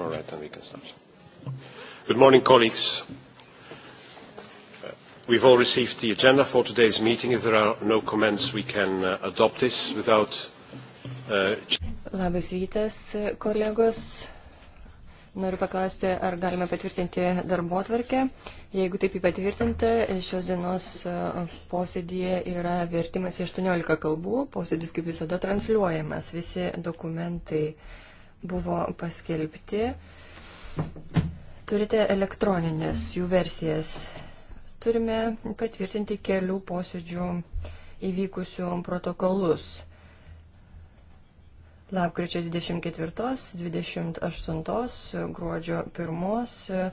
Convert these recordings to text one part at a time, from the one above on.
All right, then we can start. Good morning, colleagues. We've all received the agenda for today's meeting. If there are no comments, we can uh, adopt this without. Uh... Labas rytas, kolegos. Noriu paklausti, ar galime patvirtinti darbo atvarkę. Jeigu taip įpatvirtinta, šios dienos uh, posėdėje yra vertimas į 18 kalbų. Posėdis kaip visada transliuojamas. Visi dokumentai uh, buvo paskelbti. Turite elektroninės jų versijas. Turime patvirtinti kelių posėdžių įvykusių protokolus. Lapkričio 24, 28, gruodžio 1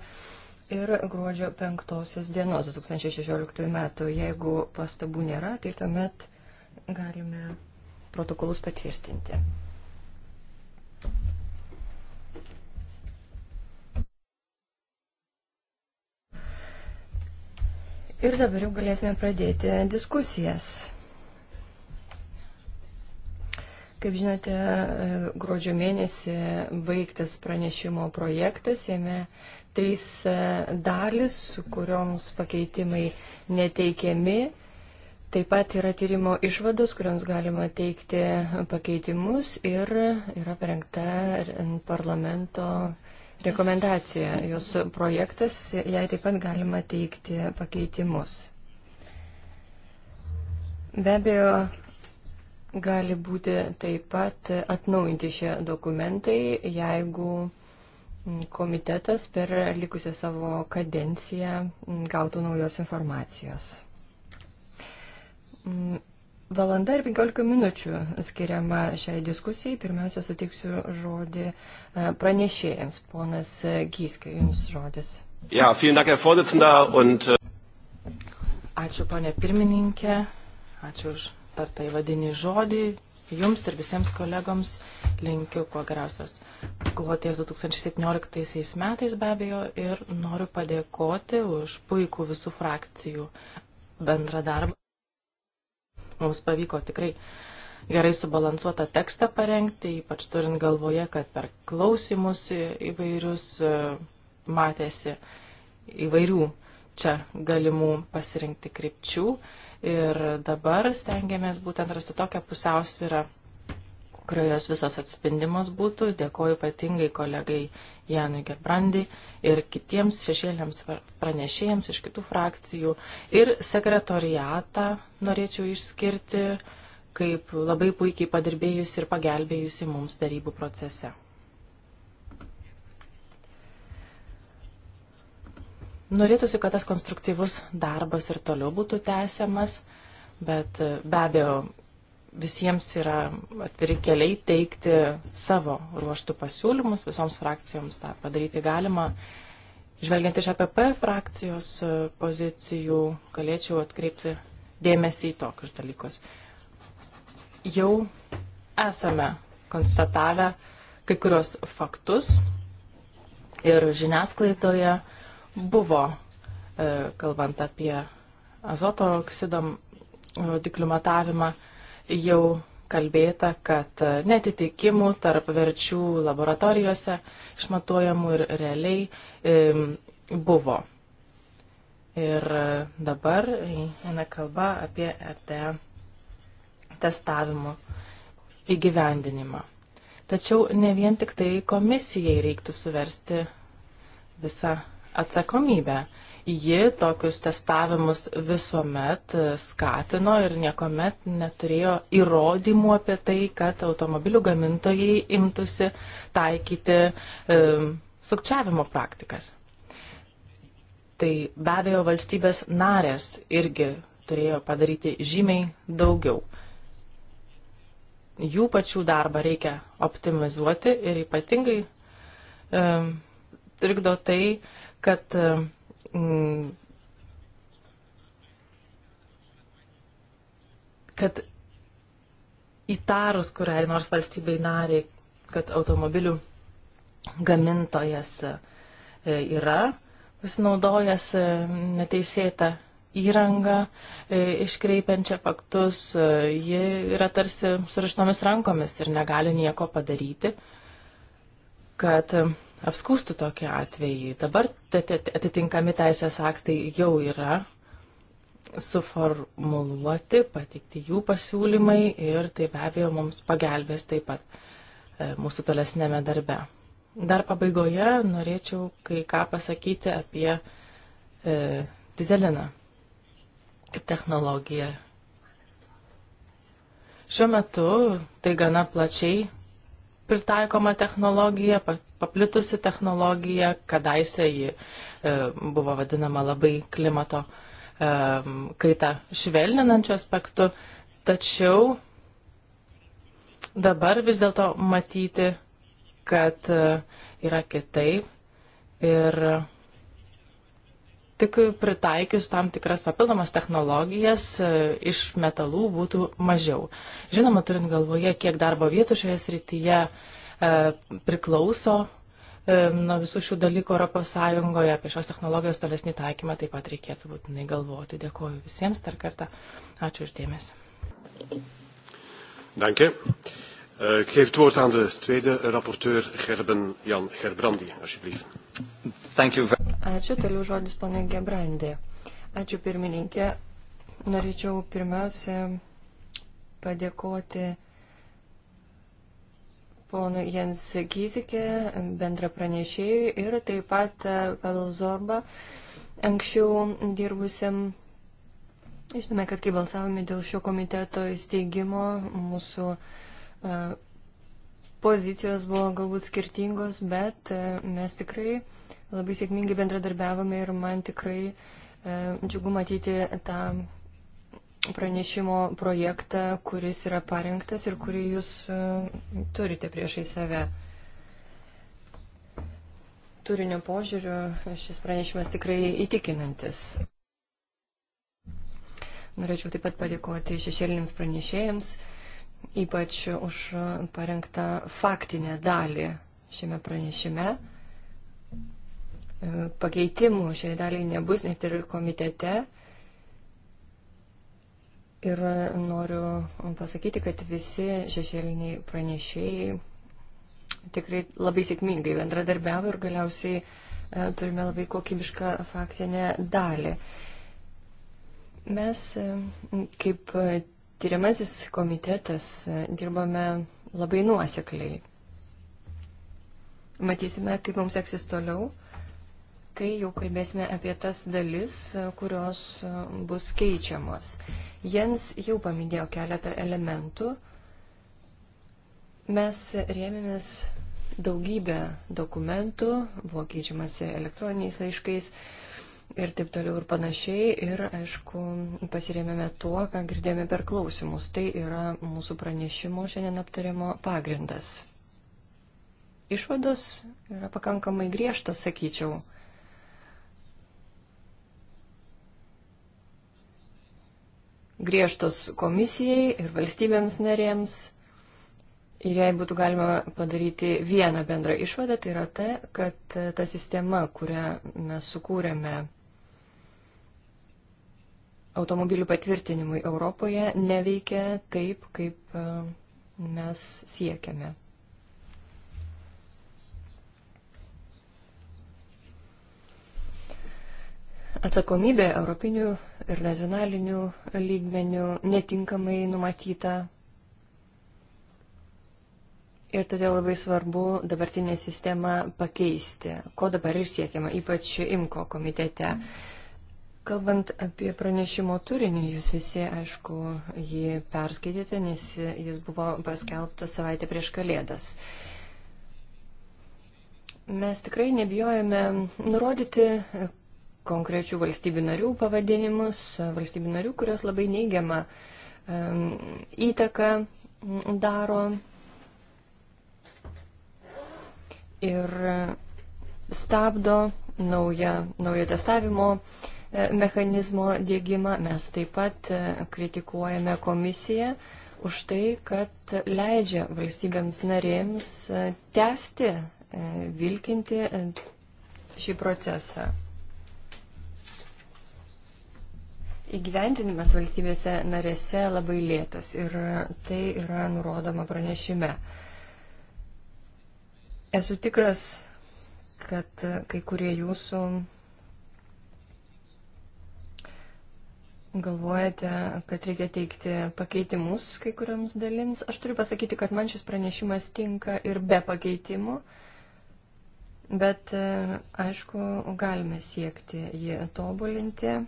ir gruodžio 5 dienos 2016 metų. Jeigu pastabų nėra, tai tuomet galime protokolus patvirtinti. Ir dabar jau galėsime pradėti diskusijas. Kaip žinote, gruodžio mėnesį baigtas pranešimo projektas, jame trys dalis, su kurioms pakeitimai neteikiami. Taip pat yra tyrimo išvados, kuriams galima teikti pakeitimus ir yra parengta parlamento rekomendacija, jos projektas, jai taip pat galima teikti pakeitimus. Be abejo, gali būti taip pat atnaujinti šie dokumentai, jeigu komitetas per likusią savo kadenciją gautų naujos informacijos. Valanda ir 15 minučių skiriama šiai diskusijai. Pirmiausia, suteiksiu žodį e, pranešėjams. Ponas Gyskai, jums žodis. Ja, Dank, Herr und, äh, Ačiū, ponė pirmininkė. Ačiū už tartą įvadinį žodį. Jums ir visiems kolegoms linkiu kuo geriausios kloties 2017 metais be abejo ir noriu padėkoti už puikų visų frakcijų bendrą darbą. Mums pavyko tikrai gerai subalansuotą tekstą parengti, ypač turint galvoje, kad per klausimus įvairius e, matėsi įvairių čia galimų pasirinkti krypčių. Ir dabar stengiamės būtent rasti tokią pusiausvyrą, kurioje jos visas atspindimas būtų. Dėkoju ypatingai kolegai Janui Gerbrandai ir kitiems šešėliams pranešėjams iš kitų frakcijų. Ir sekretoriatą norėčiau išskirti kaip labai puikiai padirbėjusi ir pagelbėjusi mums darybų procese. Norėtųsi, kad tas konstruktyvus darbas ir toliau būtų tęsiamas, bet be abejo visiems yra atviri keliai teikti savo ruoštų pasiūlymus, visoms frakcijoms tą padaryti galima. Žvelgiant iš APP frakcijos e, pozicijų, galėčiau atkreipti dėmesį į tokius dalykus. Jau esame konstatavę kai kurios faktus ir žiniasklaidoje buvo, e, kalbant apie azoto oksido rodiklių matavimą, jau kalbėta, kad e, netitikimų tarp verčių laboratorijose išmatuojamų ir realiai e, buvo. Ir e, dabar eina kalba apie RTE testavimo įgyvendinimą. Tačiau ne vien tik tai komisijai reiktų suversti visą atsakomybę ji tokius testavimus visuomet e, skatino ir niekuomet neturėjo įrodymų apie tai, kad automobilių gamintojai imtųsi taikyti e, sukčiavimo praktikas. Tai be abejo valstybės narės irgi turėjo padaryti žymiai daugiau. Jų pačių darbą reikia optimizuoti ir ypatingai e, trikdo tai, kad e, Mm. kad įtarus kuriai nors valstybei nariai, kad automobilių gamintojas e, yra pasinaudojęs e, neteisėtą įrangą, e, iškreipiančią faktus, ji yra tarsi surištomis rankomis ir negali nieko padaryti, kad apskūstų tokį atvejį. Dabar atitinkami teisės aktai jau yra suformuluoti, pateikti jų pasiūlymai ir tai be abejo mums pagelbės taip pat e, mūsų tolesnėme darbe. Dar pabaigoje norėčiau kai ką pasakyti apie e, dizeliną kaip technologiją. Šiuo metu tai gana plačiai pritaikoma technologija, paplitusi technologija, kadaise ji e, buvo vadinama labai klimato e, kaitą švelninančiu aspektu, tačiau dabar vis dėlto matyti, kad e, yra kitaip ir tik pritaikius tam tikras papildomas technologijas e, iš metalų būtų mažiau. Žinoma, turint galvoje, kiek darbo vietų šioje srityje e, priklauso e, nuo visų šių dalykų ES, apie šios technologijos tolesnį taikymą taip pat reikėtų būtinai galvoti. Dėkuoju visiems dar kartą. Ačiū uždėmesi. Danke. Uh, ik geef het woord aan de tweede rapporteur, Gerben Jan Gerbrandi, alsjeblieft. Thank you. Ačiū, toliau žodis ponė Gebrandė. Ačiū pirmininkė. Norėčiau pirmiausia padėkoti ponui Jens Gizikė, bendra pranešėjui ir taip pat e, Pavel Zorba, anksčiau dirbusiam. Žinome, kad kai balsavome dėl šio komiteto įsteigimo, mūsų e, pozicijos buvo galbūt skirtingos, bet e, mes tikrai labai sėkmingai bendradarbiavome ir man tikrai e, džiugu matyti tą pranešimo projektą, kuris yra parengtas ir kurį jūs e, turite priešai save. Turinio požiūriu šis pranešimas tikrai įtikinantis. Norėčiau taip pat padėkoti šešėlinėms pranešėjams, ypač už parengtą faktinę dalį šiame pranešime. E, pakeitimų šiai daliai nebus net ir komitete. Ir noriu pasakyti, kad visi šešėliniai pranešėjai tikrai labai sėkmingai bendradarbiavo ir galiausiai e, turime labai kokybišką faktinę dalį. Mes e, kaip tyriamasis komitetas dirbame labai nuosekliai. Matysime, kaip mums seksis toliau kai jau kalbėsime apie tas dalis, kurios bus keičiamos. Jens jau paminėjo keletą elementų. Mes rėmėmės daugybę dokumentų, buvo keičiamasi elektroniniais laiškais ir taip toliau ir panašiai. Ir, aišku, pasirėmėme tuo, ką girdėjome per klausimus. Tai yra mūsų pranešimo šiandien aptariamo pagrindas. Išvados yra pakankamai griežtas, sakyčiau. griežtos komisijai ir valstybėms narėms. Ir jei būtų galima padaryti vieną bendrą išvadą, tai yra ta, kad e, ta sistema, kurią mes sukūrėme automobilių patvirtinimui Europoje, neveikia taip, kaip e, mes siekiame. atsakomybė europinių ir nacionalinių lygmenių netinkamai numatyta. Ir todėl labai svarbu dabartinę sistemą pakeisti, ko dabar ir siekiama, ypač IMKO komitete. Kalbant apie pranešimo turinį, jūs visi, aišku, jį perskaitėte, nes jis buvo paskelbtas savaitę prieš Kalėdas. Mes tikrai nebijojame nurodyti, konkrečių valstybių narių pavadinimus, valstybių narių, kurios labai neigiamą um, įtaką daro. Ir stabdo naują, naujo testavimo e, mechanizmo dėgymą. Mes taip pat e, kritikuojame komisiją už tai, kad leidžia valstybėms narėms e, tęsti, vilkinti šį procesą. Įgyventinimas valstybėse narėse labai lėtas ir tai yra nurodoma pranešime. Esu tikras, kad kai kurie jūsų galvojate, kad reikia teikti pakeitimus kai kuriams dalims. Aš turiu pasakyti, kad man šis pranešimas tinka ir be pakeitimų. Bet, e, aišku, galime siekti jį tobulinti.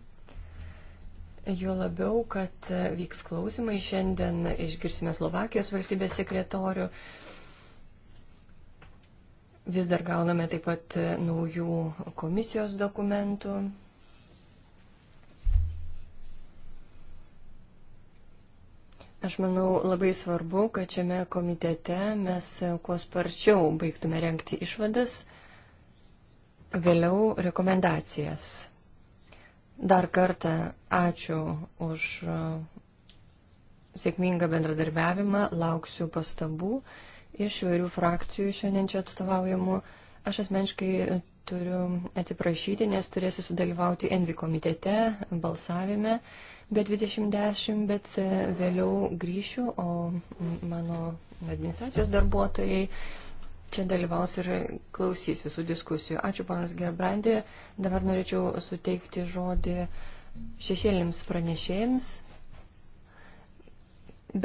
Jo labiau, kad vyks klausimai. Šiandien išgirsime Slovakijos valstybės sekretorių. Vis dar gauname taip pat naujų komisijos dokumentų. Aš manau labai svarbu, kad šiame komitete mes kuo sparčiau baigtume renkti išvadas, vėliau rekomendacijas. Dar kartą ačiū už e, sėkmingą bendradarbiavimą, lauksiu pastabų iš vairių frakcijų šiandien čia atstovaujamų. Aš asmeniškai turiu atsiprašyti, nes turėsiu sudalyvauti Envi komitete balsavime be 2010, bet e, vėliau grįšiu, o mano administracijos darbuotojai čia dalyvaus ir klausys visų diskusijų. Ačiū, panas Gerbrandė. Dabar norėčiau suteikti žodį šešėlėms pranešėjams.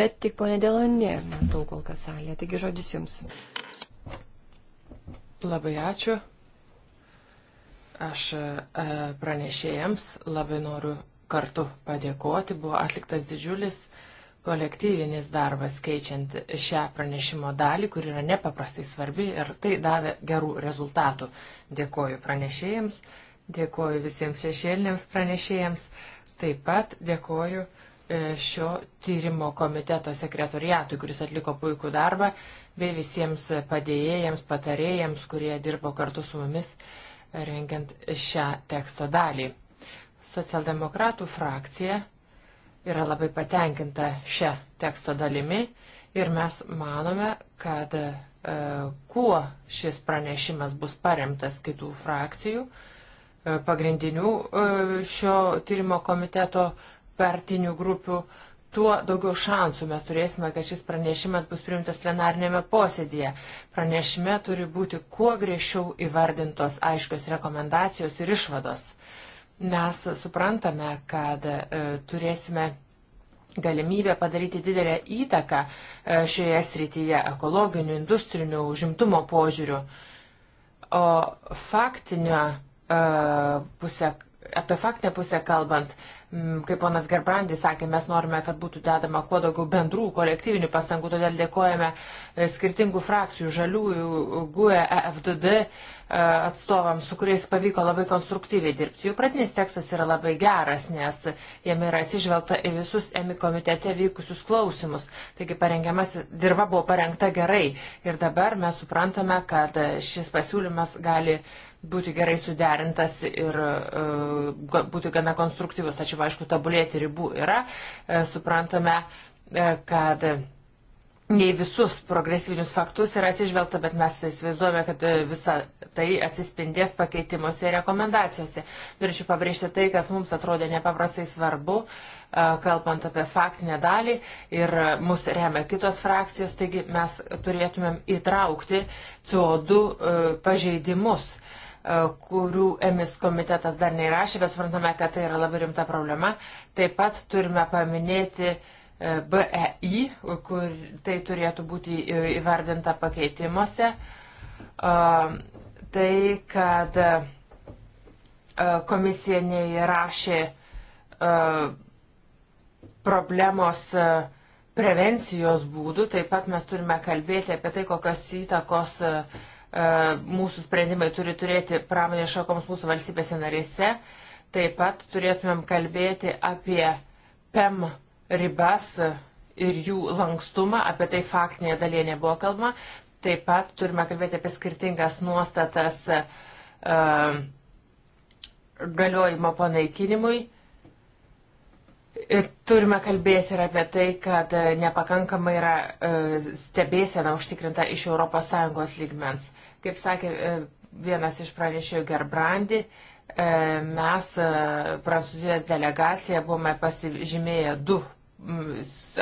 Bet tik ponė Delonė, matau kol kas salėje. Taigi žodis jums. Labai ačiū. Aš e, pranešėjams labai noriu kartu padėkoti. Buvo atliktas didžiulis kolektyvinis darbas keičiant šią pranešimo dalį, kur yra nepaprastai svarbi ir tai davė gerų rezultatų. Dėkoju pranešėjams, dėkoju visiems šešėliniams pranešėjams, taip pat dėkoju e, šio tyrimo komiteto sekretoriatui, kuris atliko puikų darbą, bei visiems padėjėjams, patarėjams, kurie dirbo kartu su mumis rengiant šią teksto dalį. Socialdemokratų frakcija yra labai patenkinta šią teksto dalimi ir mes manome, kad e, kuo šis pranešimas bus paremtas kitų frakcijų, e, pagrindinių e, šio tyrimo komiteto partinių grupių, tuo daugiau šansų mes turėsime, kad šis pranešimas bus priimtas plenarnėme posėdėje. Pranešime turi būti kuo griežčiau įvardintos aiškios rekomendacijos ir išvados. Mes suprantame, kad e, turėsime galimybę padaryti didelę įtaką e, šioje srityje ekologinių, industrinių, užimtumo požiūrių. O faktinio e, pusę, apie faktinę pusę kalbant, Mm, kaip ponas Gerbrandis sakė, mes norime, kad būtų dedama kuo daugiau bendrų kolektyvinių pastangų, todėl dėkojame e, skirtingų frakcijų, žaliųjų, GUE, EFDD e, atstovams, su kuriais pavyko labai konstruktyviai dirbti. Jų pradinis tekstas yra labai geras, nes jame yra atsižvelgta į visus EMI komitete vykusius klausimus. Taigi parengiamas dirba buvo parengta gerai ir dabar mes suprantame, kad šis pasiūlymas gali būti gerai suderintas ir e, būti gana konstruktyvus. Tačiau, aišku, tabulėti ribų yra. E, suprantame, e, kad ne visus progresyvinius faktus yra atsižvelgta, bet mes įsivaizduojame, kad e, visa tai atsispindės pakeitimuose ir rekomendacijose. Norėčiau pabrėžti tai, kas mums atrodė nepaprastai svarbu, e, kalbant apie faktinę dalį ir mus remia kitos frakcijos, taigi mes turėtumėm įtraukti CO2 e, pažeidimus. Uh, E, kurių emis komitetas dar neįrašė, bet suprantame, kad tai yra labai rimta problema. Taip pat turime paminėti e, BEI, kur tai turėtų būti įvardinta pakeitimuose. E, tai, kad komisija neįrašė problemos prevencijos būdų, taip pat mes turime kalbėti apie tai, kokios įtakos uh, E, mūsų sprendimai turi turėti pramonės šakoms mūsų valstybėse narėse. Taip pat turėtumėm kalbėti apie PEM ribas ir jų lankstumą, apie tai faktinėje dalyje nebuvo kalbama. Taip pat turime kalbėti apie skirtingas nuostatas uh, galiojimo panaikinimui. Ir turime kalbėti ir apie tai, kad nepakankamai yra e, stebėsena užtikrinta iš ES lygmens. Kaip sakė e, vienas iš pranešėjų Gerbrandi, e, mes e, prancūzijos delegacija buvome pasižymėję du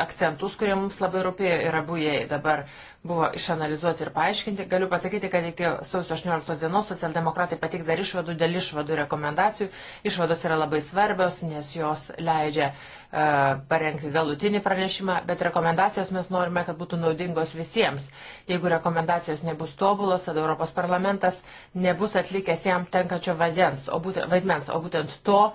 akcentus, kurie mums labai rūpėjo ir abu jie dabar buvo išanalizuoti ir paaiškinti. Galiu pasakyti, kad iki sausio 18 dienos socialdemokratai patiks dar išvadų dėl išvadų rekomendacijų. Išvados yra labai svarbios, nes jos leidžia uh, parengti galutinį pranešimą, bet rekomendacijos mes norime, kad būtų naudingos visiems. Jeigu rekomendacijos nebus tobulos, tada Europos parlamentas nebus atlikęs jam tenkačio vadens, o būtent, vaidmens, o būtent to uh,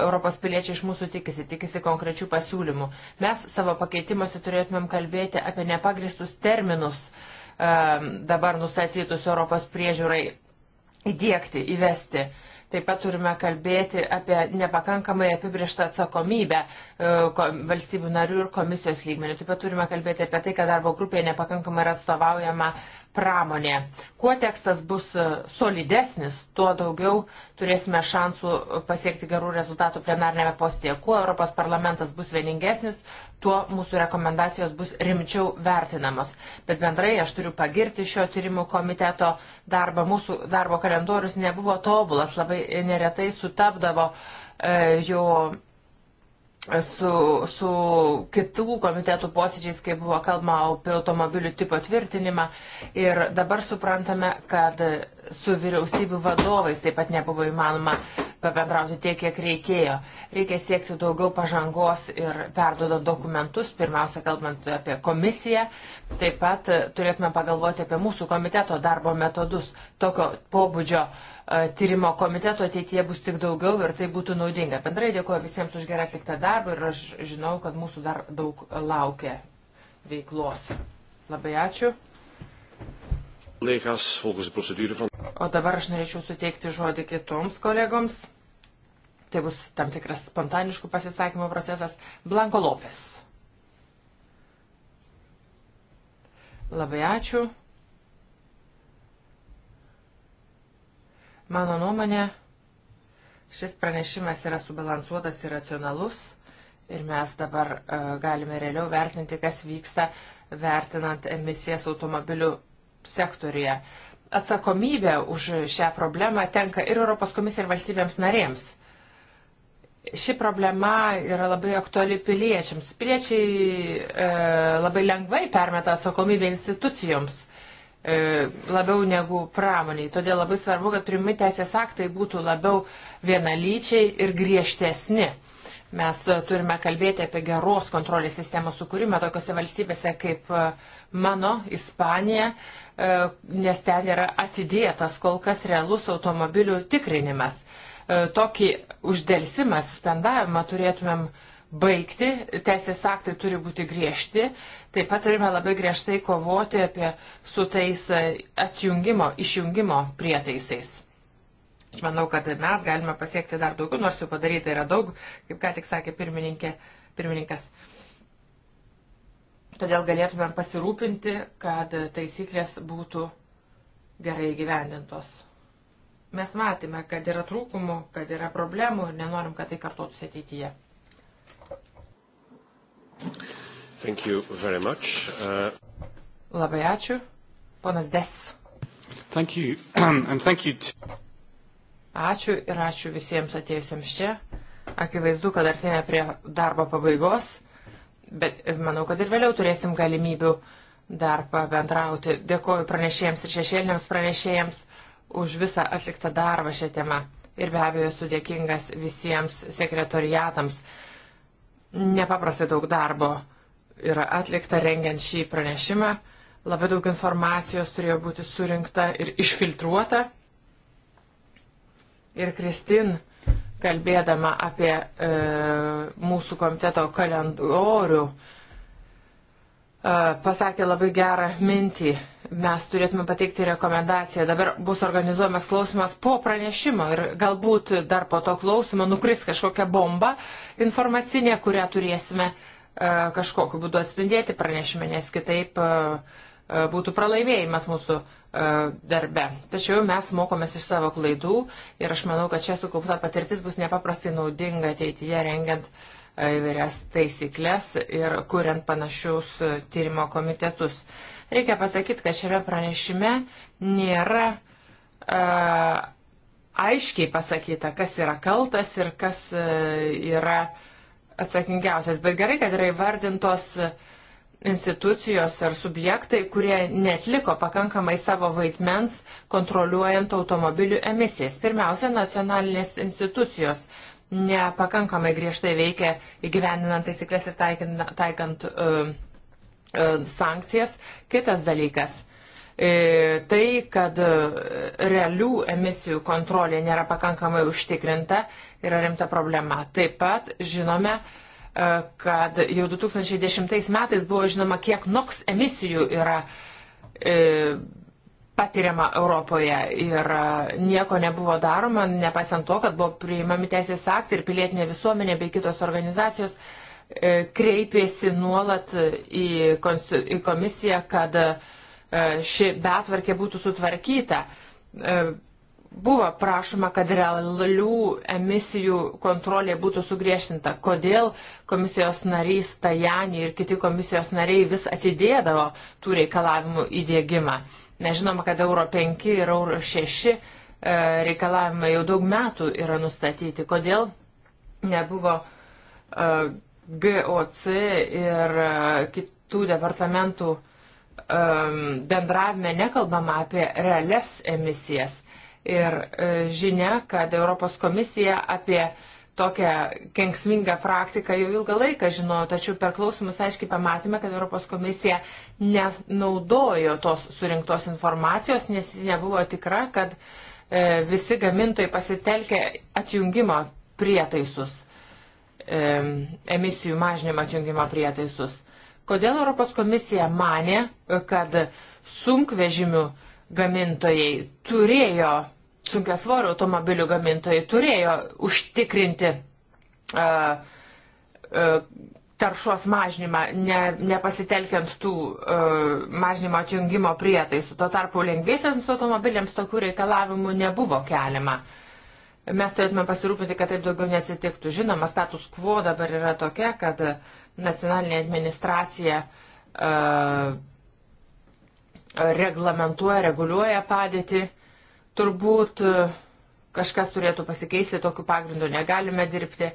Europos piliečiai iš mūsų tikisi, tikisi konkrečių pasiūlymų. Mes savo pakeitimuose turėtumėm kalbėti apie nepagristus terminus uh, dabar nustatytus Europos priežiūrai įdėkti, įvesti. Uh, Taip pat turime kalbėti apie nepakankamai apibrieštą atsakomybę e, valstybių narių ir komisijos lygmenį. Taip pat turime kalbėti apie tai, kad darbo grupėje nepakankamai yra atstovaujama pramonė. Kuo tekstas bus e, solidesnis, tuo daugiau turėsime šansų pasiekti gerų rezultatų plenarnėme postėje. Kuo Europos parlamentas bus vieningesnis, tuo mūsų rekomendacijos bus rimčiau vertinamos. Bet bendrai aš turiu pagirti šio tyrimų komiteto darbą. Mūsų darbo kalendorius nebuvo tobulas, labai neretai sutapdavo e, jo e, su, su kitų komitetų posėdžiais, kai buvo kalbama apie automobilių tipo tvirtinimą. Ir dabar suprantame, kad su vyriausybių vadovais taip pat nebuvo įmanoma pabendrauti tiek, kiek reikėjo. Reikia siekti daugiau pažangos ir perdodant dokumentus, pirmiausia, kalbant apie komisiją. Taip pat turėtume pagalvoti apie mūsų komiteto darbo metodus. Tokio pobūdžio e, tyrimo komiteto ateityje bus tik daugiau ir tai būtų naudinga. Bendrai dėkuoju visiems už gerą atliktą darbą ir aš žinau, kad mūsų dar daug laukia veiklos. Labai ačiū. O dabar aš norėčiau suteikti žodį kitoms kolegoms. Tai bus tam tikras spontaniškų pasisakymų procesas. Blanko Lopes. Labai ačiū. Mano nuomonė, šis pranešimas yra subalansuotas ir racionalus ir mes dabar uh, galime realiau vertinti, kas vyksta vertinant emisijas automobilių sektorija. Atsakomybė už šią problemą tenka ir Europos komisija ir valstybėms narėms. Ši problema yra labai aktuali piliečiams. Piliečiai e, labai lengvai permeta atsakomybę institucijoms e, labiau negu pramoniai. Todėl labai svarbu, kad pirmi teisės aktai būtų labiau vienalyčiai ir griežtesni. Mes turime kalbėti apie geros kontrolės sistemos sukūrimą tokiuose valstybėse kaip e, mano Ispanija, e, nes ten yra atidėtas kol kas realus automobilių tikrinimas. E, tokį uždėlsimą, suspendavimą turėtumėm baigti, teisės aktai turi būti griežti, taip pat turime labai griežtai kovoti apie su tais e, atjungimo, išjungimo prietaisais. Aš manau, kad mes galime pasiekti dar daugiau, nors jau padaryta yra daug, kaip ką tik sakė pirmininkė, pirmininkas. Todėl galėtumėm pasirūpinti, kad taisyklės būtų gerai gyvendintos. Mes matėme, kad yra trūkumų, kad yra problemų ir nenorim, kad tai kartotųsi ateityje. Thank you very much. Uh... Labai ačiū. Ponas Des. Thank you. And thank you to... Ačiū ir ačiū visiems atėjusiems čia. Akivaizdu, kad artėjame prie darbo pabaigos bet manau, kad ir vėliau turėsim galimybių dar pabendrauti. Dėkuoju pranešėjams ir šešėliniams pranešėjams už visą atliktą darbą šią temą. Ir be abejo, esu dėkingas visiems sekretoriatams. Nepaprastai daug darbo yra atlikta rengiant šį pranešimą. Labai daug informacijos turėjo būti surinkta ir išfiltruota. Ir Kristin kalbėdama apie e, mūsų komiteto kalendorių, e, pasakė labai gerą mintį. Mes turėtume pateikti rekomendaciją. Dabar bus organizuojamas klausimas po pranešimo ir galbūt dar po to klausimo nukris kažkokia bomba informacinė, kurią turėsime e, kažkokiu būdu atspindėti pranešime, nes kitaip e, e būtų pralaimėjimas mūsų E, darbe. Tačiau mes mokomės iš savo klaidų ir aš manau, kad čia sukaupta patirtis bus nepaprastai naudinga ateityje rengiant e, įvairias taisyklės ir kuriant panašius e, tyrimo komitetus. Reikia pasakyti, kad šiame pranešime nėra a, aiškiai pasakyta, kas yra kaltas ir kas a, yra atsakingiausias. Bet gerai, kad yra įvardintos a, institucijos ar subjektai, kurie netliko pakankamai savo vaidmens kontroliuojant automobilių emisijas. Pirmiausia, nacionalinės institucijos nepakankamai griežtai veikia įgyveninant taisyklės ir taikant, taikant uh, uh, sankcijas. Kitas dalykas e, tai, kad e, realių emisijų kontrolė nėra pakankamai užtikrinta, yra rimta problema. Taip pat žinome, E, kad jau 2010 metais buvo žinoma, kiek NOX emisijų yra e, patiriama Europoje ir e, nieko nebuvo daroma, nepaisant to, kad buvo priimami teisės aktai ir pilietinė visuomenė bei kitos organizacijos e, kreipėsi nuolat į, į komisiją, kad e, ši betvarkė būtų sutvarkyta. E, buvo prašoma, kad realių emisijų kontrolė būtų sugriežtinta. Kodėl komisijos narys Tajani ir kiti komisijos nariai vis atidėdavo tų reikalavimų įdėgymą? Mes žinome, kad euro 5 ir euro 6 e, reikalavimai jau daug metų yra nustatyti. Kodėl nebuvo e, GOC ir e, kitų departamentų bendravime nekalbama apie realias emisijas? Ir e, žinia, kad Europos komisija apie tokią kenksmingą praktiką jau ilgą laiką žinojo, tačiau per klausimus aiškiai pamatėme, kad Europos komisija nenaudojo tos surinktos informacijos, nes jis nebuvo tikra, kad e, visi gamintojai pasitelkė atjungimo prietaisus, e, emisijų mažinimo atjungimo prietaisus. Kodėl Europos komisija mane, kad sunkvežimių gamintojai turėjo, sunkiasvorių automobilių gamintojai turėjo užtikrinti uh, uh, taršos mažinimą, ne, nepasitelkiant tų uh, mažinimo atjungimo prietaisų. Tuo tarpu lengviesiams automobiliams tokių reikalavimų nebuvo keliama. Mes turėtume pasirūpinti, kad taip daugiau neatsitiktų. Žinoma, status quo dabar yra tokia, kad nacionalinė administracija uh, reglamentuoja, reguliuoja padėtį. Turbūt e, kažkas turėtų pasikeisti, tokiu pagrindu negalime dirbti.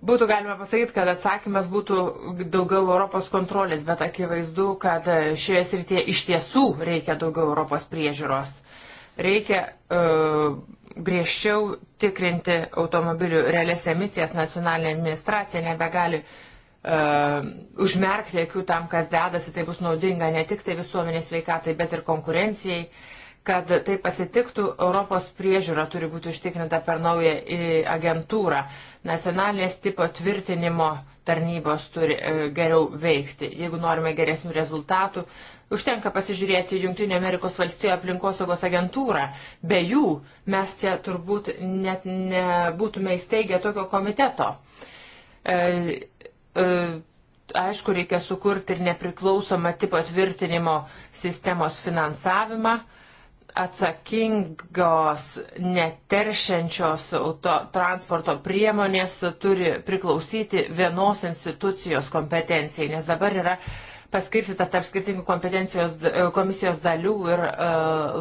Būtų galima pasakyti, kad atsakymas būtų daugiau Europos kontrolės, bet akivaizdu, kad e, šioje srityje iš tiesų reikia daugiau Europos priežiūros. Reikia uh, griežčiau tikrinti automobilių realias emisijas, nacionalinė administracija nebegali uh, uh, užmerkti akių tam, kas dedasi, tai bus naudinga ne tik tai visuomenės veikatai, bet ir konkurencijai. Kad tai pasitiktų, Europos priežiūra turi būti užtikrinta per naują agentūrą. Nacionalinės tipo tvirtinimo tarnybos turi uh, geriau veikti. Jeigu norime geresnių rezultatų, Užtenka pasižiūrėti Junktinio Amerikos valstijų aplinkosaugos agentūrą. Be jų mes čia turbūt net nebūtume įsteigę tokio komiteto. E, E, aišku, reikia sukurti ir nepriklausomą tipo tvirtinimo sistemos finansavimą, atsakingos neteršiančios auto, transporto priemonės turi priklausyti vienos institucijos kompetencijai, nes dabar yra paskirstyta tarp skirtingų kompetencijos e, komisijos dalių ir uh,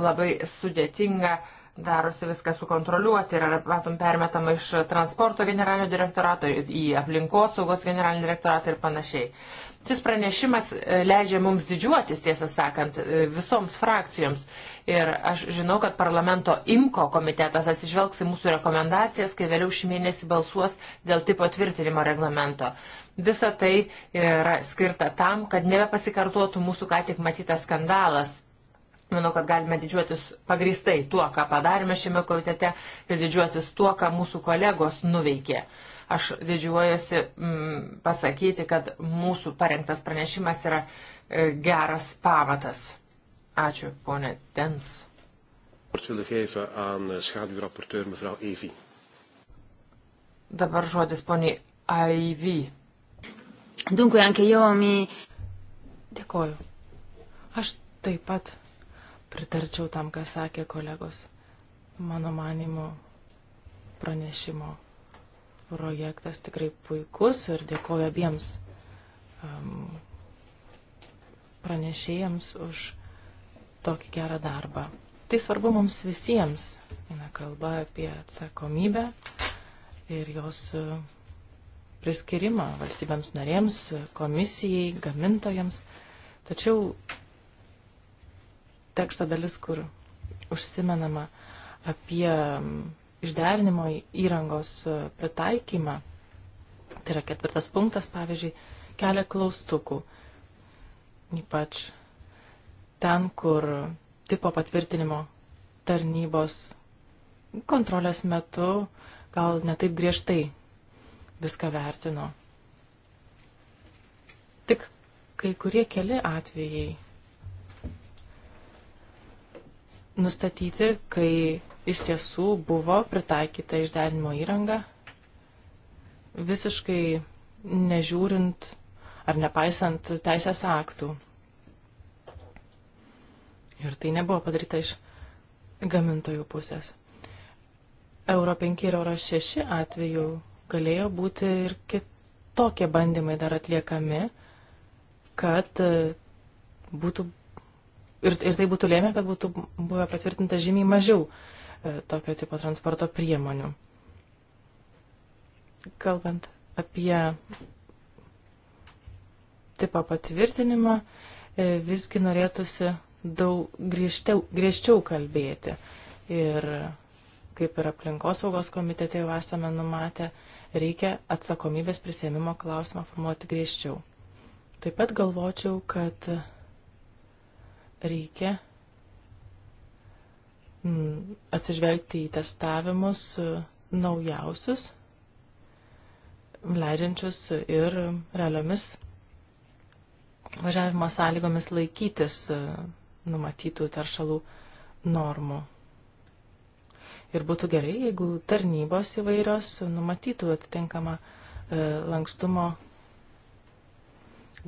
labai sudėtinga uh, darosi viską sukontroliuoti ir, matom, permetama iš transporto generalinio direktorato į aplinkosaugos generalinį direktoratą ir panašiai. Šis pranešimas e, leidžia mums didžiuotis, tiesą sakant, e, visoms frakcijoms. Ir aš žinau, kad parlamento IMKO komitetas atsižvelgs į mūsų rekomendacijas, kai vėliau šį mėnesį balsuos dėl tipo tvirtinimo reglamento. Visa tai yra skirta tam, kad nebepasikartotų mūsų ką tik matytas skandalas Manau, kad galime didžiuotis pagristai tuo, ką padarėme šiame komitete ir didžiuotis tuo, ką mūsų kolegos nuveikė. Aš didžiuojuosi mm, pasakyti, kad mūsų parengtas pranešimas yra e, geras pamatas. Ačiū, ponė Tens. Eh, Dabar žodis poniai Aivy. Dunkui, anke jau mi. Dėkoju. Aš taip pat pritarčiau tam, ką sakė kolegos. Mano manimo pranešimo projektas tikrai puikus ir dėkoju abiems um, pranešėjams už tokį gerą darbą. Tai svarbu mums visiems. Eina kalba apie atsakomybę ir jos e, priskirimą valstybėms narėms, komisijai, gamintojams. Tačiau teksto dalis, kur užsimenama apie mm, išderinimo įrangos e, pritaikymą, tai yra ketvirtas punktas, pavyzdžiui, kelia klaustukų. Ypač ten, kur tipo patvirtinimo tarnybos kontrolės metu gal netaip griežtai viską vertino. Tik kai kurie keli atvejai nustatyti, kai iš tiesų buvo pritaikyta išderinimo įranga, visiškai nežiūrint ar nepaisant teisės aktų. Ir tai nebuvo padaryta iš gamintojų pusės. Euro 5 ir Euro 6 atveju galėjo būti ir kitokie bandymai dar atliekami, kad būtų ir, ir tai būtų lėmė, kad būtų buvę patvirtinta žymiai mažiau e, tokio tipo transporto priemonių. Kalbant apie tipo patvirtinimą, e, visgi norėtųsi daug griežtiau, griežčiau kalbėti. Ir kaip ir aplinkosaugos komitete jau esame numatę, reikia atsakomybės prisėmimo klausimą formuoti griežčiau. Taip pat galvočiau, kad reikia mm, atsižvelgti į testavimus e, naujausius, leidžiančius ir realiomis važiavimo sąlygomis laikytis e, numatytų teršalų normų. Ir būtų gerai, jeigu tarnybos įvairios numatytų atitinkamą e, lankstumo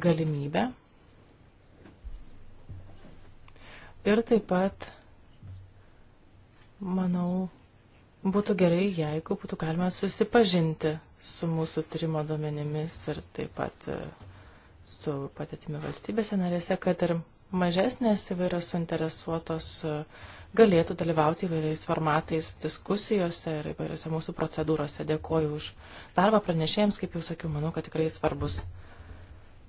galimybę Ir taip pat, manau, būtų gerai, jeigu būtų galima susipažinti su mūsų tyrimo duomenimis ir taip pat e, su patėtimi valstybėse narėse, kad ir mažesnės įvairios suinteresuotos e, galėtų dalyvauti įvairiais formatais diskusijose ir įvairiose mūsų procedūrose. Dėkoju už darbą pranešėjams, kaip jau sakiau, manau, kad tikrai svarbus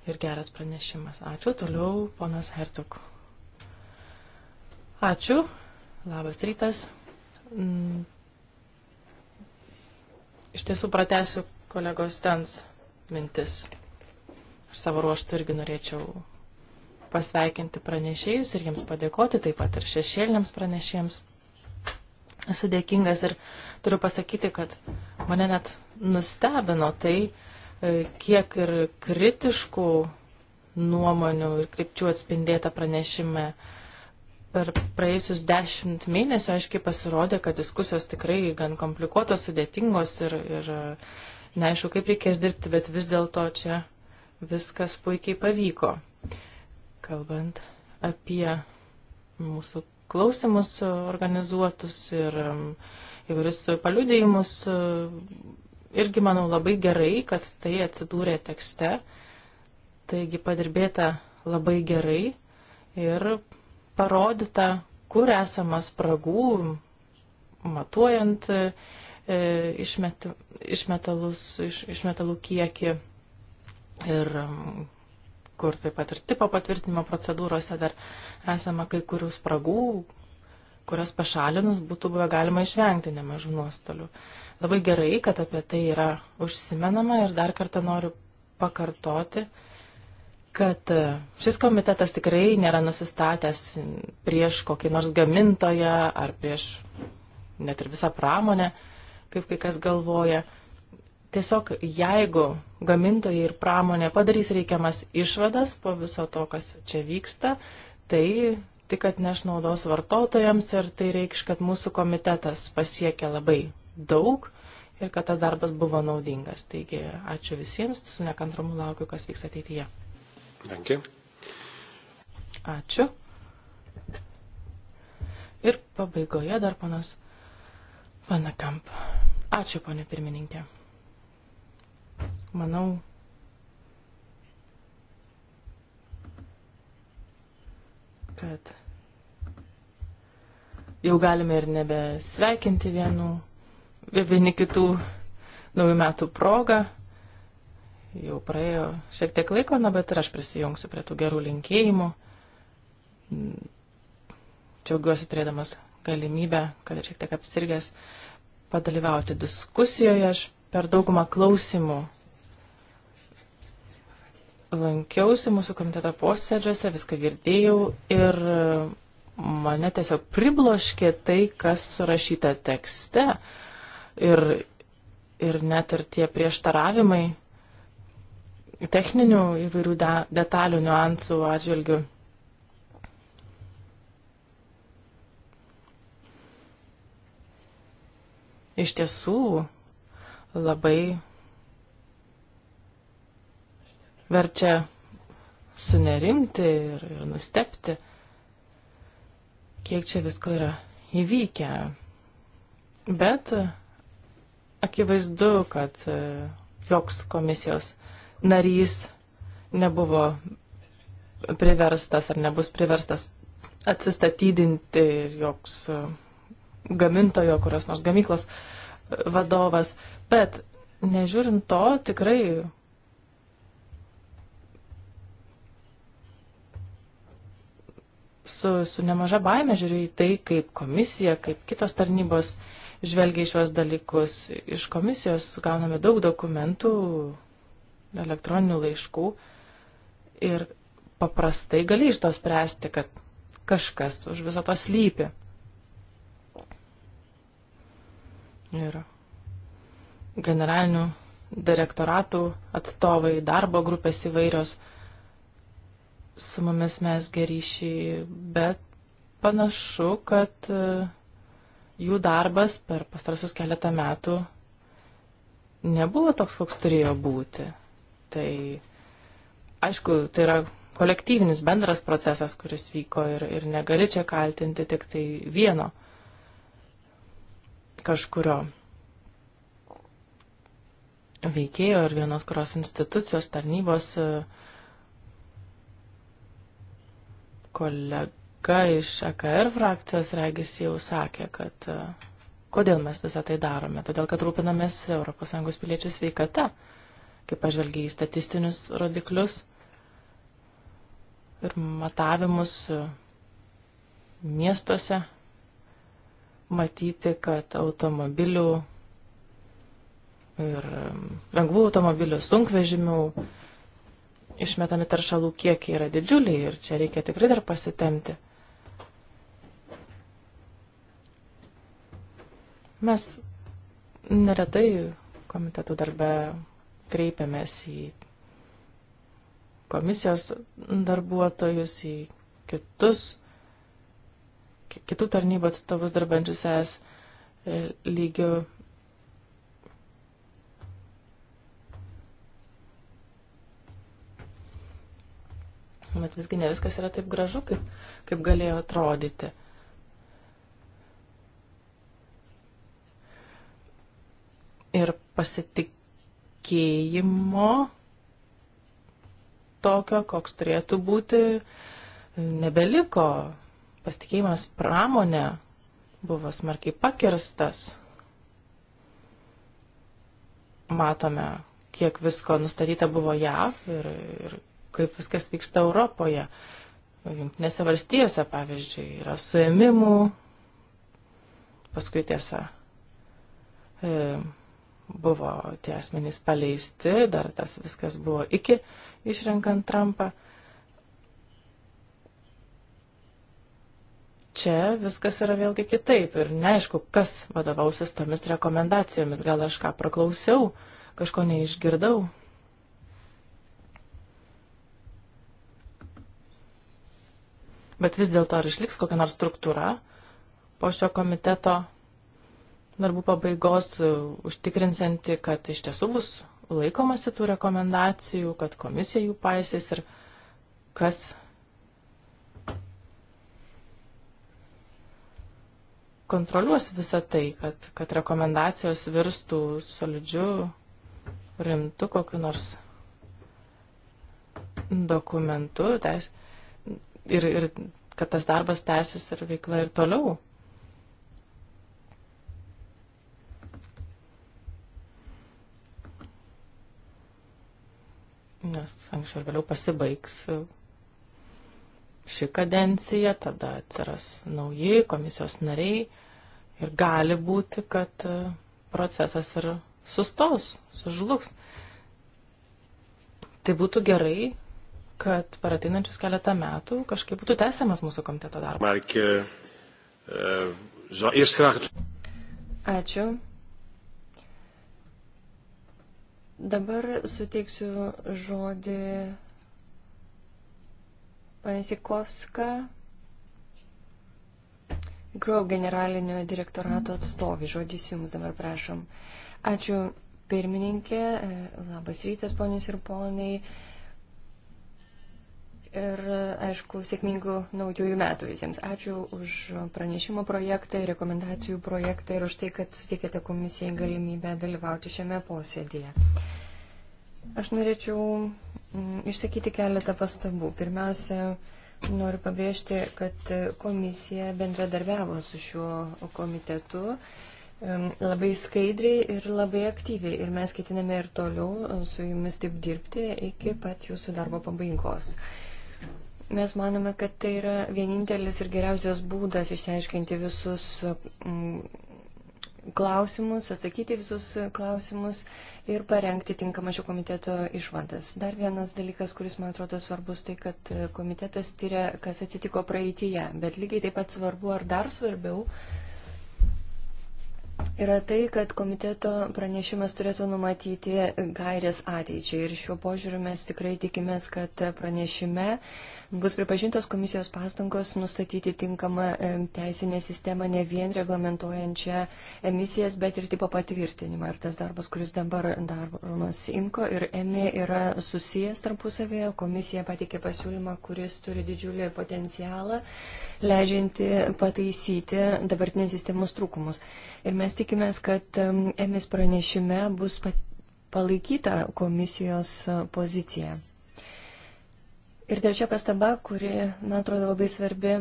ir geras pranešimas. Ačiū, toliau ponas Hertuk. Ačiū. Labas rytas. Mm. Iš tiesų pratęsiu kolegos Tens mintis. Aš savo ruoštų irgi norėčiau pasveikinti pranešėjus ir jiems padėkoti, taip pat ir šešėliniams pranešėjams. Esu dėkingas ir turiu pasakyti, kad mane net nustebino tai, e, kiek ir kritiškų nuomonių ir krypčių atspindėta pranešime uh, per praėjusius dešimt mėnesių aiškiai pasirodė, kad diskusijos tikrai gan komplikuotos, sudėtingos ir, ir e, neaišku, kaip reikės dirbti, bet vis dėlto čia viskas puikiai pavyko. Kalbant apie mūsų klausimus organizuotus ir e, įvairius paliudėjimus, e, irgi manau labai gerai, kad tai atsidūrė tekste. Taigi padirbėta labai gerai ir parodyta, kur esama spragų, matuojant e, išmet, išmetalus, iš, išmetalų kiekį ir kur taip pat ir tipo patvirtinimo procedūrose dar esama kai kurių spragų, kurias pašalinus būtų buvę galima išvengti nemažų nuostolių. Labai gerai, kad apie tai yra užsimenama ir dar kartą noriu pakartoti, kad e, šis komitetas tikrai nėra nusistatęs prieš kokį nors gamintoją ar prieš net ir visą pramonę, kaip kai kas galvoja. Tiesiog jeigu gamintojai ir pramonė padarys reikiamas išvadas po viso to, kas čia vyksta, tai tik atneš naudos vartotojams ir tai reikš, kad mūsų komitetas pasiekė labai daug ir kad tas darbas buvo naudingas. Taigi ačiū visiems, su nekantrumu laukiu, kas vyks ateityje. Danke. Ačiū. Ir pabaigoje dar panas Panakamp. Ačiū, ponė pirmininkė. Manau, kad jau galime ir nebesveikinti vienų, vieni kitų naujų metų progą jau praėjo šiek tiek laiko, na bet ir aš prisijungsiu prie tų gerų linkėjimų. Džiaugiuosi turėdamas galimybę, kad ir šiek tiek apsirgęs, padalyvauti diskusijoje. Aš per daugumą klausimų lankiausi mūsų komiteto posėdžiuose, viską girdėjau ir mane tiesiog pribloškė tai, kas surašyta tekste. Ir, ir net ir tie prieštaravimai techninių įvairių de, detalių, niuansų atžvilgių. Iš tiesų labai verčia sunerimti ir, ir nustepti, kiek čia visko yra įvykę. Bet akivaizdu, kad e, joks komisijos narys nebuvo priverstas ar nebus priverstas atsistatydinti ir joks e, gamintojo, kurios nors gamyklos e, vadovas. Bet nežiūrint to, tikrai su, su nemaža baime žiūriu į tai, kaip komisija, kaip kitos tarnybos žvelgia į šios dalykus. Iš komisijos gauname daug dokumentų, elektroninių laiškų ir paprastai gali iš to spręsti, kad kažkas už viso to slypi. Ir generalinių direktoratų atstovai, darbo grupės įvairios su mumis mes geryšį, bet panašu, kad e, jų darbas per pastarosius keletą metų nebuvo toks, koks turėjo būti. Tai aišku, tai yra kolektyvinis bendras procesas, kuris vyko ir, ir negali čia kaltinti tik tai vieno kažkurio veikėjo ir vienos kurios institucijos, tarnybos kolega iš AKR frakcijos regis jau sakė, kad kodėl mes visą tai darome. Todėl, kad rūpinamės ES piliečių sveikata kai pažvelgiai į statistinius rodiklius ir matavimus e, miestuose, matyti, kad automobilių ir e, lengvų automobilių, sunkvežimių išmetami taršalų kiekiai yra didžiuliai ir čia reikia tikrai dar pasitemti. Mes neretai komitetų darbe kreipiamės į komisijos darbuotojus, į kitus, kitų tarnybų atstovus darbančius es e, lygių. Bet visgi ne viskas yra taip gražu, kaip, kaip galėjo atrodyti. Ir pasitik tikėjimo tokio, koks turėtų būti, nebeliko. Pasitikėjimas pramonė buvo smarkiai pakirstas. Matome, kiek visko nustatyta buvo JAV ir, ir kaip viskas vyksta Europoje. Junktinėse valstijose, pavyzdžiui, yra suėmimų, paskui tiesa. E, buvo tie asmenys paleisti, dar tas viskas buvo iki išrenkant Trumpą. Čia viskas yra vėlgi kitaip ir neaišku, kas vadovausis tomis rekomendacijomis. Gal aš ką praklausiau, kažko neišgirdau. Bet vis dėlto ar išliks kokia nors struktūra po šio komiteto darbų pabaigos e, užtikrinsianti, kad iš tiesų bus laikomasi tų rekomendacijų, kad komisija jų paisys ir kas kontroliuos visą tai, kad, kad rekomendacijos virstų solidžiu, rimtu kokiu nors dokumentu teis, ir, ir kad tas darbas tęsis ir veikla ir toliau. nes anksčiau ir vėliau pasibaigs ši kadencija, tada atsiras nauji komisijos nariai ir gali būti, kad e, procesas ir sustos, sužlugs. Tai būtų gerai, kad per ateinančius keletą metų kažkaip būtų tęsiamas mūsų komiteto darbas. E, e, Ačiū. Dabar suteiksiu žodį Panisikovska, Grau generalinio direktorato atstovį. Žodis jums dabar prašom. Ačiū pirmininkė, labas rytas ponius ir ponai. Ir, aišku, sėkmingų naujųjų metų visiems. Ačiū už pranešimo projektą ir rekomendacijų projektą ir už tai, kad sutikėte komisijai galimybę dalyvauti šiame posėdėje. Aš norėčiau mm, išsakyti keletą pastabų. Pirmiausia, noriu pabrėžti, kad komisija bendradarbiavo su šiuo komitetu labai skaidriai ir labai aktyviai. Ir mes ketiname ir toliau su jumis taip dirbti iki pat jūsų darbo pabaigos. Mes manome, kad tai yra vienintelis ir geriausias būdas išsiaiškinti visus mm, klausimus, atsakyti visus klausimus ir parengti tinkamą šio komiteto išvadas. Dar vienas dalykas, kuris man atrodo svarbus, tai kad komitetas tyria, kas atsitiko praeitįje, bet lygiai taip pat svarbu ar dar svarbiau yra tai, kad komiteto pranešimas turėtų numatyti gairės ateičiai. Ir šiuo požiūriu mes tikrai tikimės, kad pranešime bus pripažintos komisijos pastangos nustatyti tinkamą e, teisinę sistemą ne vien reglamentuojančią emisijas, bet ir tipo patvirtinimą. Ir tas darbas, kuris dabar daromas IMCO ir EMI yra susijęs tarpusavėje. Komisija patikė pasiūlymą, kuris turi didžiulį potencialą, leidžianti pataisyti dabartinės sistemos trūkumus. Ir Mes tikimės, kad emis pranešime bus palaikyta komisijos pozicija. Ir trečia pastaba, kuri, man atrodo, labai svarbi.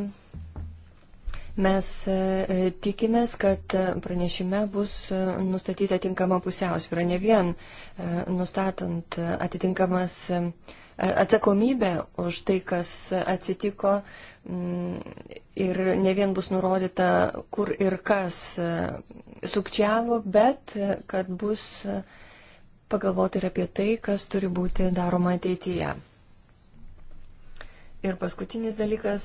Mes e, e, tikimės, kad e, pranešime bus nustatyta tinkama pusiausvyrą, ne vien nustatant atitinkamas atsakomybę už tai, kas atsitiko, Mm, ir ne vien bus nurodyta, kur ir kas e, sukčiavo, bet e, kad bus e, pagalvoti ir apie tai, kas turi būti daroma ateityje. Ir paskutinis dalykas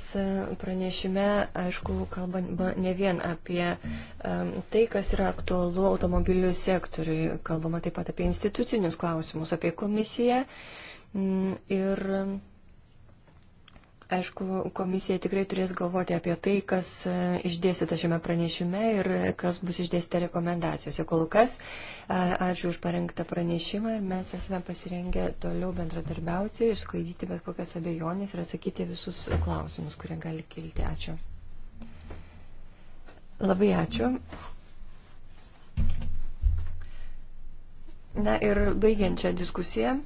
pranešime, aišku, kalbama ne vien apie um, tai, kas yra aktualu automobilių sektoriui, kalbama taip pat apie institucinius klausimus, apie komisiją. Mm, ir Aišku, komisija tikrai turės galvoti apie tai, kas e, išdėstyta šiame pranešime ir kas bus išdėstyta rekomendacijose. Kol kas, e, ačiū už parengtą pranešimą ir mes esame pasirengę toliau bendradarbiauti ir sklaidyti bet kokias abejonės ir atsakyti visus klausimus, kurie gali kilti. Ačiū. Labai ačiū. Na ir baigiančią diskusiją.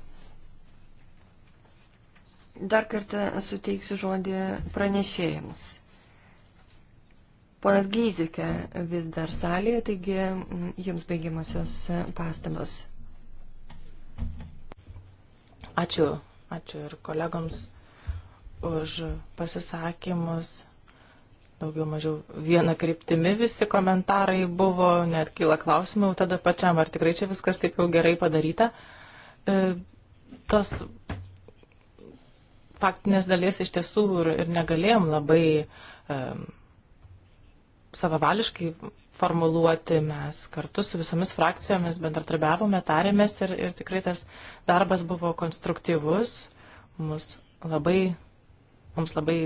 Dar kartą suteiksiu žodį pranešėjams. Ponas Glyzikė vis dar salėje, taigi jums baigiamosios e, pastabos. Ačiū, ačiū ir kolegoms už pasisakymus. Daugiau mažiau viena kryptimi visi komentarai buvo, net kyla klausimų tada pačiam, ar tikrai čia viskas taip jau gerai padaryta. E, tos faktinės dalies iš tiesų ir, ir negalėjom labai um, savavališkai formuluoti. Mes kartu su visomis frakcijomis bendratarbiavome, tarėmės ir, ir tikrai tas darbas buvo konstruktyvus. Mus labai, mums labai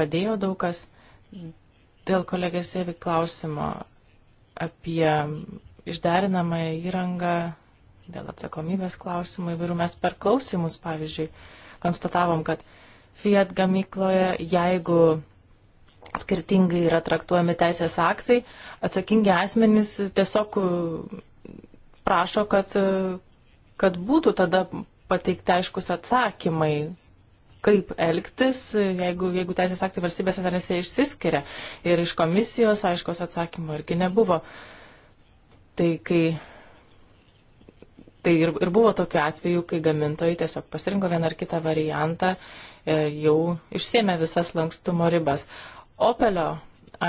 padėjo daug kas. Dėl kolegės Evik klausimo apie išderinamą įrangą, dėl atsakomybės klausimų įvairių mes per klausimus, pavyzdžiui, uh, konstatavom, kad Fiat gamykloje, jeigu skirtingai yra traktuojami teisės aktai, atsakingi asmenys tiesiog e, prašo, kad, e, kad būtų tada pateikti aiškus atsakymai, kaip elgtis, jeigu, jeigu teisės aktai valstybėse narėse išsiskiria. Ir iš komisijos aiškos atsakymo irgi nebuvo. Tai kai Tai ir, ir buvo tokiu atveju, kai gamintojai tiesiog pasirinko vieną ar kitą variantą, e, jau išsėmė visas lankstumo ribas. Opelio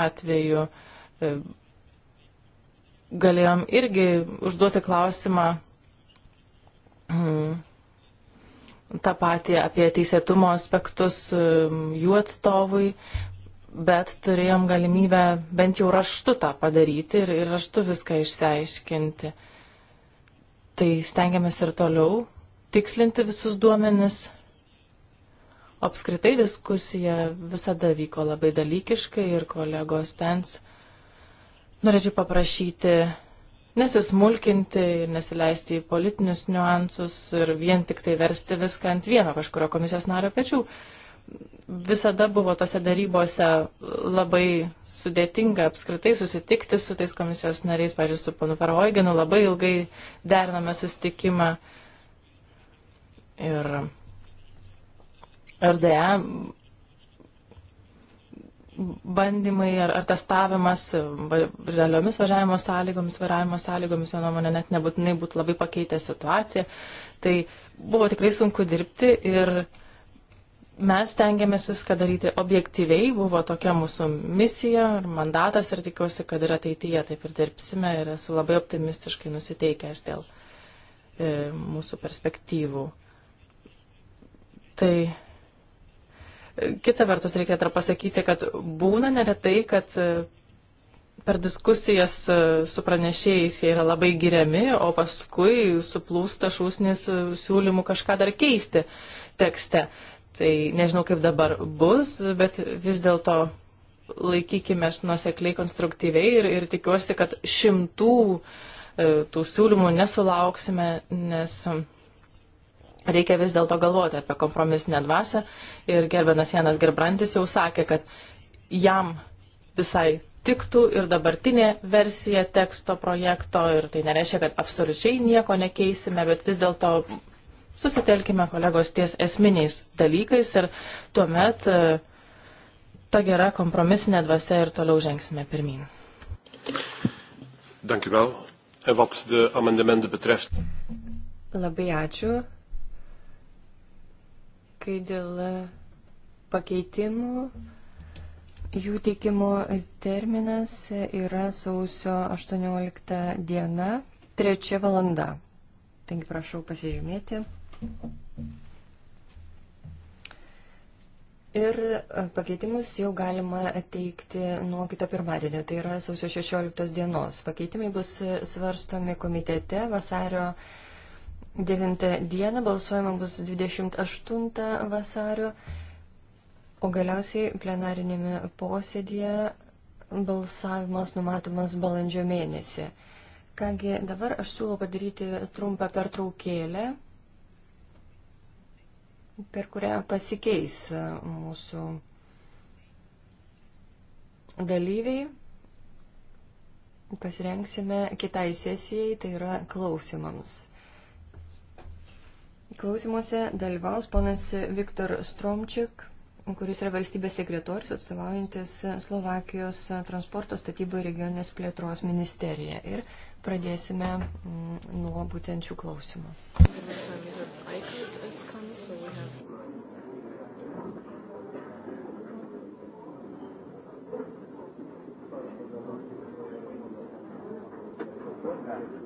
atveju e, galėjom irgi užduoti klausimą mm, tą patį apie teisėtumo aspektus hmm, jų atstovui, bet turėjom galimybę bent jau raštu tą padaryti ir, ir raštu viską išsiaiškinti. Tai stengiamės ir toliau tikslinti visus duomenis. Apskritai diskusija visada vyko labai dalykiškai ir kolegos tens. Norėčiau paprašyti nesismulkinti ir nesileisti į politinius niuansus ir vien tik tai versti viską ant vieno kažkurio komisijos nario pečių. Uh, visada buvo tose darybose labai sudėtinga apskritai susitikti su tais komisijos nariais, pavyzdžiui, su panu Faroiginu, labai ilgai deriname susitikimą ir RDE bandymai ar, ar testavimas realiomis važiavimo sąlygomis, vairavimo sąlygomis, jo nuomonė net nebūtinai būtų labai pakeitę situaciją. Tai buvo tikrai sunku dirbti ir uh, Mes tengiamės viską daryti objektyviai, buvo tokia mūsų misija ir mandatas ir tikiuosi, kad ir ateityje taip ir dirbsime ir esu labai optimistiškai nusiteikęs dėl e, mūsų perspektyvų. Tai e, kita vertus reikia dar pasakyti, kad būna neretai, kad e, per diskusijas e, su pranešėjais jie yra labai giriami, o paskui suplūsta šūsnis siūlymų kažką dar keisti tekste. Tai nežinau, kaip dabar bus, bet vis dėlto laikykime nusekliai konstruktyviai ir, ir tikiuosi, kad šimtų e, tų siūlymų nesulauksime, nes reikia vis dėlto galvoti apie kompromisinę dvasę. Ir gerbenas Janas Gerbrantis jau sakė, kad jam visai tiktų ir dabartinė versija teksto projekto ir tai nereiškia, kad absoliučiai nieko nekeisime, bet vis dėlto susitelkime kolegos ties esminiais dalykais ir tuomet e, ta gera kompromisinė dvasia ir toliau žengsime pirmin. Dank u wel. En wat de amendementen betreft. Labai ačiū. Kai dėl pakeitimų, jų teikimo terminas yra sausio 18 diena, 3 valanda. Taigi prašau pasižymėti. Ir e, pakeitimus jau galima teikti nuo kito pirmadienio, tai yra sausio 16 dienos. Pakeitimai bus svarstomi komitete vasario 9 dieną, balsuojama bus 28 vasario, o galiausiai plenarinėme posėdėje balsavimas numatomas balandžio mėnesį. Kągi dabar aš siūlau padaryti trumpą pertraukėlę per kurią pasikeis e, mūsų dalyviai. Pasirengsime kitai sesijai, tai yra klausimams. Klausimuose dalyvaus ponas Viktor Stromčik, kuris yra valstybės sekretorius atstovaujantis Slovakijos transporto statybų regionės plėtros ministeriją. Ir pradėsime mm, nuo būtent šių klausimų so we have Thank you.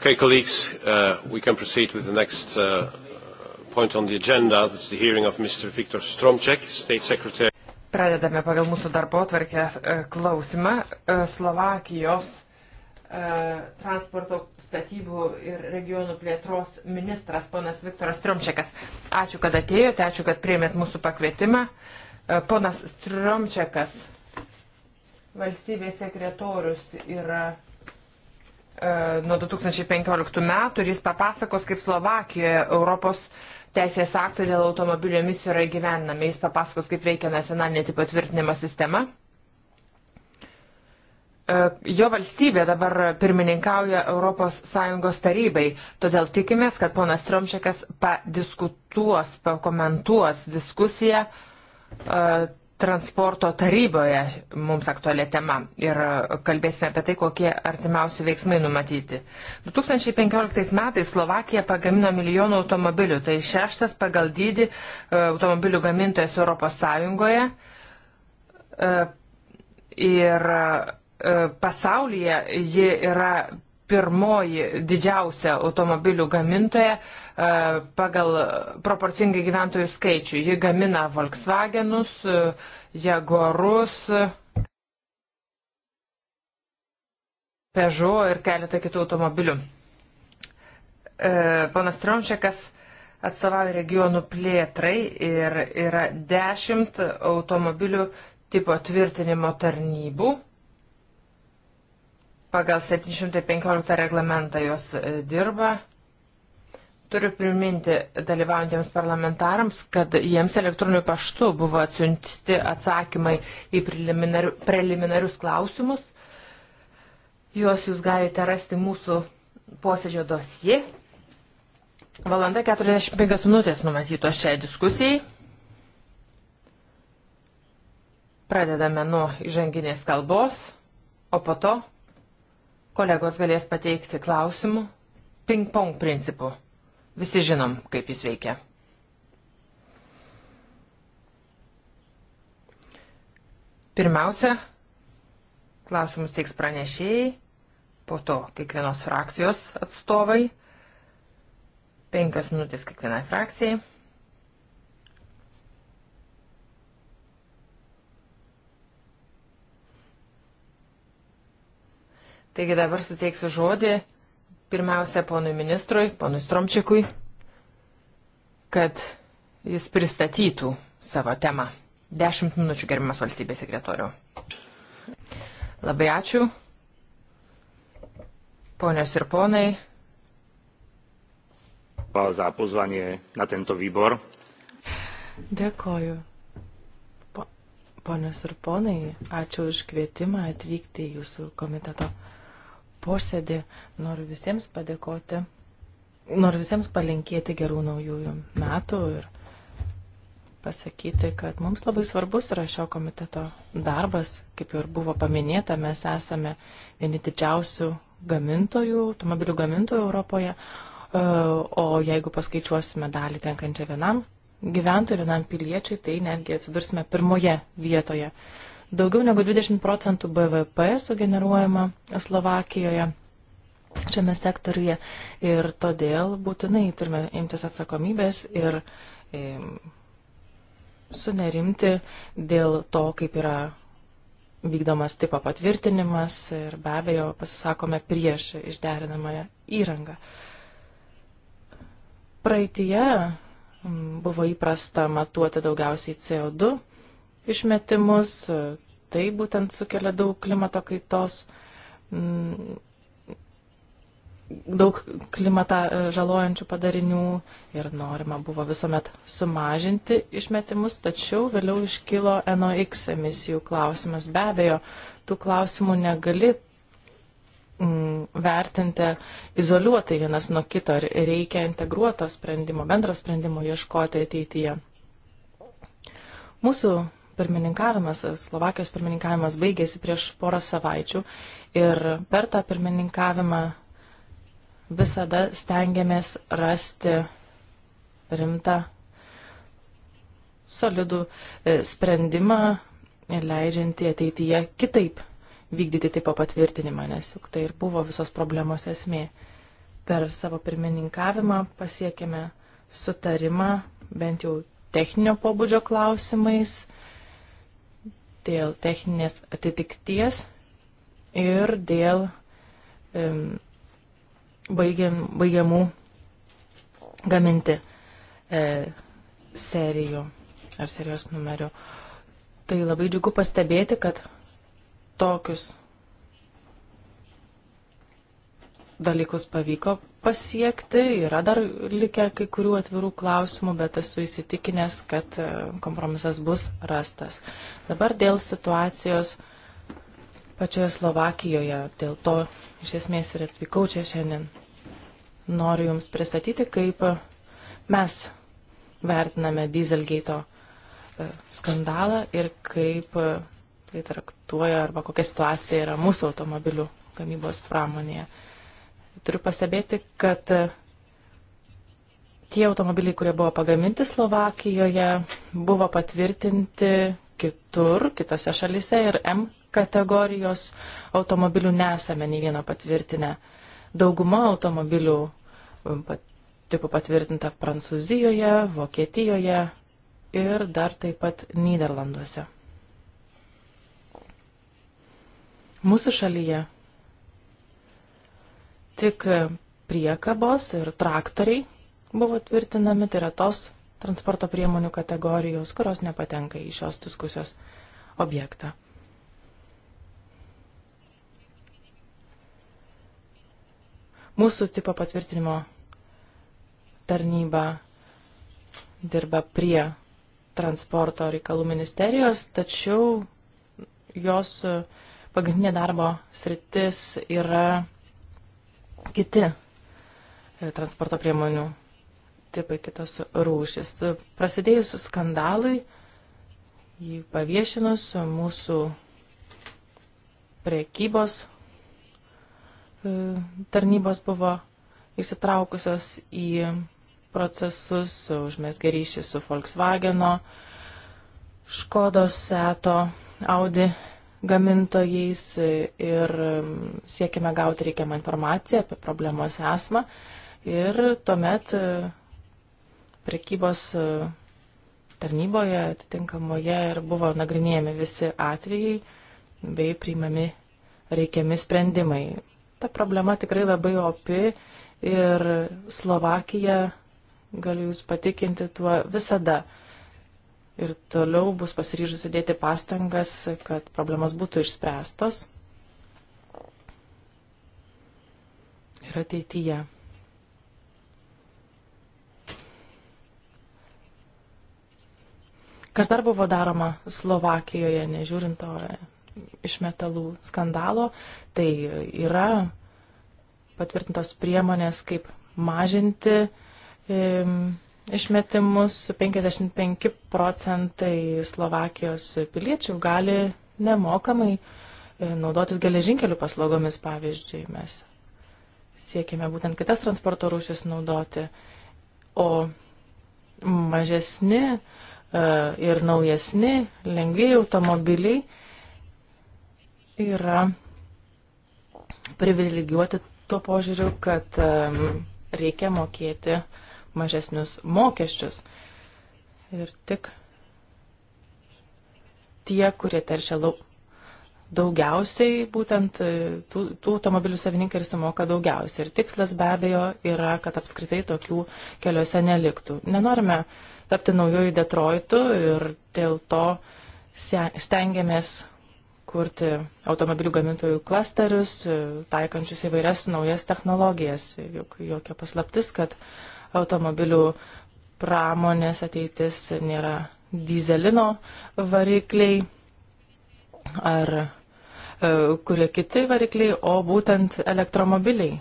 Okay, colleagues, uh, we can proceed with the next uh, point on the agenda. This is the hearing of Mr. Viktor Stromček, State Secretary. Pradedame pagal mūsų darbo atvarkę e, klausimą e, Slovakijos e, transporto statybų ir regionų plėtros ministras ponas Viktoras Stromčekas. Ačiū, kad atėjote, ačiū, kad priėmėt mūsų pakvietimą. Ponas Stromčekas, valstybės sekretorius yra E, nuo 2015 metų ir jis papasakos, kaip Slovakijoje Europos teisės aktai dėl automobilio emisijų yra įgyvendinami. Jis papasakos, kaip veikia nacionalinė tipo tvirtinimo sistema. E, jo valstybė dabar pirmininkauja ES tarybai, todėl tikimės, kad ponas Tromšekas padiskutuos, pakomentuos diskusiją e, transporto taryboje mums aktuali tema ir kalbėsime apie tai, kokie artimiausi veiksmai numatyti. 2015 metais Slovakija pagamino milijonų automobilių, tai šeštas pagal dydį e, automobilių gamintojas Europos Sąjungoje. E, ir e, pasaulyje ji yra pirmoji didžiausia automobilių gamintoja e, pagal proporcingai gyventojų skaičių. Ji gamina Volkswagenus, e, Jaguarus, Peugeot ir keletą kitų automobilių. E, Panas Trončiakas atstovauja regionų plėtrai ir yra dešimt automobilių tipo tvirtinimo tarnybų pagal 715 reglamentą jos e, dirba. Turiu priminti dalyvaujantiems parlamentarams, kad jiems elektroniniu paštu buvo atsiunti atsakymai į preliminari, preliminarius klausimus. Juos jūs galite rasti mūsų posėdžio dosie. Valanda 45 minutės numatytos šiai diskusijai. Pradedame nuo įžanginės kalbos, o po to Kolegos galės pateikti klausimų ping-pong principu. Visi žinom, kaip jis veikia. Pirmiausia, klausimus teiks pranešėjai, po to kiekvienos frakcijos atstovai, penkias minutės kiekvienai frakcijai. Taigi dabar suteiksiu žodį pirmiausia ponui ministrui, ponui Stromčikui, kad jis pristatytų savo temą. Dešimt minučių, gerbiamas valstybės sekretoriau. Labai ačiū. Ponios ir ponai. Za pozvanie na tento výbor. Dėkoju. Po, ponios ir ponai, ačiū už kvietimą atvykti į jūsų komiteto posėdį. Noriu visiems padėkoti, noriu visiems palinkėti gerų naujųjų metų ir pasakyti, kad mums labai svarbus yra šio komiteto darbas. Kaip jau ir buvo paminėta, mes esame vieni didžiausių gamintojų, automobilių gamintojų Europoje, e, o jeigu paskaičiuosime dalį tenkančią vienam gyventojui, vienam piliečiui, tai netgi atsidursime pirmoje vietoje Daugiau negu 20 procentų BVP sugeneruojama Slovakijoje šiame sektoriuje ir todėl būtinai turime imtis atsakomybės ir e, sunerimti dėl to, kaip yra vykdomas tipo patvirtinimas ir be abejo pasisakome prieš išderinamąją įrangą. Praeitie buvo įprasta matuoti daugiausiai CO2 išmetimus, tai būtent sukelia daug klimato kaitos, mm, daug klimatą e, žalojančių padarinių ir norima buvo visuomet sumažinti išmetimus, tačiau vėliau iškilo NOx emisijų klausimas. Be abejo, tų klausimų negali mm, vertinti izoliuotai vienas nuo kito, ar reikia integruoto sprendimo, bendro sprendimo ieškoti ateityje. Mūsų pirmininkavimas, Slovakijos pirmininkavimas baigėsi prieš porą savaičių ir per tą pirmininkavimą visada stengiamės rasti rimtą, solidų e, sprendimą, leidžiantį ateityje kitaip vykdyti tipo patvirtinimą, nes juk tai ir buvo visos problemos esmė. Per savo pirmininkavimą pasiekėme sutarimą bent jau techninio pobūdžio klausimais dėl techninės atitikties ir dėl um, baigiam, baigiamų gaminti e, serijų ar serijos numerių. Tai labai džiugu pastebėti, kad tokius dalykus pavyko pasiekti, yra dar likę kai kurių atvirų klausimų, bet esu įsitikinęs, kad e, kompromisas bus rastas. Dabar dėl situacijos pačioje Slovakijoje, dėl to iš esmės ir atvykau čia šiandien. Noriu Jums pristatyti, kaip mes vertiname Dieselgate e, skandalą ir kaip e, tai traktuoja arba kokia situacija yra mūsų automobilių gamybos pramonėje turiu pastebėti, kad e, tie automobiliai, kurie buvo pagaminti Slovakijoje, buvo patvirtinti kitur, kitose šalise ir M kategorijos automobilių nesame nei vieno patvirtinę. Dauguma automobilių e, pat, tipų patvirtinta Prancūzijoje, Vokietijoje ir dar taip pat Niderlanduose. Mūsų šalyje tik priekabos ir traktoriai buvo tvirtinami, tai yra tos transporto priemonių kategorijos, kurios nepatenka į šios diskusijos objektą. Mūsų tipo patvirtinimo tarnyba dirba prie transporto reikalų ministerijos, tačiau jos pagrindinė darbo sritis yra kiti e, transporto priemonių tipai, kitos rūšis. Prasidėjus skandalui, jį paviešinus mūsų priekybos e, tarnybos buvo įsitraukusios į procesus, užmesgė ryšį su Volkswageno, Škodos, Seto, Audi gamintojais ir um, siekime gauti reikiamą informaciją apie problemos esmą. Ir tuomet uh, prekybos uh, tarnyboje atitinkamoje ir buvo nagrinėjami visi atvejai bei priimami reikiami sprendimai. Ta problema tikrai labai opi ir Slovakija, galiu Jūs patikinti, tuo visada ir toliau bus pasiryžusi dėti pastangas, kad problemas būtų išspręstos ir ateityje. Kas dar buvo daroma Slovakijoje, nežiūrint to iš metalų skandalo, tai yra patvirtintos priemonės, kaip mažinti. Um, išmetimus 55 procentai Slovakijos piliečių gali nemokamai e, naudotis geležinkelių paslaugomis, pavyzdžiui, mes siekime būtent kitas transporto rūšis naudoti, o mažesni e, ir naujesni, lengvi automobiliai yra privilegijuoti tuo požiūriu, kad reikia mokėti uh, mažesnius mokesčius. Ir tik tie, kurie teršia lau, daugiausiai, būtent e, tų, tų automobilių savininkai ir sumoka daugiausiai. Ir tikslas be abejo yra, kad apskritai tokių keliuose neliktų. Nenorime tapti naujojų Detroitų ir dėl to stengiamės kurti automobilių gamintojų klasterius, e, taikančius įvairias naujas technologijas. Juk jokia paslaptis, kad uh, automobilių pramonės ateitis nėra dizelino varikliai ar e, kurie kiti varikliai, o būtent elektromobiliai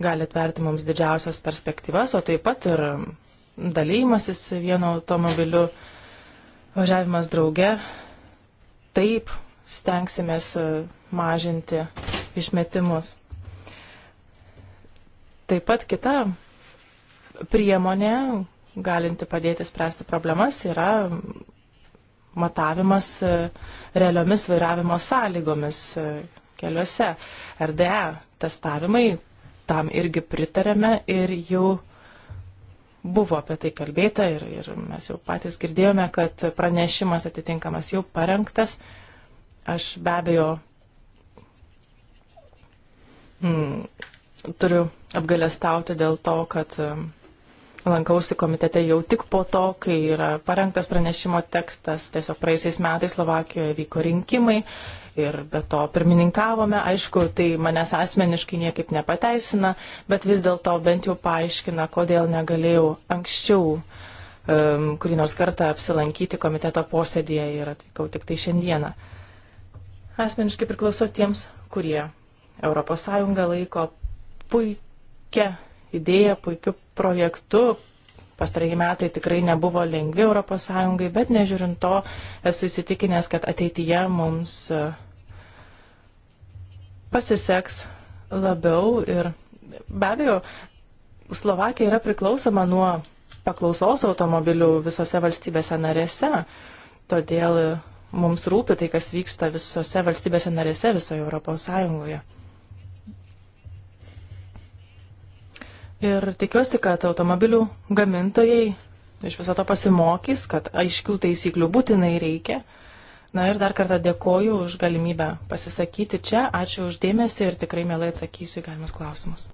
gali atverti mums didžiausias perspektyvas, o taip pat ir dalymasis vienu automobiliu, važiavimas drauge. Taip stengsimės e, mažinti išmetimus. Taip pat kita priemonė, galinti padėti spręsti problemas, yra matavimas e, realiomis vairavimo sąlygomis e, keliuose. RDE testavimai tam irgi pritarėme ir jau buvo apie tai kalbėta ir, ir mes jau patys girdėjome, kad pranešimas atitinkamas jau parengtas. Aš be abejo mm, turiu apgalestauti dėl to, kad lankausi komitete jau tik po to, kai yra parengtas pranešimo tekstas. Tiesiog praeisiais metais Slovakijoje vyko rinkimai ir be to pirmininkavome. Aišku, tai manęs asmeniškai niekaip nepateisina, bet vis dėlto bent jau paaiškina, kodėl negalėjau anksčiau um, kurį nors kartą apsilankyti komiteto posėdėje ir atvykau tik tai šiandieną. Asmeniškai priklausau tiems, kurie ES laiko puikia idėja, puikiu projektu. Pastarėjai metai tikrai nebuvo lengvi ES, bet nežiūrint to, esu įsitikinęs, kad ateityje mums e, pasiseks labiau ir be abejo, Slovakija yra priklausoma nuo paklausos automobilių visose valstybėse narėse, todėl mums rūpi tai, kas vyksta visose valstybėse narėse visoje Europos Sąjungoje. Ir tikiuosi, kad automobilių gamintojai iš viso to pasimokys, kad aiškių taisyklių būtinai reikia. Na ir dar kartą dėkoju už galimybę pasisakyti čia, ačiū uždėmesi ir tikrai mielai atsakysiu į galimus klausimus.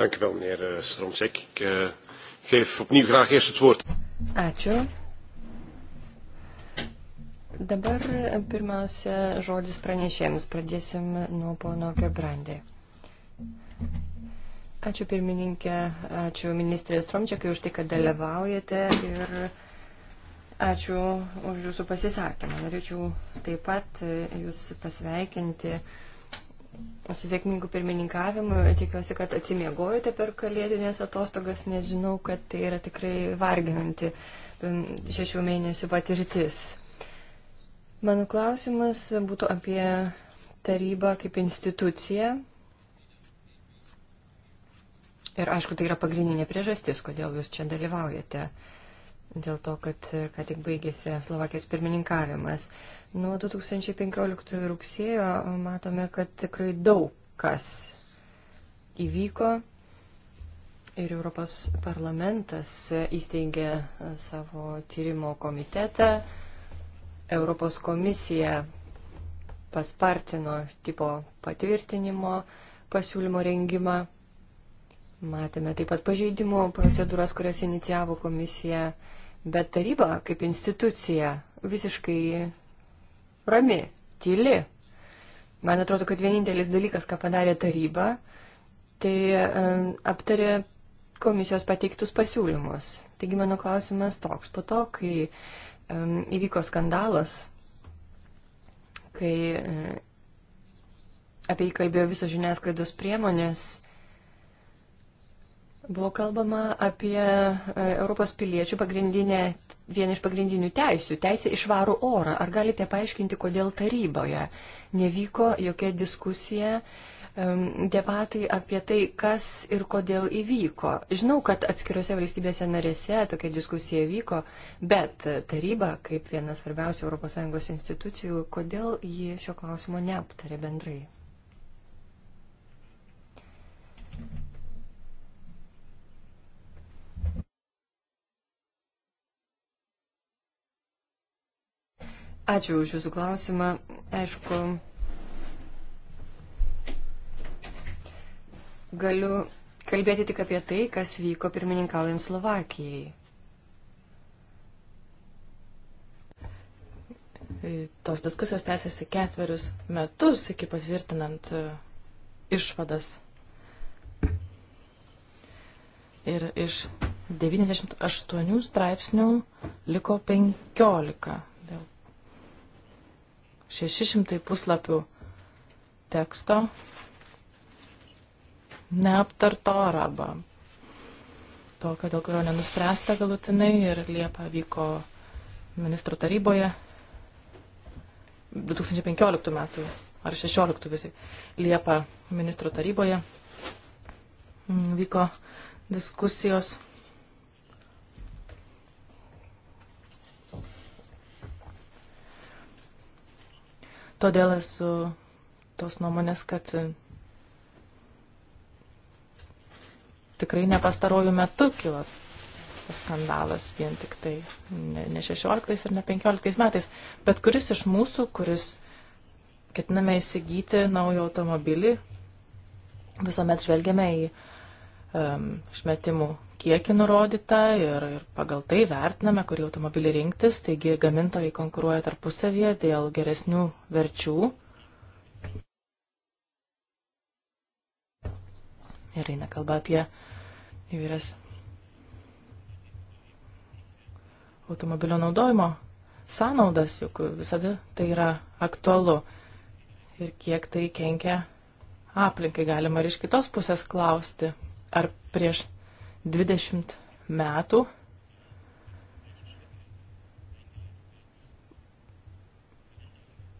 Dank u wel, meneer eh, Stromsek. Ik uh, geef opnieuw graag eerst het woord. Ačiū. Dabar eh, pirmiausia žodis pranešėjams. Pradėsim nuo pono Gerbrandė. Ačiū pirmininkė, ačiū ministrė Stromčiakai už tai, kad dalyvaujate ir ačiū už jūsų pasisakymą. Norėčiau taip pat jūs pasveikinti su sėkmingu pirmininkavimu. Tikiuosi, kad atsimiegojote per kalėdinės atostogas, nes žinau, kad tai yra tikrai varginanti šešių mėnesių patirtis. Mano klausimas būtų apie tarybą kaip instituciją Ir aišku, tai yra pagrindinė priežastis, kodėl jūs čia dalyvaujate. Dėl to, kad ką tik baigėsi Slovakijos pirmininkavimas. Nuo 2015 rugsėjo matome, kad tikrai daug kas įvyko ir Europos parlamentas įsteigė savo tyrimo komitetą. Europos komisija paspartino tipo patvirtinimo pasiūlymo rengimą. Matėme taip pat pažeidimų procedūras, kurias inicijavo komisija, bet taryba kaip institucija visiškai rami, tyli. Man atrodo, kad vienintelis dalykas, ką padarė taryba, tai um, aptarė komisijos pateiktus pasiūlymus. Taigi mano klausimas toks. Po to, kai um, įvyko skandalas, kai um, apie jį kalbėjo visos žiniasklaidos priemonės, Buvo kalbama apie e, Europos piliečių pagrindinę, vieną iš pagrindinių teisių, teisę išvarų orą. Ar galite paaiškinti, kodėl taryboje nevyko jokia diskusija? debatai apie tai, kas ir kodėl įvyko. Žinau, kad atskiriuose valstybėse narėse tokia diskusija vyko, bet taryba, kaip viena svarbiausių ES institucijų, kodėl ji šio klausimo neaptarė bendrai? Ačiū už Jūsų klausimą. Aišku, galiu kalbėti tik apie tai, kas vyko pirmininkaujant Slovakijai. Tos diskusijos tęsiasi ketverius metus iki patvirtinant e, išvadas. Ir iš 98 straipsnių liko 15 600 puslapių teksto neaptarto arba tokio, dėl kurio nenuspręsta galutinai ir Liepa vyko ministrų taryboje 2015 metų ar 16 visai Liepa ministrų taryboje mm, vyko diskusijos Todėl esu tos nuomonės, kad tikrai ne pastarojų metų kilo skandalas vien tik tai ne, ne 16 ir ne 15 metais, bet kuris iš mūsų, kuris ketiname įsigyti naują automobilį, visuomet žvelgiame į Um, išmetimų kiekį nurodytą ir, ir pagal tai vertiname, kurį automobilį rinktis. Taigi gamintojai konkuruoja tarpusavyje dėl geresnių verčių. Ir eina kalba apie įvairias automobilio naudojimo sąnaudas, juk visada tai yra aktualu. Ir kiek tai kenkia aplinkai, galima ir iš kitos pusės klausti, ar prieš 20 metų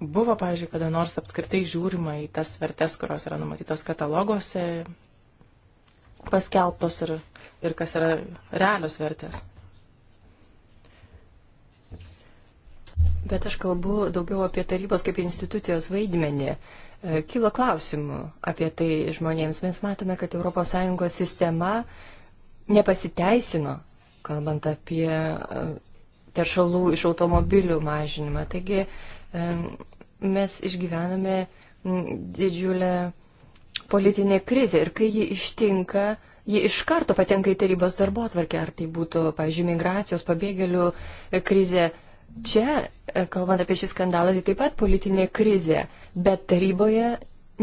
buvo, pavyzdžiui, kada nors apskritai žiūrima į tas vertes, kurios yra numatytos kataloguose paskelbtos ir, ir kas yra realios vertės. Bet aš kalbu daugiau apie tarybos kaip institucijos vaidmenį. E, kilo klausimų apie tai žmonėms. Mes matome, kad ES sistema nepasiteisino, kalbant apie e, teršalų iš automobilių mažinimą. Taigi e, mes išgyvename didžiulę politinę krizę ir kai ji ištinka, ji iš karto patenka į tarybos darbo atvarkę, ar tai būtų, pavyzdžiui, migracijos pabėgėlių krizė, Čia, e, kalbant apie šį skandalą, tai taip pat politinė krizė, bet taryboje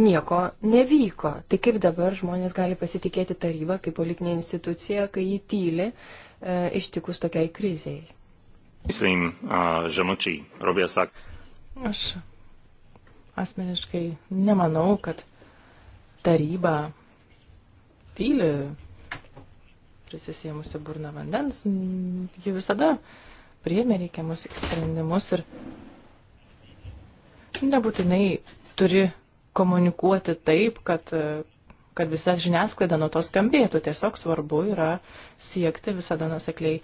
nieko nevyko. Tai kaip dabar žmonės gali pasitikėti tarybą kaip politinė institucija, kai jį tyli e, ištikus tokiai kriziai? Svim žemučiai, robė sak. Aš asmeniškai nemanau, kad taryba tyli prisisėmusi burna vandens, ji visada uh, prieimė reikiamus sprendimus ir nebūtinai turi komunikuoti taip, kad, kad visa žiniasklaida nuo to skambėtų. Tiesiog svarbu yra siekti visada nusekliai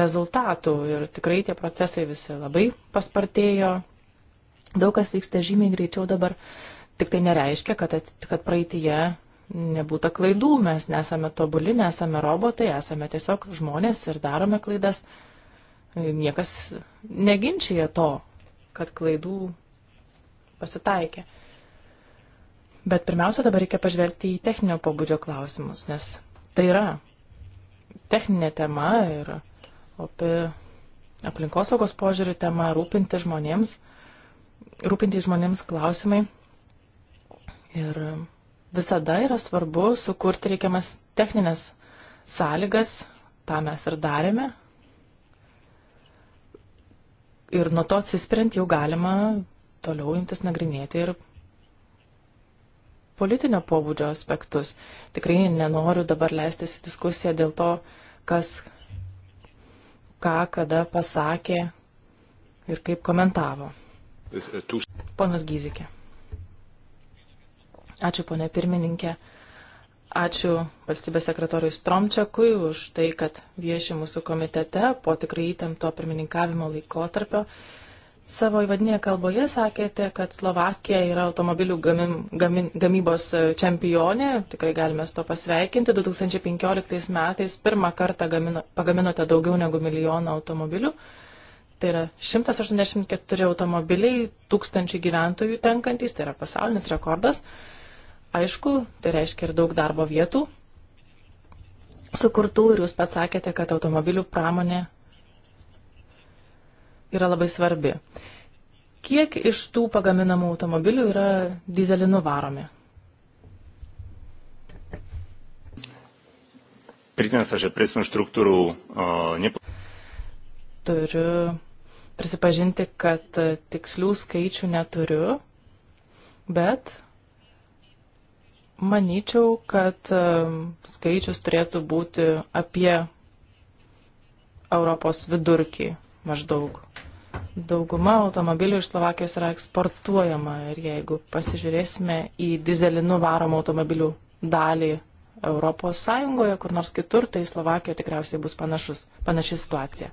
rezultatų ir tikrai tie procesai visi labai paspartėjo. Daug kas vyksta žymiai greičiau dabar, tik tai nereiškia, kad, kad praeitie nebūtų klaidų, mes nesame tobuli, nesame robotai, esame tiesiog žmonės ir darome klaidas. Uh, Niekas neginčia to, kad klaidų pasitaikė. Bet pirmiausia, dabar reikia pažvelgti į techninio pobūdžio klausimus, nes tai yra techninė tema ir opi aplinkosaugos požiūrių tema rūpinti žmonėms, rūpinti žmonėms klausimai. Ir visada yra svarbu sukurti reikiamas techninės sąlygas, tą mes ir darėme, ir nuo to atsispirint jau galima toliau imtis nagrinėti ir politinio pobūdžio aspektus. Tikrai nenoriu dabar leistis į diskusiją dėl to, kas ką kada pasakė ir kaip komentavo. Uh, Ponas Gyzikė. Ačiū, ponė pirmininkė. Ačiū valstybės sekretoriui Stromčiakui už tai, kad vieši mūsų komitete po tikrai įtempto pirmininkavimo laikotarpio. Savo įvadinėje kalboje sakėte, kad Slovakija yra automobilių gamim, gamim, gamybos čempionė, tikrai galime su to pasveikinti. 2015 metais pirmą kartą gamino, pagaminote daugiau negu milijoną automobilių. Tai yra 184 automobiliai, tūkstančiai gyventojų tenkantys, tai yra pasaulinis rekordas. Uh, Aišku, tai reiškia ir daug darbo vietų sukurtų ir jūs pats sakėte, kad automobilių pramonė yra labai svarbi. Kiek iš tų pagaminamų automobilių yra dizelinu varomi? Pritinęs aš prisimenu struktūrų. Ne... Turiu prisipažinti, kad tikslių skaičių neturiu, bet Manyčiau, kad skaičius turėtų būti apie Europos vidurkį maždaug. Dauguma automobilių iš Slovakijos yra eksportuojama ir jeigu pasižiūrėsime į dizelinu varomą automobilių dalį Europos Sąjungoje, kur nors kitur, tai Slovakijoje tikriausiai bus panašus, panaši situacija.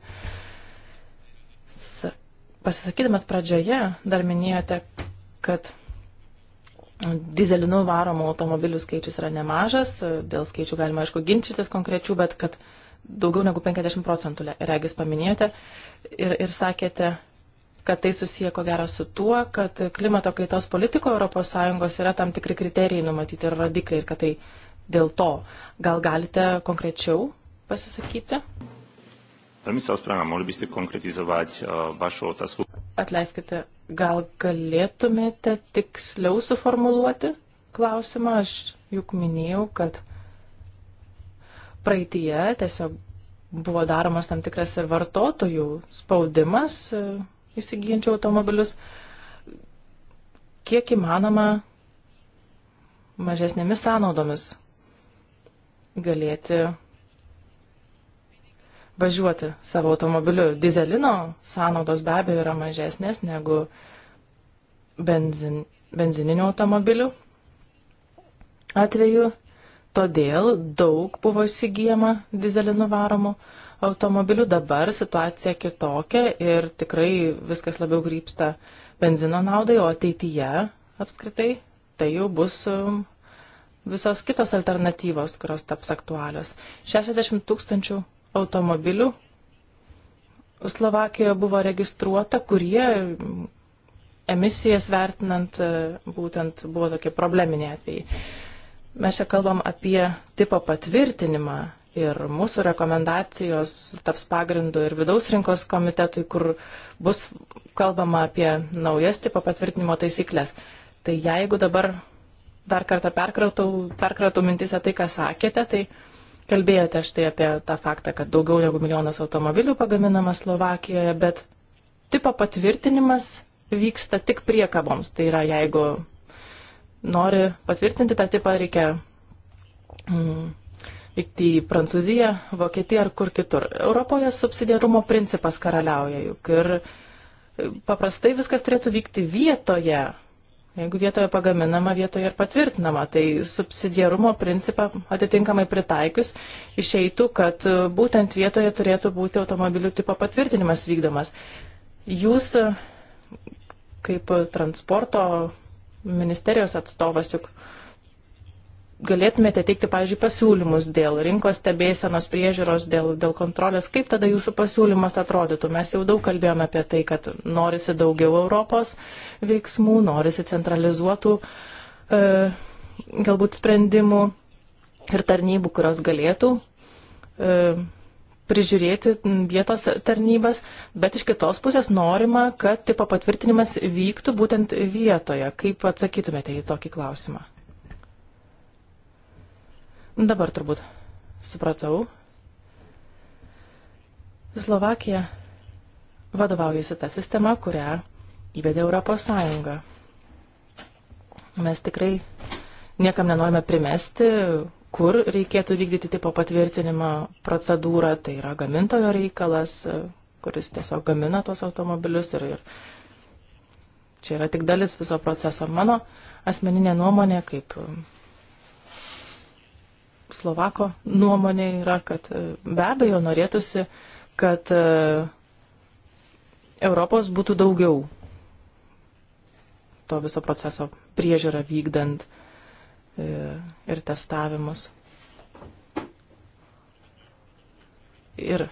S pasisakydamas pradžioje dar minėjote, kad dizelinu varomų automobilių skaičius yra nemažas, dėl skaičių galima aišku ginčytis konkrečių, bet kad daugiau negu 50 procentų, regis paminėjote, ir, ir sakėte, kad tai susiję ko gero su tuo, kad klimato kaitos politiko ES yra tam tikri kriterijai numatyti ir rodikliai, ir kad tai dėl to. Gal galite konkrečiau pasisakyti? Pani Salsprana, moglibyste konkretizuoti uh, e, vašu otasku? Atleiskite, Gal galėtumėte tiksliau suformuluoti klausimą? Aš juk minėjau, kad praeitie tiesiog buvo daromas tam tikras ir vartotojų spaudimas e, įsigyjančių automobilius. Kiek įmanoma mažesnėmis sąnaudomis galėti važiuoti savo automobiliu. Dizelino sąnaudos be abejo yra mažesnės negu benzin, benzininių automobilių atveju. Todėl daug buvo įsigijama dizelinu varomų automobilių. Dabar situacija kitokia ir tikrai viskas labiau krypsta benzino naudai, o ateityje apskritai tai jau bus um, visos kitos alternatyvos, kurios taps aktualios. 60 tūkstančių automobilių Slovakijoje buvo registruota, kurie emisijas vertinant e, būtent buvo tokie probleminiai atvejai. Mes čia kalbam apie tipo patvirtinimą ir mūsų rekomendacijos taps pagrindu ir vidaus rinkos komitetui, kur bus kalbama apie naujas tipo patvirtinimo taisyklės. Tai jeigu dabar dar kartą perkratau, perkratau mintise tai, ką sakėte, tai Kalbėjote štai apie tą faktą, kad daugiau negu milijonas automobilių pagaminama Slovakijoje, bet tipo patvirtinimas vyksta tik priekaboms. Tai yra, jeigu nori patvirtinti tą tipą, reikia mm, vykti į Prancūziją, Vokietiją ar kur kitur. Europoje subsidiarumo principas karaliauja juk ir paprastai viskas turėtų vykti vietoje, Jeigu vietoje pagaminama, vietoje ir patvirtinama, tai subsidiarumo principą atitinkamai pritaikius išeitų, kad e, būtent vietoje turėtų būti automobilių tipo patvirtinimas vykdomas. Jūs e, kaip transporto ministerijos atstovas juk uh, galėtumėte teikti, pavyzdžiui, pasiūlymus dėl rinkos stebėsenos priežiūros, dėl, dėl kontrolės, kaip tada jūsų pasiūlymas atrodytų? Mes jau daug kalbėjome apie tai, kad norisi daugiau Europos veiksmų, norisi centralizuotų e, galbūt sprendimų ir tarnybų, kurios galėtų e, prižiūrėti vietos tarnybas, bet iš kitos pusės norima, kad tipo patvirtinimas vyktų būtent vietoje. Kaip atsakytumėte į tokį klausimą? Dabar turbūt supratau. Slovakija vadovaujasi tą sistemą, kurią įvedė Europos Sąjunga. Mes tikrai niekam nenorime primesti, kur reikėtų vykdyti tipo patvirtinimą procedūrą, tai yra gamintojo reikalas, kuris tiesiog gamina tos automobilius ir, ir čia yra tik dalis viso proceso. Mano asmeninė nuomonė, kaip Slovako nuomonė yra, kad e, be abejo norėtųsi, kad e, Europos būtų daugiau to viso proceso priežiūrą vykdant e, ir testavimus. Ir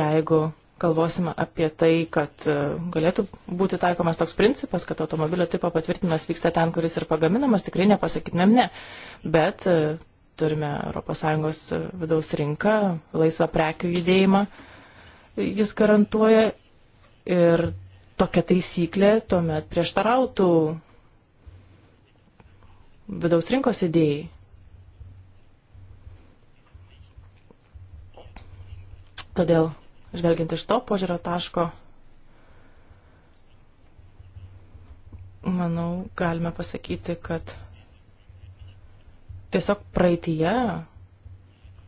jeigu galvosime apie tai, kad e, galėtų būti taikomas toks principas, kad automobilio tipo patvirtinimas vyksta ten, kuris ir pagaminamas, tikrai nepasakytumėm ne. Bet e, turime ES e, vidaus rinką, laisvą prekių judėjimą, jis garantuoja ir tokia taisyklė tuomet prieštarautų vidaus rinkos idėjai. Todėl žvelgiant iš to požiūrio taško, manau, galime pasakyti, kad tiesiog praeitie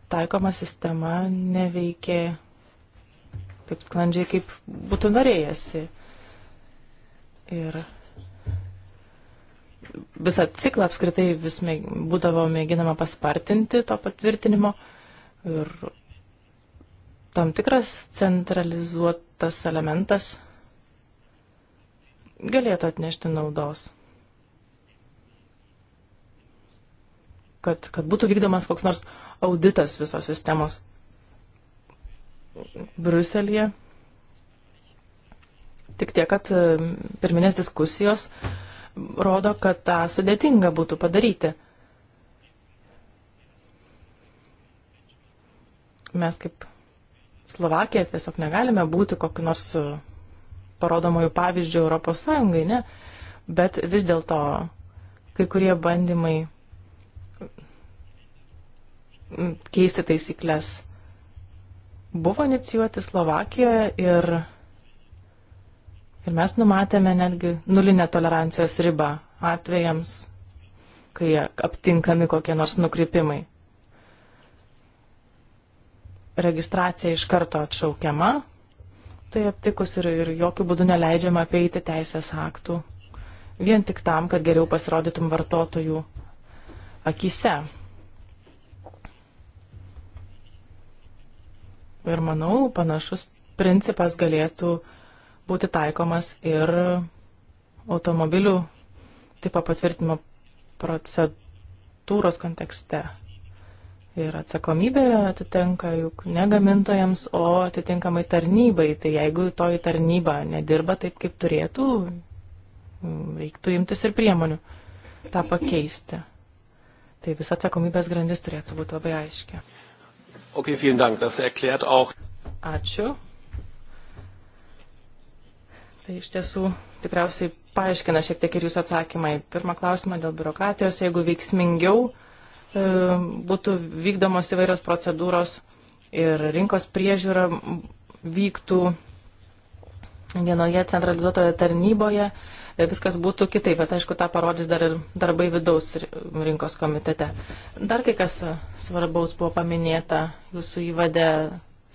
taikoma sistema neveikė taip sklandžiai, kaip būtų norėjęsi. Ir visą ciklą apskritai vis mėg, būdavo mėginama paspartinti to patvirtinimo ir tam tikras centralizuotas elementas galėtų atnešti naudos. Kad, kad būtų vykdomas koks nors auditas visos sistemos Bruselėje. Tik tiek, kad pirminės diskusijos rodo, kad tą sudėtinga būtų padaryti. Mes kaip Slovakija tiesiog negalime būti kokiu nors e, parodomųjų pavyzdžių Europos Sąjungai, ne? Bet vis dėlto kai kurie bandymai keisti taisyklės buvo inicijuoti Slovakijoje ir, ir mes numatėme netgi nulinę tolerancijos ribą atvejams, kai aptinkami kokie nors nukrypimai registracija iš karto atšaukiama, tai aptikus ir, ir jokių būdų neleidžiama apeiti teisės aktų, vien tik tam, kad geriau pasirodytum vartotojų akise. Ir manau, panašus principas galėtų būti taikomas ir automobilių tipo patvirtinimo procedūros kontekste ir atsakomybė atitenka juk ne gamintojams, o atitinkamai tarnybai. Tai jeigu toji tarnyba nedirba taip, kaip turėtų, reiktų imtis ir priemonių tą pakeisti. Tai visa atsakomybės grandis turėtų būti labai aiški. Okay, vielen Dank. Das erklärt auch. Ačiū. Tai iš tiesų tikriausiai paaiškina šiek tiek ir jūsų atsakymai. Pirmą klausimą dėl biurokratijos, jeigu veiksmingiau E, būtų vykdomos įvairios procedūros ir rinkos priežiūra vyktų vienoje centralizuotoje tarnyboje, e, viskas būtų kitaip, bet aišku, tą parodys dar ir darbai vidaus rinkos komitete. Dar kai kas svarbaus buvo paminėta jūsų įvade,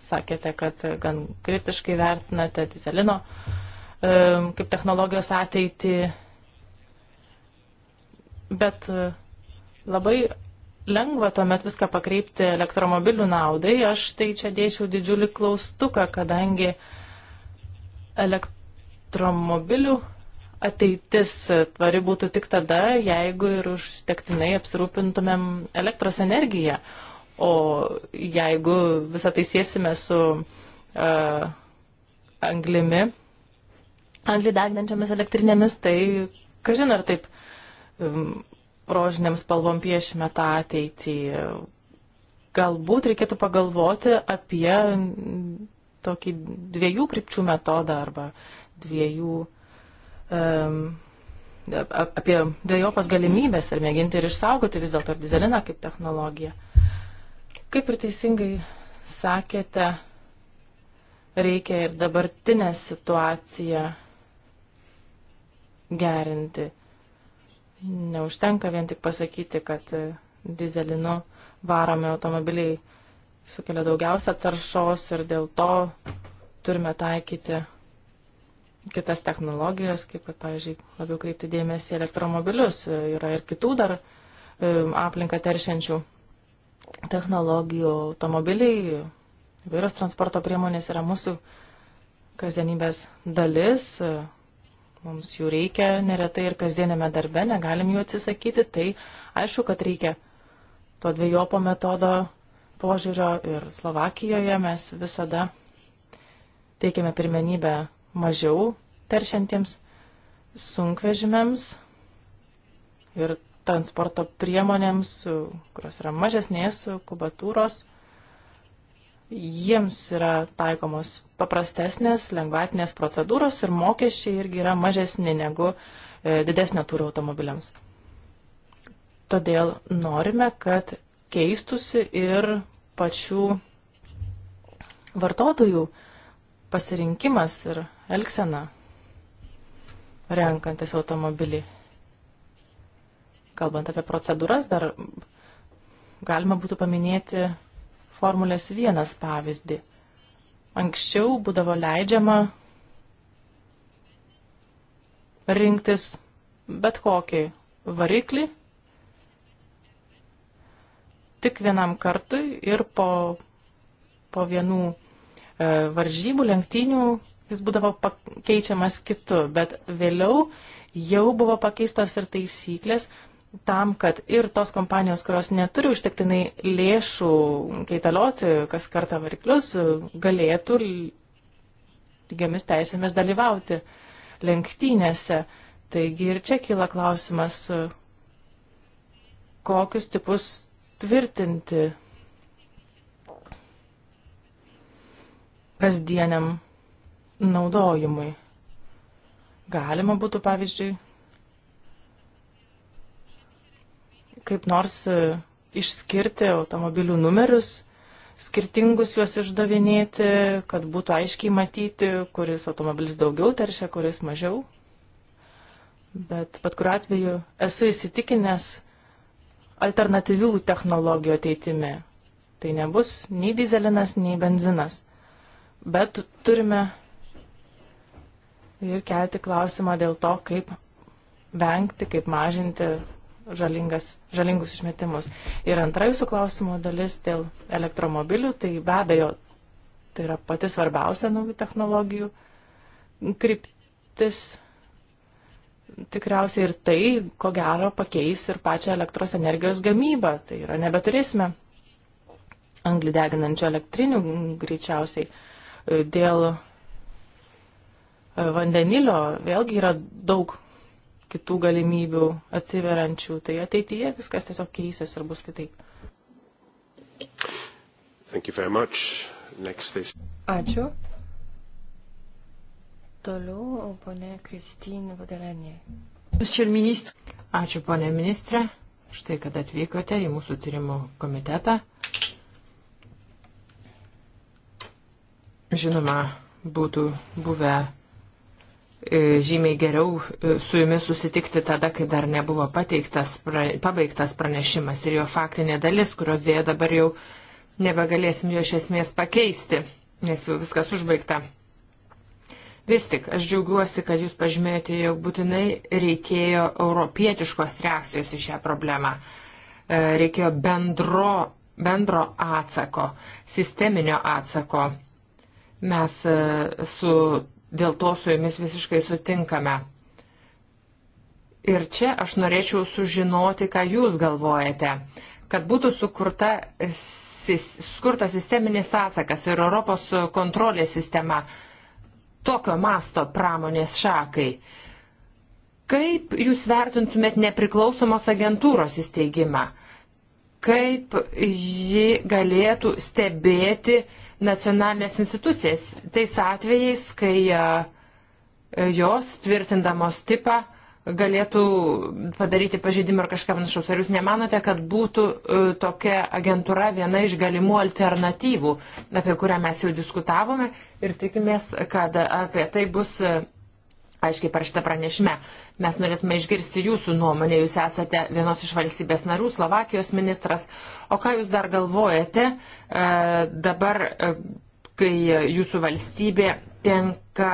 sakėte, kad gan kritiškai vertinate dizelino e, kaip technologijos ateitį, bet labai lengva tuomet viską pakreipti elektromobilių naudai, aš tai čia dėčiau didžiulį klaustuką, kadangi elektromobilių ateitis tvari būtų tik tada, jeigu ir užtektinai apsirūpintumėm elektros energiją. O jeigu visą tai sėsime su uh, anglimi, anglį degdančiamis elektrinėmis, tai kažin ar taip um, rožiniam spalvom piešime tą ateitį. Galbūt reikėtų pagalvoti apie tokį dviejų krypčių metodą arba dviejų, um, apie dviejopas galimybės ir mėginti ir išsaugoti vis dėlto dizeliną kaip technologiją. Kaip ir teisingai sakėte, reikia ir dabartinę situaciją gerinti Neužtenka vien tik pasakyti, kad dizelinu varomi automobiliai sukelia daugiausia taršos ir dėl to turime taikyti kitas technologijas, kaip, pavyzdžiui, labiau kreipti dėmesį elektromobilius. Yra ir kitų dar e, aplinką teršiančių technologijų automobiliai, įvairios transporto priemonės yra mūsų kasdienybės dalis, mums jų reikia neretai ir kasdienėme darbe, negalim jų atsisakyti, tai aišku, kad reikia to dviejopo metodo požiūrio ir Slovakijoje mes visada teikiame pirmenybę mažiau teršiantiems sunkvežimėms ir transporto priemonėms, kurios yra mažesnės kubatūros jiems yra taikomos paprastesnės, lengvatinės procedūros ir mokesčiai irgi yra mažesni negu e, didesnio tūrio automobiliams. Todėl norime, kad keistusi ir pačių vartotojų pasirinkimas ir elgsena renkantis automobilį. Kalbant apie procedūras, dar galima būtų paminėti Formulės 1 pavyzdį. Anksčiau būdavo leidžiama rinktis bet kokį variklį tik vienam kartui ir po, po vienų e, varžybų, lenktynių jis būdavo pakeičiamas kitu, bet vėliau jau buvo pakeistos ir taisyklės, tam, kad ir tos kompanijos, kurios neturi užtektinai lėšų keitalioti kas kartą variklius, galėtų lygiamis teisėmis dalyvauti lenktynėse. Taigi ir čia kyla klausimas, kokius tipus tvirtinti kasdieniam naudojimui. Galima būtų, pavyzdžiui, kaip nors e, išskirti automobilių numerius, skirtingus juos išdavinėti, kad būtų aiškiai matyti, kuris automobilis daugiau teršia, kuris mažiau. Bet bet kuriu atveju esu įsitikinęs alternatyvių technologijų ateitimi. Tai nebus nei dizelinas, nei benzinas. Bet turime ir kelti klausimą dėl to, kaip vengti, kaip mažinti žalingus išmetimus. Ir antra jūsų klausimo dalis dėl elektromobilių, tai be abejo, tai yra pati svarbiausia naujų technologijų kryptis. Tikriausiai ir tai, ko gero, pakeis ir pačią elektros energijos gamybą. Tai yra, nebeturėsime anglį deginančių elektrinių greičiausiai. Dėl e, vandenilio vėlgi yra daug kitų galimybių atsiverančių, tai ateityje viskas tiesiog keisis ir bus kitaip. Is... Ačiū. Toliau ponė Kristin Vadelenė. Ačiū ponė ministrė, štai kad atvykote į mūsų tyrimų komitetą. Žinoma, būtų buvę E, žymiai geriau e, su jumis susitikti tada, kai dar nebuvo pateiktas, pabaigtas pranešimas ir jo faktinė dalis, kurios dėja dabar jau nebegalėsim jo iš esmės pakeisti, nes jau viskas užbaigta. Vis tik, aš džiaugiuosi, kad jūs pažymėjote, jog būtinai reikėjo europietiškos reakcijos į šią problemą. E, reikėjo bendro, bendro atsako, sisteminio atsako mes su dėl to su jumis visiškai sutinkame. Ir čia aš norėčiau sužinoti, ką jūs galvojate, kad būtų sukurta skurta sisteminis atsakas ir Europos kontrolės sistema tokio masto pramonės šakai. Kaip jūs vertintumėt nepriklausomos agentūros įsteigimą? Kaip ji galėtų stebėti uh, nacionalinės institucijas. Tais atvejais, kai e, jos tvirtindamos tipą galėtų padaryti pažeidimą ar kažką panašaus. Ar jūs nemanote, kad būtų e, tokia agentūra viena iš galimų alternatyvų, apie kurią mes jau diskutavome ir tikimės, kad apie tai bus e, aiškiai parašyta pranešime. Mes norėtume išgirsti jūsų nuomonę, jūs esate vienos iš valstybės narių, Slovakijos ministras. O ką jūs dar galvojate e, dabar, e, kai jūsų valstybė tenka,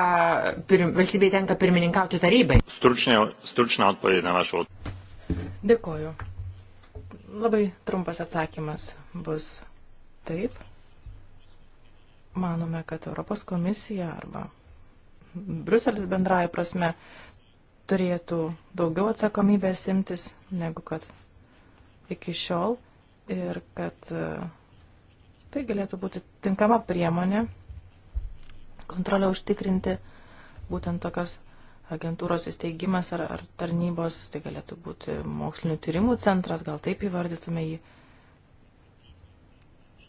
pir, valstybė tenka pirmininkauti tarybai? Stručna atpaidė na vašu. Dėkoju. Labai trumpas atsakymas bus taip. Manome, kad Europos komisija arba Bruselis bendraja prasme turėtų daugiau atsakomybės imtis negu kad iki šiol ir kad e, tai galėtų būti tinkama priemonė kontrolę užtikrinti būtent tokios agentūros įsteigimas ar, ar tarnybos, tai galėtų būti mokslinių tyrimų centras, gal taip įvardytume jį.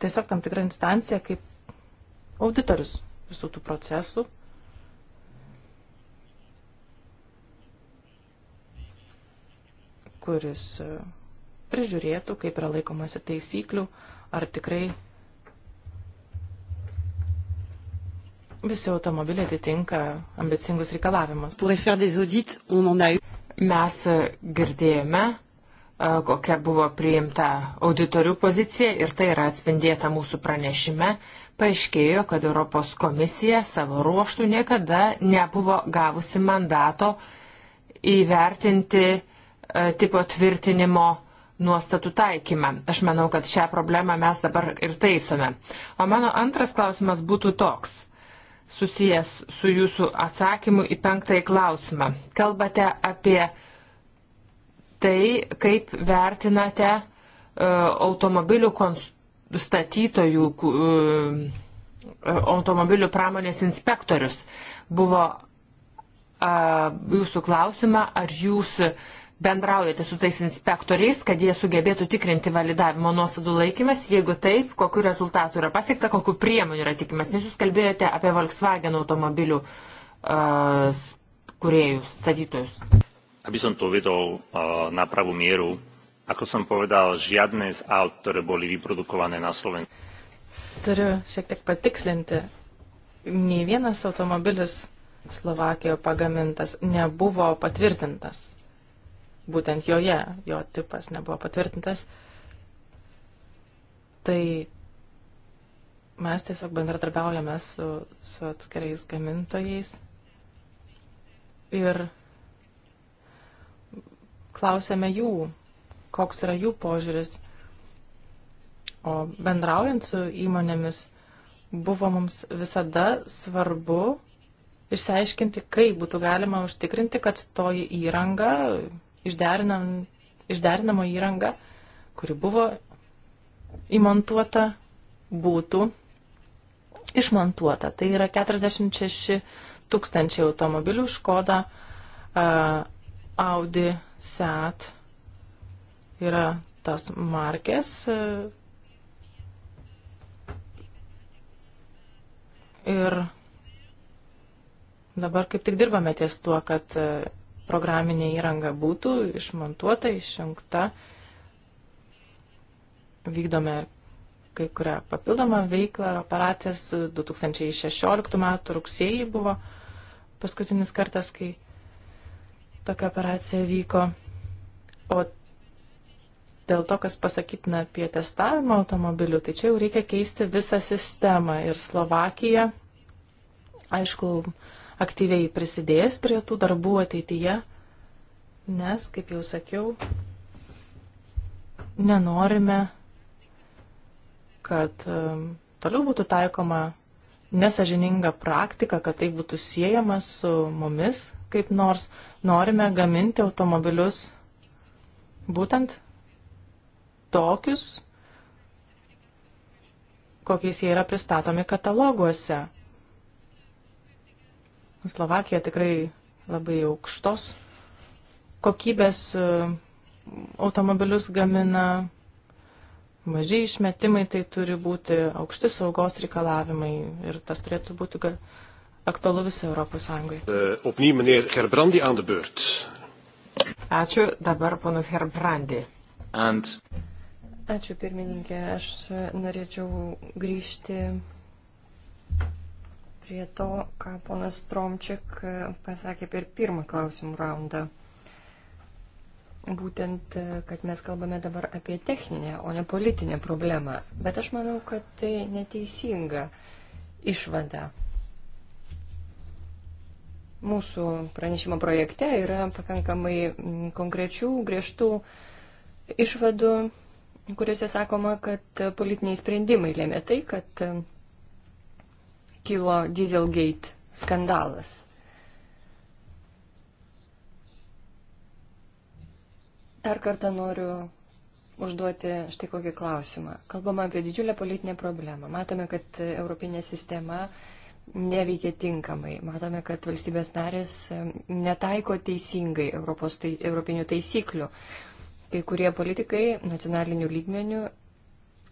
Tiesiog tam tikra instancija kaip auditorius visų tų procesų kuris e, prižiūrėtų, kaip yra laikomasi taisyklių, ar tikrai visi automobiliai atitinka ambicingus reikalavimus. Mes e, girdėjome, e, kokia buvo priimta auditorių pozicija ir tai yra atspindėta mūsų pranešime, paaiškėjo, kad Europos komisija savo ruoštų niekada nebuvo gavusi mandato įvertinti E, tipo tvirtinimo nuostatų taikymą. Aš manau, kad šią problemą mes dabar ir taisome. O mano antras klausimas būtų toks, susijęs su jūsų atsakymu į penktąjį klausimą. Kalbate apie tai, kaip vertinate uh, automobilių statytojų, uh, automobilių pramonės inspektorius. Buvo uh, jūsų klausima, ar jūs uh, bendraujate su tais inspektoriais, kad jie sugebėtų tikrinti validavimo nuosadų laikymas, jeigu taip, kokiu rezultatu yra pasiekta, kokiu priemonių yra tikimas, nes jūs kalbėjote apie Volkswagen automobilių uh, kuriejus, statytojus. Aby som to uvedol uh, na pravú mieru, ako som povedal, žiadne z aut, ktoré boli vyprodukované na Slovensku. Turiu šiek tiek patikslinti. Nei vienas automobilis Slovakijoje pagamintas nebuvo patvirtintas būtent joje jo tipas nebuvo patvirtintas, tai mes tiesiog bendradarbiaujame su, su atskiriais gamintojais ir klausėme jų, koks yra jų požiūris. O bendraujant su įmonėmis buvo mums visada svarbu išsiaiškinti, kaip būtų galima užtikrinti, kad toji įranga išderinam, išderinamo įranga, kuri buvo įmontuota, būtų išmontuota. Tai yra 46 tūkstančiai automobilių Škoda, uh, Audi, Seat yra tas markės. Ir dabar kaip tik dirbame ties tuo, kad uh, programinė įranga būtų išmontuota, išjungta. Vykdome kai kurią papildomą veiklą ar operacijas. 2016 m. rugsėjai buvo paskutinis kartas, kai tokia operacija vyko. O dėl to, kas pasakytina apie testavimą automobilių, tai čia jau reikia keisti visą sistemą. Ir Slovakija, aišku, aktyviai prisidės prie tų darbų ateityje, nes, kaip jau sakiau, nenorime, kad um, toliau būtų taikoma nesažininga praktika, kad tai būtų siejama su mumis, kaip nors norime gaminti automobilius būtent tokius, kokiais jie yra pristatomi kataloguose. Slovakija tikrai labai aukštos kokybės e, automobilius gamina, maži išmetimai tai turi būti aukšti saugos reikalavimai ir tas turėtų būti aktualu visai Europos Sąjungai. E, opnieuw meneer Gerbrandi aan de beurt. Ačiū, dabar ponas Herbrandi. And... Ačiū pirmininkė, aš norėčiau grįžti prie to, ką ponas Tromčiak e, pasakė per pirmą klausimų raundą. Būtent, e, kad mes kalbame dabar apie techninę, o ne politinę problemą. Bet aš manau, kad tai neteisinga išvada. Mūsų pranešimo projekte yra pakankamai konkrečių, griežtų išvadų, kuriuose sakoma, kad politiniai sprendimai lėmė tai, kad e, kilo Dieselgate skandalas. Dar kartą noriu užduoti štai kokį klausimą. Kalbama apie didžiulę politinę problemą. Matome, kad Europinė sistema neveikia tinkamai. Matome, kad valstybės narės netaiko teisingai Europos, tai, Europinių taisyklių. Kai kurie politikai nacionalinių lygmenių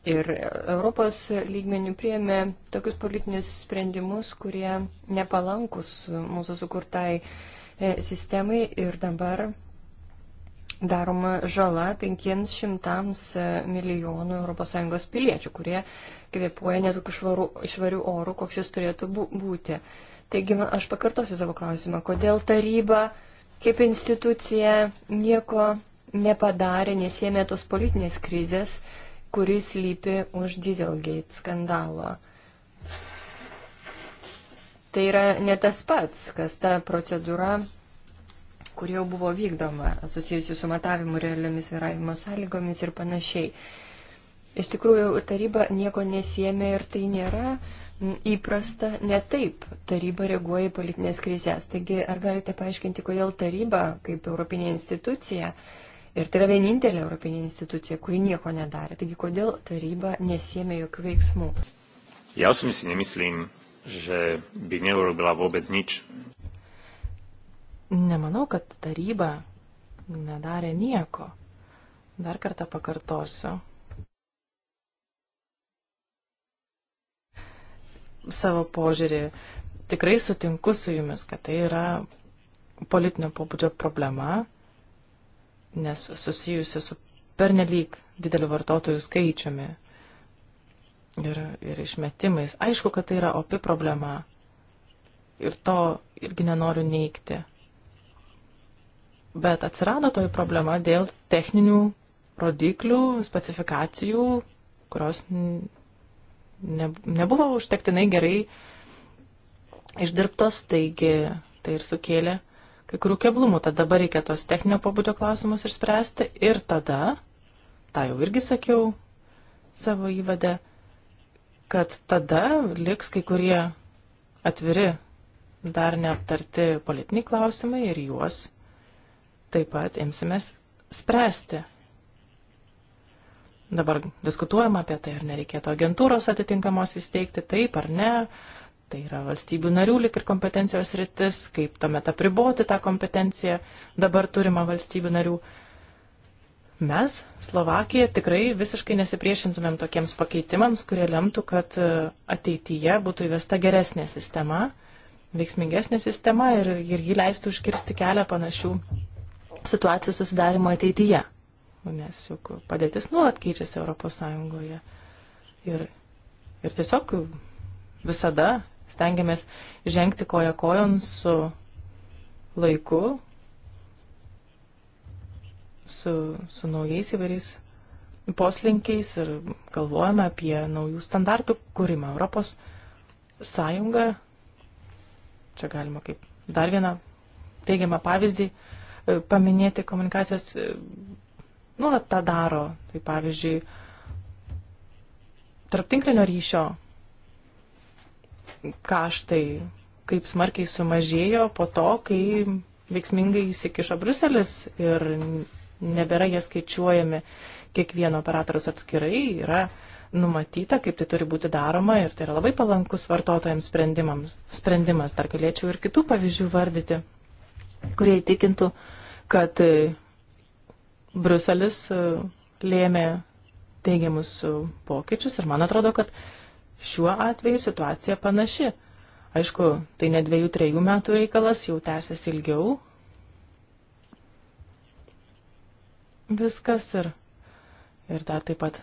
ir Europos lygmenių priėmė tokius politinius sprendimus, kurie nepalankus mūsų sukurtai e, sistemai ir dabar daroma žala 500 e, milijonų ES piliečių, kurie kvepuoja netokiu švaru, švariu oru, koks jis turėtų būti. Taigi aš pakartosiu savo klausimą, kodėl taryba kaip institucija nieko nepadarė, nesėmė tos politinės krizės, kuris lypi už Dieselgate skandalo. Tai yra ne tas pats, kas ta procedūra, kur jau buvo vykdoma, susijusi su matavimu realiomis vairavimo sąlygomis ir panašiai. Iš tikrųjų, taryba nieko nesėmė ir tai nėra įprasta, ne taip taryba reaguoja į politinės krizės. Taigi, ar galite paaiškinti, kodėl taryba, kaip Europinė institucija, uh, Ir tai yra vienintelė Europinė institucija, kuri nieko nedarė. Taigi kodėl taryba nesėmė jokių veiksmų? Ja osobne si nemyslím, že by neurobila vôbec nič. Nemanau, kad taryba nedarė nieko. Dar kartą pakartosiu. Savo požiūrį tikrai sutinku su jumis, kad tai yra politinio pobūdžio problema, nes susijusi su pernelyg dideliu vartotojų skaičiumi ir, ir išmetimais. Aišku, kad tai yra opi problema ir to irgi nenoriu neikti. Bet atsirado toji problema dėl techninių rodiklių, specifikacijų, kurios ne, nebuvo užtektinai gerai išdirbtos, taigi tai ir sukėlė kai kurių keblumų, tad dabar reikia tos techninio pabudžio klausimus išspręsti ir tada, tą jau irgi sakiau savo įvadę, kad tada liks kai kurie atviri, dar neaptarti politiniai klausimai ir juos taip pat imsimės spręsti. Dabar diskutuojama apie tai, ar nereikėtų agentūros atitinkamos įsteigti, taip ar ne, tai yra valstybių narių lik ir kompetencijos rytis, kaip tuomet apriboti tą kompetenciją dabar turimą valstybių narių. Mes, Slovakija, tikrai visiškai nesipriešintumėm tokiems pakeitimams, kurie lemtų, kad e, ateityje būtų įvesta geresnė sistema, veiksmingesnė sistema ir, ir ji leistų užkirsti kelią panašių situacijų susidarimo ateityje. Nes juk padėtis nuolat keičiasi Europos Sąjungoje. Ir, ir tiesiog visada stengiamės žengti koja kojon su laiku, su, su naujais įvairiais poslinkiais ir galvojame apie naujų standartų kūrimą. Europos sąjunga, čia galima kaip dar vieną teigiamą pavyzdį e, paminėti komunikacijos, e, nuolat tą daro. Tai pavyzdžiui, tarptinklinio ryšio kaštai kaip smarkiai sumažėjo po to, kai veiksmingai įsikišo Bruselis ir nebėra jie skaičiuojami kiekvieno operatorius atskirai, yra numatyta, kaip tai turi būti daroma ir tai yra labai palankus vartotojams sprendimas. Dar galėčiau ir kitų pavyzdžių vardyti, kurie įtikintų, kad e, Bruselis e, lėmė teigiamus e, pokyčius ir man atrodo, kad Šiuo atveju situacija panaši. Aišku, tai ne dviejų, trejų metų reikalas, jau tęsias ilgiau. Viskas ir, ir dar taip pat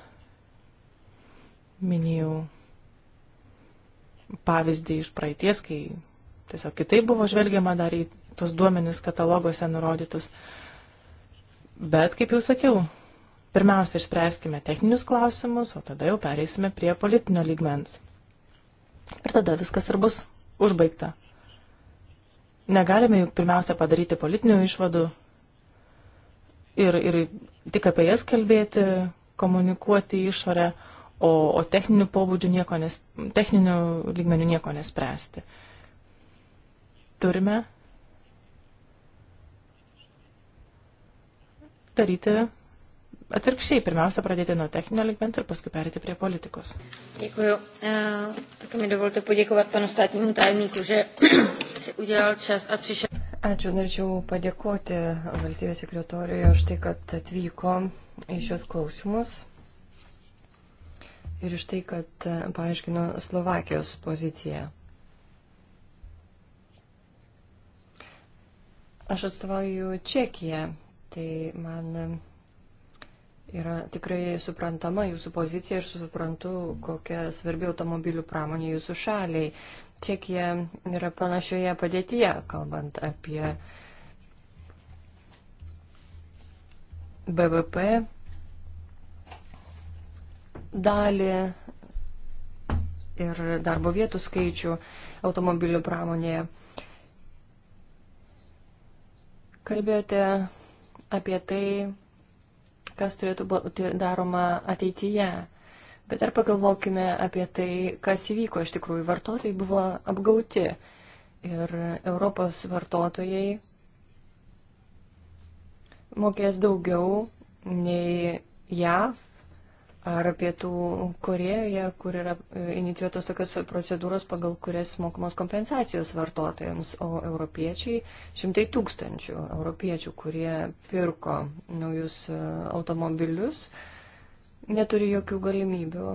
minėjau pavyzdį iš praeities, kai tiesiog kitaip buvo žvelgiama dar į tuos duomenis kataloguose nurodytus. Bet, kaip jau sakiau, Pirmiausia, išspręskime techninius klausimus, o tada jau pereisime prie politinio lygmens. Ir tada viskas ir bus užbaigta. Negalime juk pirmiausia padaryti politinių išvadų ir, ir tik apie jas kalbėti, komunikuoti išorę, o, o techninių pobūdžių nieko nes, techninių lygmenių nieko nespręsti. Turime daryti atvirkščiai, pirmiausia pradėti nuo techninio ligmens ir paskui perėti prie politikos. Dėkuoju. E, taky mi dovolte padėkovat panu statinimu tajemniku, že si udělal čas a přišel. Ačiū, norėčiau padėkoti valstybės sekretorijoje už tai, kad atvyko į šios klausimus ir iš tai, kad paaiškino Slovakijos poziciją. Aš atstovauju Čekiją, tai man Yra tikrai suprantama jūsų pozicija ir suprantu, kokia svarbi automobilių pramonė jūsų šaliai. Čekija yra panašioje padėtyje, kalbant apie BVP dalį ir darbo vietų skaičių automobilių pramonėje. Kalbėjote apie tai, kas turėtų būti daroma ateityje. Bet dar pagalvokime apie tai, kas įvyko iš tikrųjų. Vartotojai buvo apgauti ir Europos vartotojai mokės daugiau nei JAV ar Pietų Korejoje, kur yra e, inicijuotos tokios procedūros, pagal kurias mokamos kompensacijos vartotojams, o europiečiai, šimtai tūkstančių europiečių, kurie pirko naujus e, automobilius, neturi jokių galimybių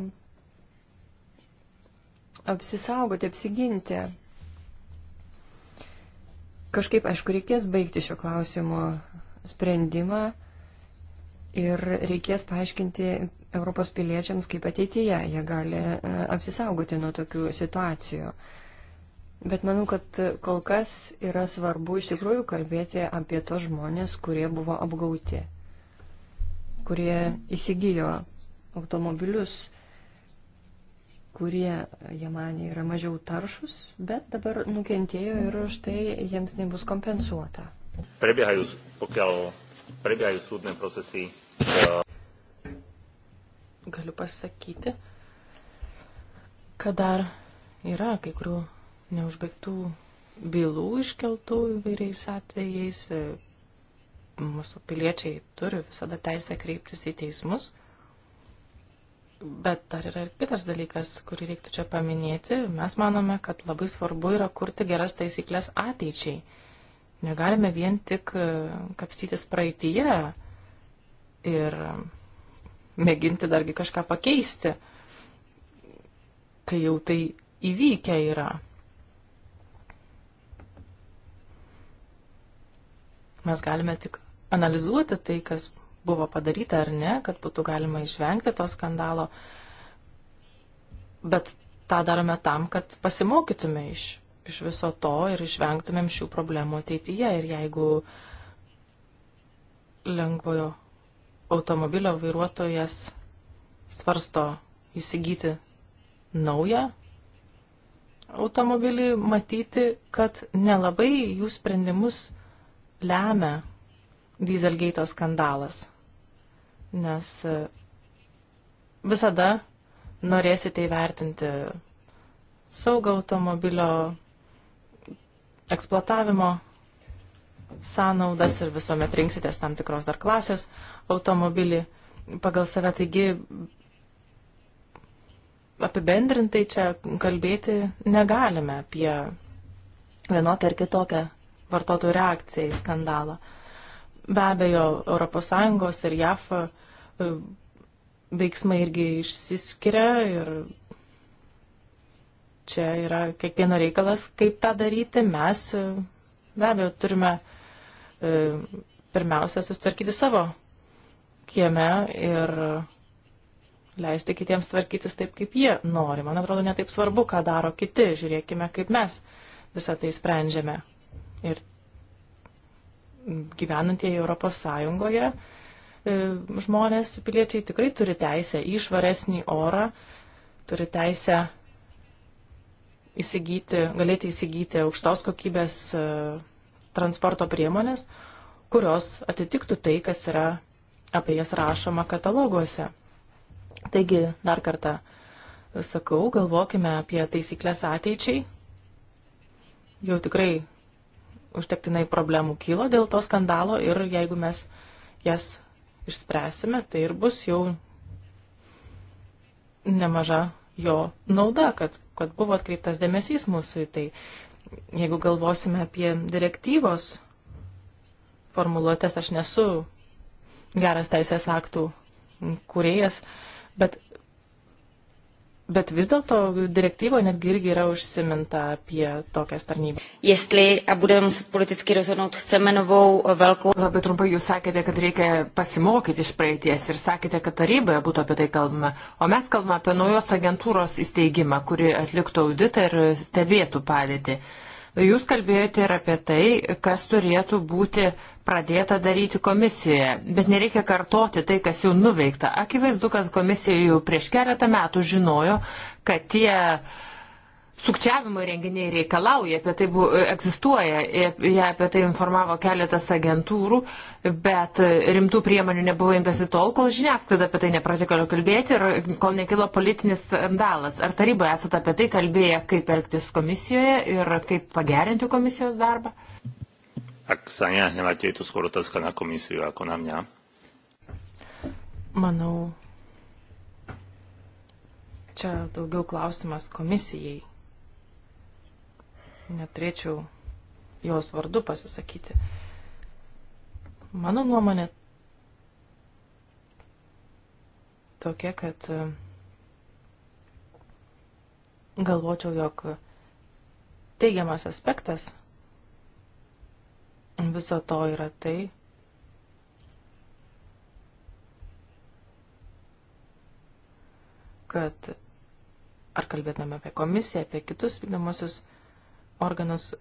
apsisaugoti, apsiginti. Kažkaip, aišku, reikės baigti šio klausimo sprendimą ir reikės paaiškinti Europos piliečiams, kaip ateityje jie gali e, apsisaugoti nuo tokių situacijų. Bet manau, kad kol kas yra svarbu iš tikrųjų kalbėti apie tos žmonės, kurie buvo apgauti, kurie įsigijo automobilius, kurie jie manė yra mažiau taršus, bet dabar nukentėjo ir už tai jiems nebus kompensuota. Prebiehajú, pokiaľ prebiehajú súdne procesy. E, galiu pasakyti, kad dar yra kai kurių neužbaigtų bylų iškeltų įvairiais atvejais. Mūsų piliečiai turi visada teisę kreiptis į teismus. Bet dar yra ir kitas dalykas, kurį reiktų čia paminėti. Mes manome, kad labai svarbu yra kurti geras taisyklės ateičiai. Negalime vien tik e, kapstytis praeitįje ir mėginti dargi kažką pakeisti, kai jau tai įvykę yra. Mes galime tik analizuoti tai, kas buvo padaryta ar ne, kad būtų galima išvengti to skandalo, bet tą darome tam, kad pasimokytume iš, iš viso to ir išvengtumėm šių problemų ateityje. Ir jeigu lengvojo automobilio vairuotojas svarsto įsigyti naują automobilį, matyti, kad nelabai jų sprendimus lemia Dieselgate skandalas. Nes e, visada norėsite įvertinti saugą automobilio eksploatavimo sąnaudas ir visuomet rinksitės tam tikros dar klasės automobilį pagal save. Taigi apibendrintai čia kalbėti negalime apie vienokią ar kitokią vartotojų reakciją į skandalą. Be abejo, ES ir JAF e, veiksmai irgi išsiskiria ir čia yra kiekvieno reikalas, kaip tą daryti. Mes e, be abejo turime E, pirmiausia sustvarkyti savo kieme ir leisti kitiems tvarkytis taip, kaip jie nori. Man atrodo, netaip svarbu, ką daro kiti. Žiūrėkime, kaip mes visą tai sprendžiame. Ir gyvenantieji Europos Sąjungoje e, žmonės, piliečiai tikrai turi teisę į švaresnį orą, turi teisę įsigyti, galėti įsigyti aukštos kokybės e, transporto priemonės, kurios atitiktų tai, kas yra apie jas rašoma kataloguose. Taigi, dar kartą sakau, galvokime apie taisyklės ateičiai. Jau tikrai užtektinai problemų kylo dėl to skandalo ir jeigu mes jas išspręsime, tai ir bus jau nemaža jo nauda, kad, kad buvo atkreiptas dėmesys mūsų į tai jeigu galvosime apie direktyvos formuluotės, aš nesu geras teisės aktų kūrėjas, bet Bet vis dėlto direktyvoje netgi irgi yra užsiminta apie tokias tarnybas. Jestli a budeme muset politicky rozhodnout, chceme novou velkou. Labai trumpai jūs sakėte, kad reikia pasimokyti iš praeities ir sakėte, kad taryboje būtų apie tai kalbama. O mes kalbame apie naujos agentūros įsteigimą, kuri atliktų auditą ir stebėtų padėtį. Jūs kalbėjote ir apie tai, kas turėtų būti pradėta daryti komisijoje, bet nereikia kartoti tai, kas jau nuveikta. Akivaizdu, kad komisija jau prieš keletą metų žinojo, kad tie uh, sukčiavimo renginiai reikalauja, apie tai bu, egzistuoja, jie apie tai informavo keletas agentūrų, bet rimtų priemonių nebuvo imtasi tol, kol žiniasklaida apie tai nepratiko kalbėti ir kol nekilo politinis skandalas. Ar taryba esate apie tai kalbėję, kaip elgtis komisijoje ir kaip pagerinti komisijos darbą? Aksanė, nematėtų skorutas, ką na komisijoje, ko nam ne? Manau, čia daugiau klausimas komisijai neturėčiau jos vardu pasisakyti. Mano nuomonė tokia, kad e, galvočiau, jog teigiamas aspektas viso to yra tai, kad ar kalbėtume apie komisiją, apie kitus vykdomosius organus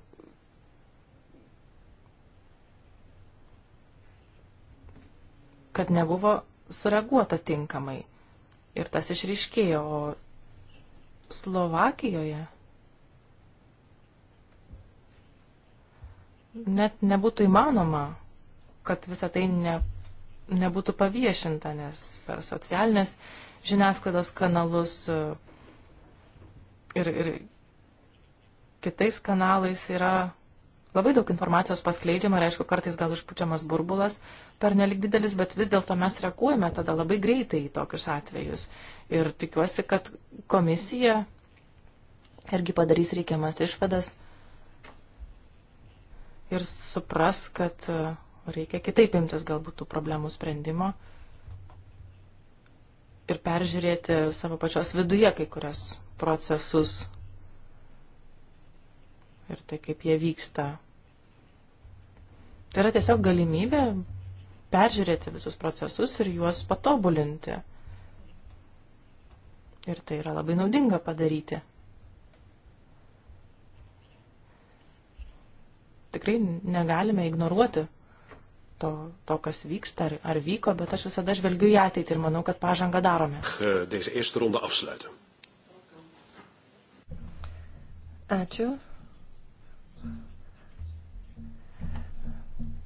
kad nebuvo sureaguota tinkamai. Ir tas išryškėjo, o Slovakijoje net nebūtų įmanoma, kad visa tai ne, nebūtų paviešinta, nes per socialinės žiniasklaidos kanalus e, ir, ir kitais kanalais yra labai daug informacijos paskleidžiama ir aišku, kartais gal išpučiamas burbulas per nelik didelis, bet vis dėlto mes reaguojame tada labai greitai į tokius atvejus. Ir tikiuosi, kad komisija irgi padarys reikiamas išvadas ir supras, kad e, reikia kitaip imtis galbūt tų problemų sprendimo ir peržiūrėti savo pačios viduje kai kurias procesus ir tai, kaip jie vyksta. Tai yra tiesiog galimybė peržiūrėti visus procesus ir juos patobulinti. Ir tai yra labai naudinga padaryti. Tikrai negalime ignoruoti to, to kas vyksta ar, ar vyko, bet aš visada žvelgiu į ateitį ir manau, kad pažangą darome. Äh, Ačiū.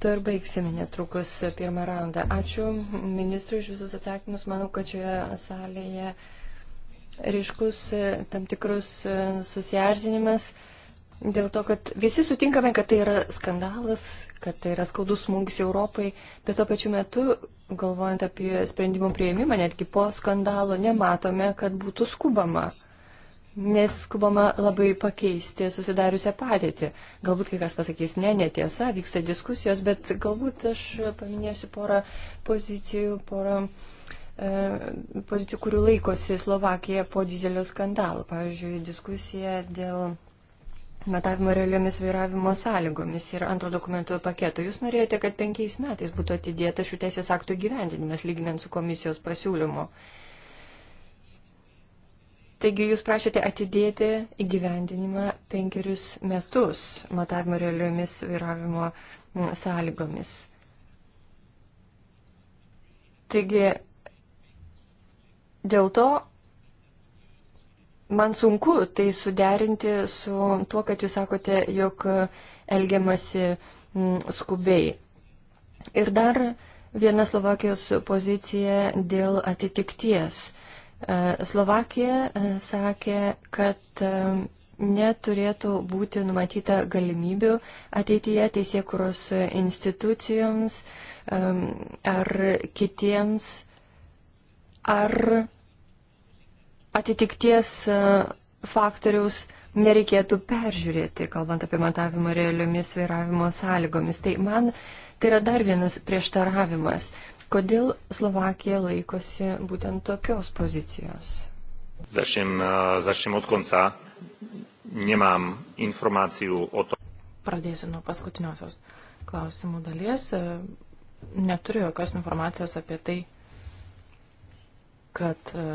To ir baigsime netrukus pirmą raundą. Ačiū ministrui iš visus atsakymus. Manau, kad šioje salėje ryškus e, tam tikrus e, susierzinimas dėl to, kad visi sutinkame, kad tai yra skandalas, kad tai yra skaudus smūgis Europai, bet tuo pačiu metu, galvojant apie sprendimų prieimimą, netgi po skandalo, nematome, kad būtų skubama neskubama labai pakeisti susidariusią padėtį. Galbūt kai kas pasakys, ne, netiesa, vyksta diskusijos, bet galbūt aš paminėsiu porą pozicijų, porą e, pozicijų, kurių laikosi Slovakija po dizelio skandalų. Pavyzdžiui, diskusija dėl matavimo realiomis vairavimo sąlygomis ir antro dokumento paketo. Jūs norėjote, kad penkiais metais būtų atidėta šių teisės aktų gyvendinimas, lyginant su komisijos pasiūlymu. E, Taigi jūs prašėte atidėti įgyvendinimą penkerius metus matavimo realiomis vairavimo sąlygomis. Taigi dėl to man sunku tai suderinti su tuo, kad jūs sakote, jog elgiamasi skubiai. Ir dar viena Slovakijos pozicija dėl atitikties. E, Slovakija e, sakė, kad e, neturėtų būti numatyta galimybių ateityje teisėkuros institucijoms ar kitiems ar atitikties faktoriaus nereikėtų peržiūrėti, kalbant apie matavimą realiomis vairavimo sąlygomis. Tai man tai yra dar vienas prieštaravimas. Kodėl Slovakija laikosi būtent tokios pozicijos? Začnem, e, začnem od konca. Nemam informacijų o to. Pradėsiu nuo paskutiniosios klausimų dalies. E, neturiu jokios informacijos apie tai, kad e,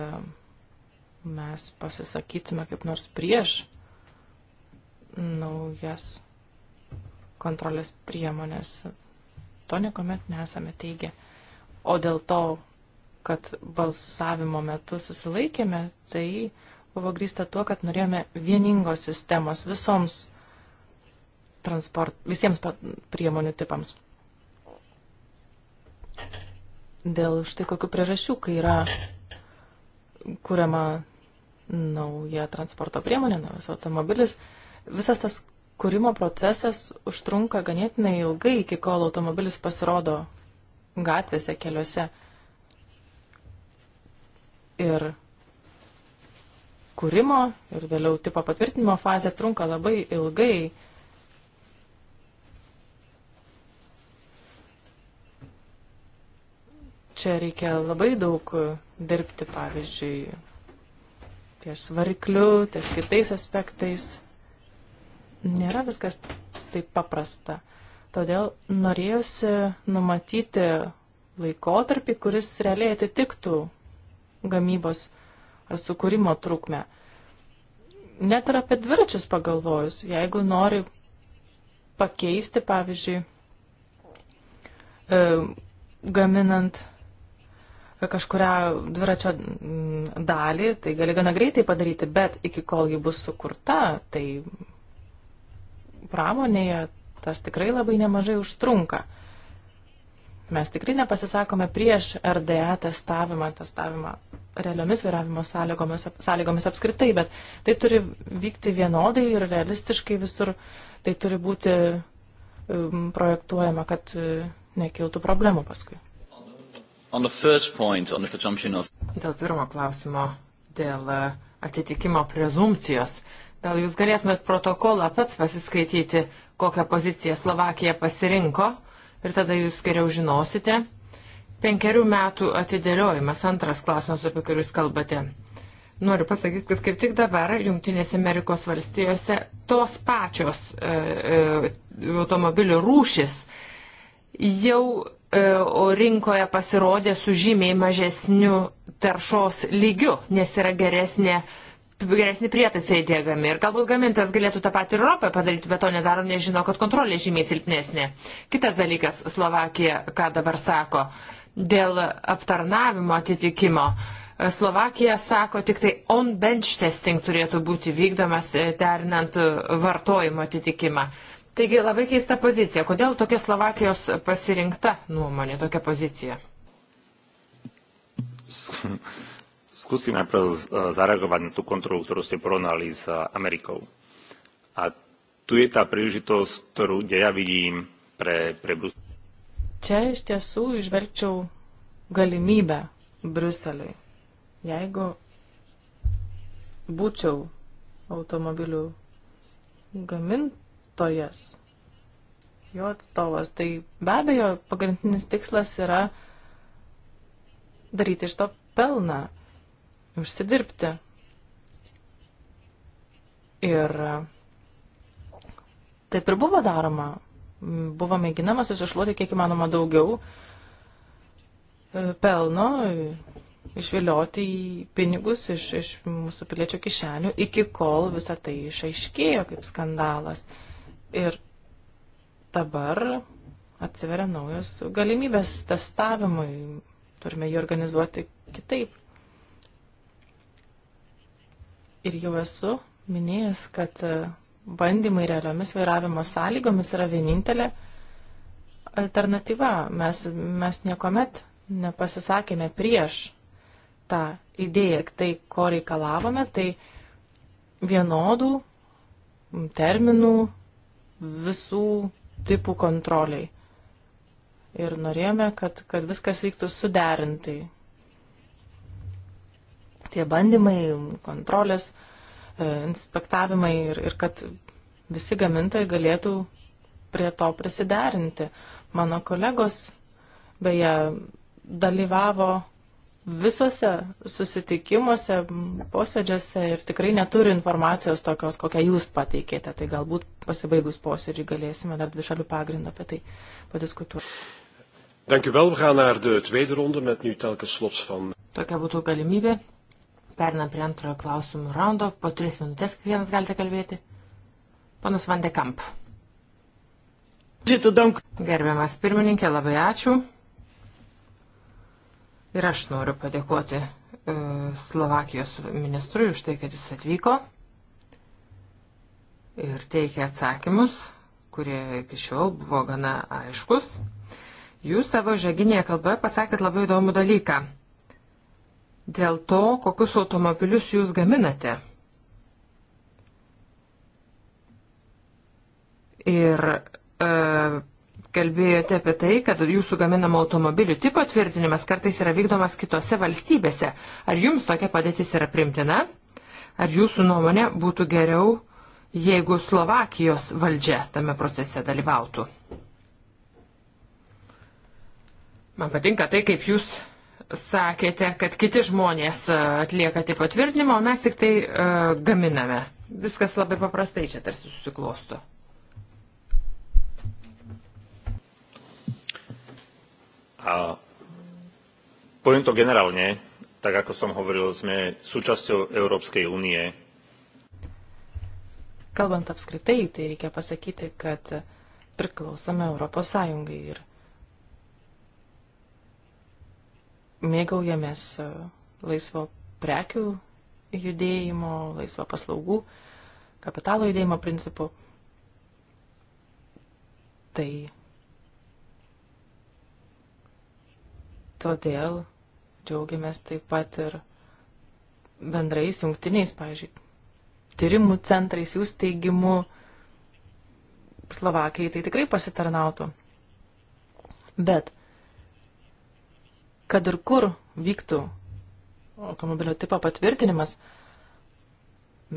mes pasisakytume kaip nors prieš naujas kontrolės priemonės. To niekuomet nesame teigę. O dėl to, kad balsavimo metu susilaikėme, tai buvo grįsta tuo, kad norėjome vieningos sistemos visoms transport, visiems priemonių tipams. Dėl štai kokių priežasčių, kai yra kuriama nauja transporto priemonė, naujas automobilis, visas tas kūrimo procesas užtrunka ganėtinai ilgai, iki kol automobilis pasirodo gatvėse, keliuose. Ir kūrimo ir vėliau tipo patvirtinimo fazė trunka labai ilgai. Čia reikia labai daug dirbti, pavyzdžiui, ties varikliu, ties kitais aspektais. Nėra viskas taip paprasta. Todėl norėjusi numatyti laikotarpį, kuris realiai atitiktų gamybos ar sukūrimo trukmę. Net ir apie dviračius pagalvojus, jeigu nori pakeisti, pavyzdžiui, e, gaminant kažkuria dviračio dalį, tai gali gana greitai padaryti, bet iki kol ji bus sukurta, tai pramonėje tas tikrai labai nemažai užtrunka. Mes tikrai nepasisakome prieš RDA testavimą, testavimą realiomis vairavimo sąlygomis, sąlygomis apskritai, bet tai turi vykti vienodai ir realistiškai visur. Tai turi būti um, projektuojama, kad uh, nekiltų problemų paskui. Point, of... Dėl pirmo klausimo, dėl uh, atitikimo prezumcijos. Gal jūs galėtumėt protokolą pats pasiskaityti, kokią poziciją Slovakija pasirinko ir tada jūs geriau žinosite. Penkerių metų atidėliojimas, antras klausimas, apie kurį jūs kalbate. Noriu pasakyti, kad kaip tik dabar Junktinėse Amerikos valstijose tos pačios e, e, automobilių rūšis jau e, rinkoje pasirodė su žymiai mažesniu taršos lygiu, nes yra geresnė e, geresni prietaisai dėgami. Ir galbūt gamintojas galėtų tą patį Europoje padaryti, bet to nedaro, nežino, kad kontrolė žymiai silpnesnė. Kitas dalykas, Slovakija, ką dabar sako, dėl aptarnavimo atitikimo. Slovakija sako, tik tai on-bench testing turėtų būti vykdomas e, derinant vartojimo atitikimą. Taigi labai keista pozicija. Kodėl tokia Slovakijos pasirinkta nuomonė, tokia pozicija? Skúsim najprv zareagovať na tú kontrolu, ktorú ste porovnali s eh, Amerikou. A tu je tá príležitosť, ktorú kde ja vidím pre, pre Brusel. Čia iš tiesų išvelgčiau galimybę Bruseliui. Jeigu būčiau automobilių gamintojas, jo atstovas, tai be abejo pagrindinis tikslas yra daryti iš to pelną užsidirbti. Ir taip ir buvo daroma. Buvo mėginama susišluoti kiek įmanoma daugiau pelno, išvilioti į pinigus iš, iš mūsų piliečių kišenių, iki kol visa tai išaiškėjo kaip skandalas. Ir dabar atsiveria naujos galimybės testavimui. Turime jį organizuoti kitaip ir jau esu minėjęs, kad e, bandymai realiomis vairavimo sąlygomis yra vienintelė alternatyva. Mes, mes niekuomet nepasisakėme prieš tą idėją, tai ko reikalavome, tai vienodų terminų visų tipų kontroliai. Ir norėjome, kad, kad viskas vyktų suderintai, tie bandymai, kontrolės, e, inspektavimai ir, ir kad visi gamintojai galėtų prie to prisiderinti. Mano kolegos beje dalyvavo visuose susitikimuose, posėdžiuose ir tikrai neturi informacijos tokios, kokią jūs pateikėte. Tai galbūt pasibaigus posėdžiui galėsime dar dvišalių pagrindų apie tai padiskutuoti. Dank u wel. We gaan naar de tweede ronde met nu telkens slots van. Tokia būtų galimybė Pernam prie antrojo klausimų raundo. Po tris minutės kiekvienas galite kalbėti. Panas Vandekamp. Gerbiamas pirmininkė, labai ačiū. Ir aš noriu padėkoti e, Slovakijos ministrui už tai, kad jis atvyko ir teikia atsakymus, kurie iki šiol buvo gana aiškus. Jūs savo žaginėje kalboje pasakėt labai įdomų dalyką dėl to, kokius automobilius jūs gaminate. Ir e, kalbėjote apie tai, kad jūsų gaminamo automobilių tipo tvirtinimas kartais yra vykdomas kitose valstybėse. Ar jums tokia padėtis yra primtina? Ar jūsų nuomonė būtų geriau, jeigu Slovakijos valdžia tame procese dalyvautų? Man patinka tai, kaip jūs sakėte, kad kiti žmonės e, atlieka tik patvirtinimą, o mes tik tai uh, gaminame. Viskas labai paprastai čia tarsi susiklosto. A poviem to generálne, tak ako som hovoril, sme súčasťou Európskej únie. Kalbant apskritai, tai reikia pasakyti, kad priklausome Europos Sąjungai ir mėgaujamės e, laisvo prekių judėjimo, laisvo paslaugų, kapitalo judėjimo principu, tai todėl džiaugiamės taip pat ir bendrais jungtiniais, pažiūrėjau, tyrimų centrais, jų steigimu Slovakijai tai tikrai pasitarnautų. Bet kad ir kur vyktų automobilio tipo patvirtinimas,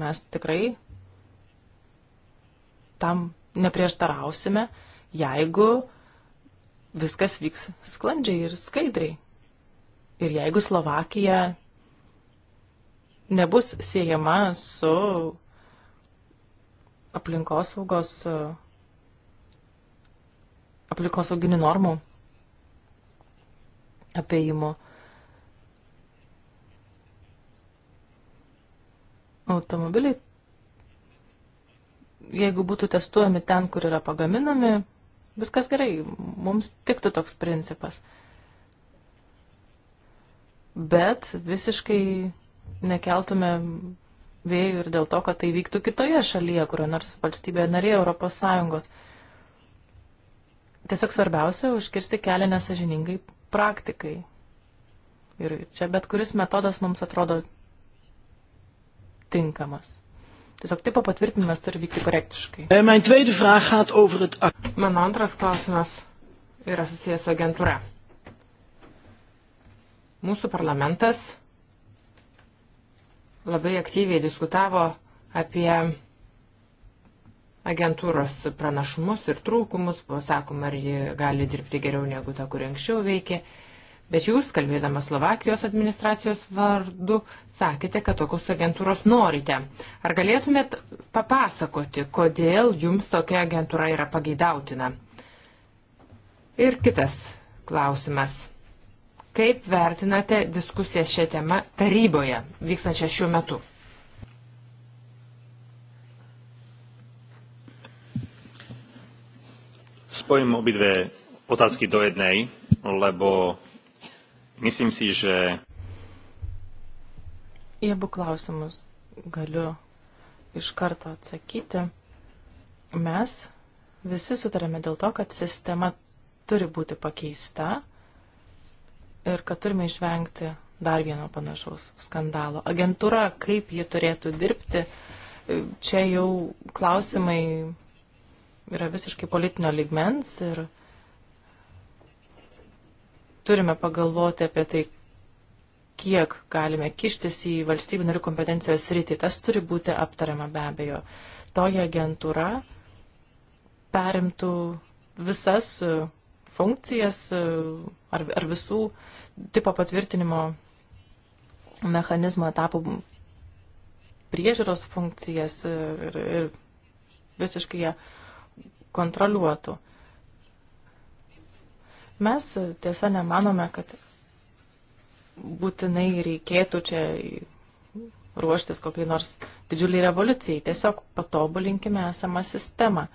mes tikrai tam neprieštarausime, jeigu viskas vyks sklandžiai ir skaidriai. Ir jeigu Slovakija nebus siejama su aplinkosaugos aplinkosauginių normų apėjimo. Automobiliai, jeigu būtų testuojami ten, kur yra pagaminami, viskas gerai, mums tiktų toks principas. Bet visiškai nekeltume vėjų ir dėl to, kad tai vyktų kitoje šalyje, kurio nors valstybėje narėje Europos Sąjungos. Tiesiog svarbiausia užkirsti kelią nesažiningai praktikai. Ir čia bet kuris metodas mums atrodo tinkamas. Tiesiog tipo patvirtinimas turi vykti korektiškai. Eh, Mano antras klausimas yra susijęs su agentūra. Mūsų parlamentas labai aktyviai diskutavo apie agentūros pranašumus ir trūkumus, buvo sakoma, ar ji gali dirbti geriau negu ta, kuri anksčiau veikė. Bet jūs, kalbėdamas Slovakijos administracijos vardu, sakėte, kad tokios agentūros norite. Ar galėtumėt papasakoti, kodėl jums tokia agentūra yra pageidautina? Ir kitas klausimas. Kaip vertinate diskusiją šią temą taryboje, vykstančią šiuo metu? spojím obidve otázky do jednej, lebo myslím si, že. Į abu klausimus galiu iš karto atsakyti. Mes visi sutarėme dėl to, kad sistema turi būti pakeista ir kad turime išvengti dar vieno panašaus skandalo. Agentūra, kaip ji turėtų dirbti, čia jau klausimai yra visiškai politinio ligmens ir turime pagalvoti apie tai, kiek galime kištis į valstybių narių kompetencijos rytį. Tas turi būti aptariama be abejo. Toji agentūra perimtų visas e, funkcijas e, ar, ar visų tipo patvirtinimo mechanizmo etapų priežiūros funkcijas ir, ir visiškai ją kontroliuotų. Mes tiesa nemanome, kad būtinai reikėtų čia ruoštis kokiai nors didžiuliai revoliucijai. Tiesiog patobulinkime esamą sistemą.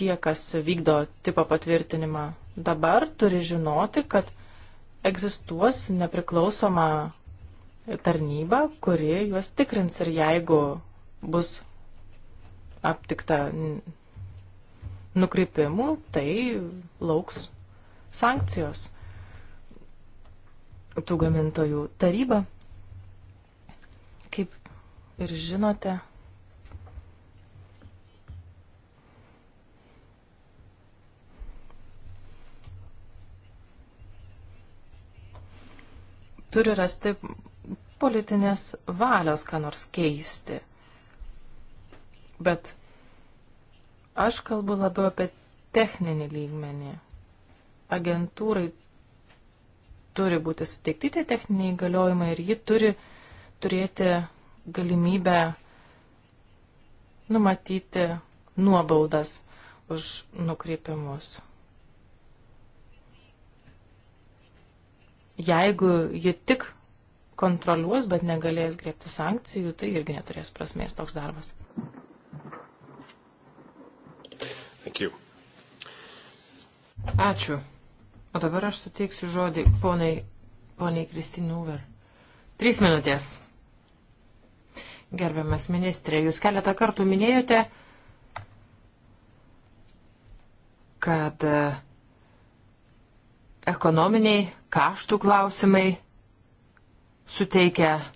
Tie, kas vykdo tipo patvirtinimą dabar, turi žinoti, kad egzistuos nepriklausoma tarnyba, kuri juos tikrins ir jeigu bus aptikta nukreipimų, tai lauks sankcijos tų gamintojų taryba. Kaip ir žinote, turi rasti politinės valios, ką nors keisti. Bet Aš kalbu labiau apie techninį lygmenį. Agentūrai turi būti suteikti tie techniniai įgaliojimai ir ji turi turėti galimybę numatyti nuobaudas už nukreipimus. Jeigu ji tik kontroliuos, bet negalės grėpti sankcijų, tai irgi neturės prasmės toks darbas. Thank you. Ačiū. O dabar aš suteiksiu žodį poniai, poniai Kristin Uver. Trys minutės. Gerbiamas ministrė, jūs keletą kartų minėjote, kad e, ekonominiai kaštų klausimai suteikia e,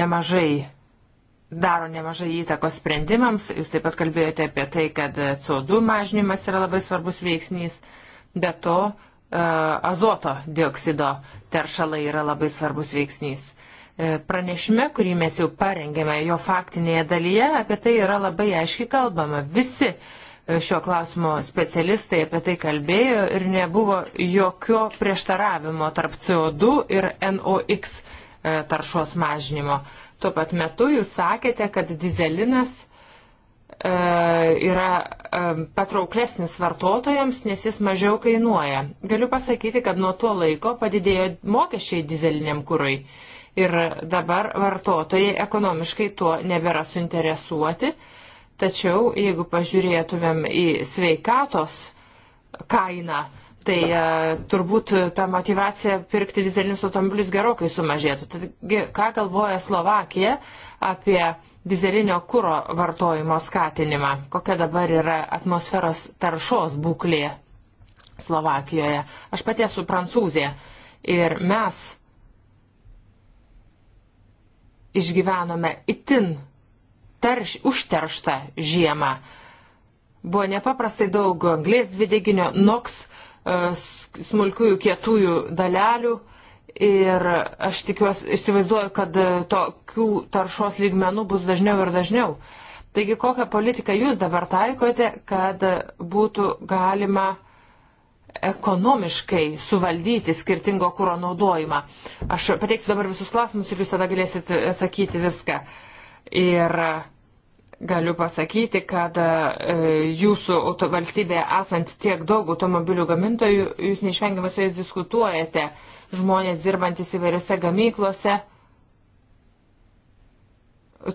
nemažai daro nemažai įtakos sprendimams. Jūs taip pat kalbėjote apie tai, kad CO2 mažinimas yra labai svarbus veiksnys. Be to, e, azoto dioksido teršalai yra labai svarbus veiksnys. E, pranešime, kurį mes jau parengėme, jo faktinėje dalyje apie tai yra labai aiškiai kalbama. Visi e, šio klausimo specialistai apie tai kalbėjo ir nebuvo jokio prieštaravimo tarp CO2 ir NOx taršos mažinimo. Tuo pat metu jūs sakėte, kad dizelinas e, yra e, patrauklesnis vartotojams, nes jis mažiau kainuoja. Galiu pasakyti, kad nuo to laiko padidėjo mokesčiai dizeliniam kūrui. Ir dabar vartotojai ekonomiškai tuo nebėra suinteresuoti. Tačiau, jeigu pažiūrėtumėm į sveikatos kainą, tai e, turbūt ta motivacija pirkti dizelinius automobilius gerokai sumažėtų. Taigi, ką galvoja Slovakija apie dizelinio kūro vartojimo skatinimą? Kokia dabar yra atmosferos taršos būklė Slovakijoje? Aš pati esu prancūzė ir mes išgyvenome itin tarš, užterštą žiemą. Buvo nepaprastai daug anglės dvideginio, NOX E, smulkiųjų kietųjų dalelių ir aš tikiuosi, įsivaizduoju, kad tokių taršos lygmenų bus dažniau ir dažniau. Taigi, kokią politiką jūs dabar taikote, kad būtų galima ekonomiškai suvaldyti skirtingo kūro naudojimą? Aš pateiksiu dabar visus klausimus ir jūs tada galėsit atsakyti viską. Ir uh, Galiu pasakyti, kad e, jūsų valstybėje esant tiek daug automobilių gamintojų, jūs neišvengiamai su jais diskutuojate, žmonės dirbantis įvairiose gamyklose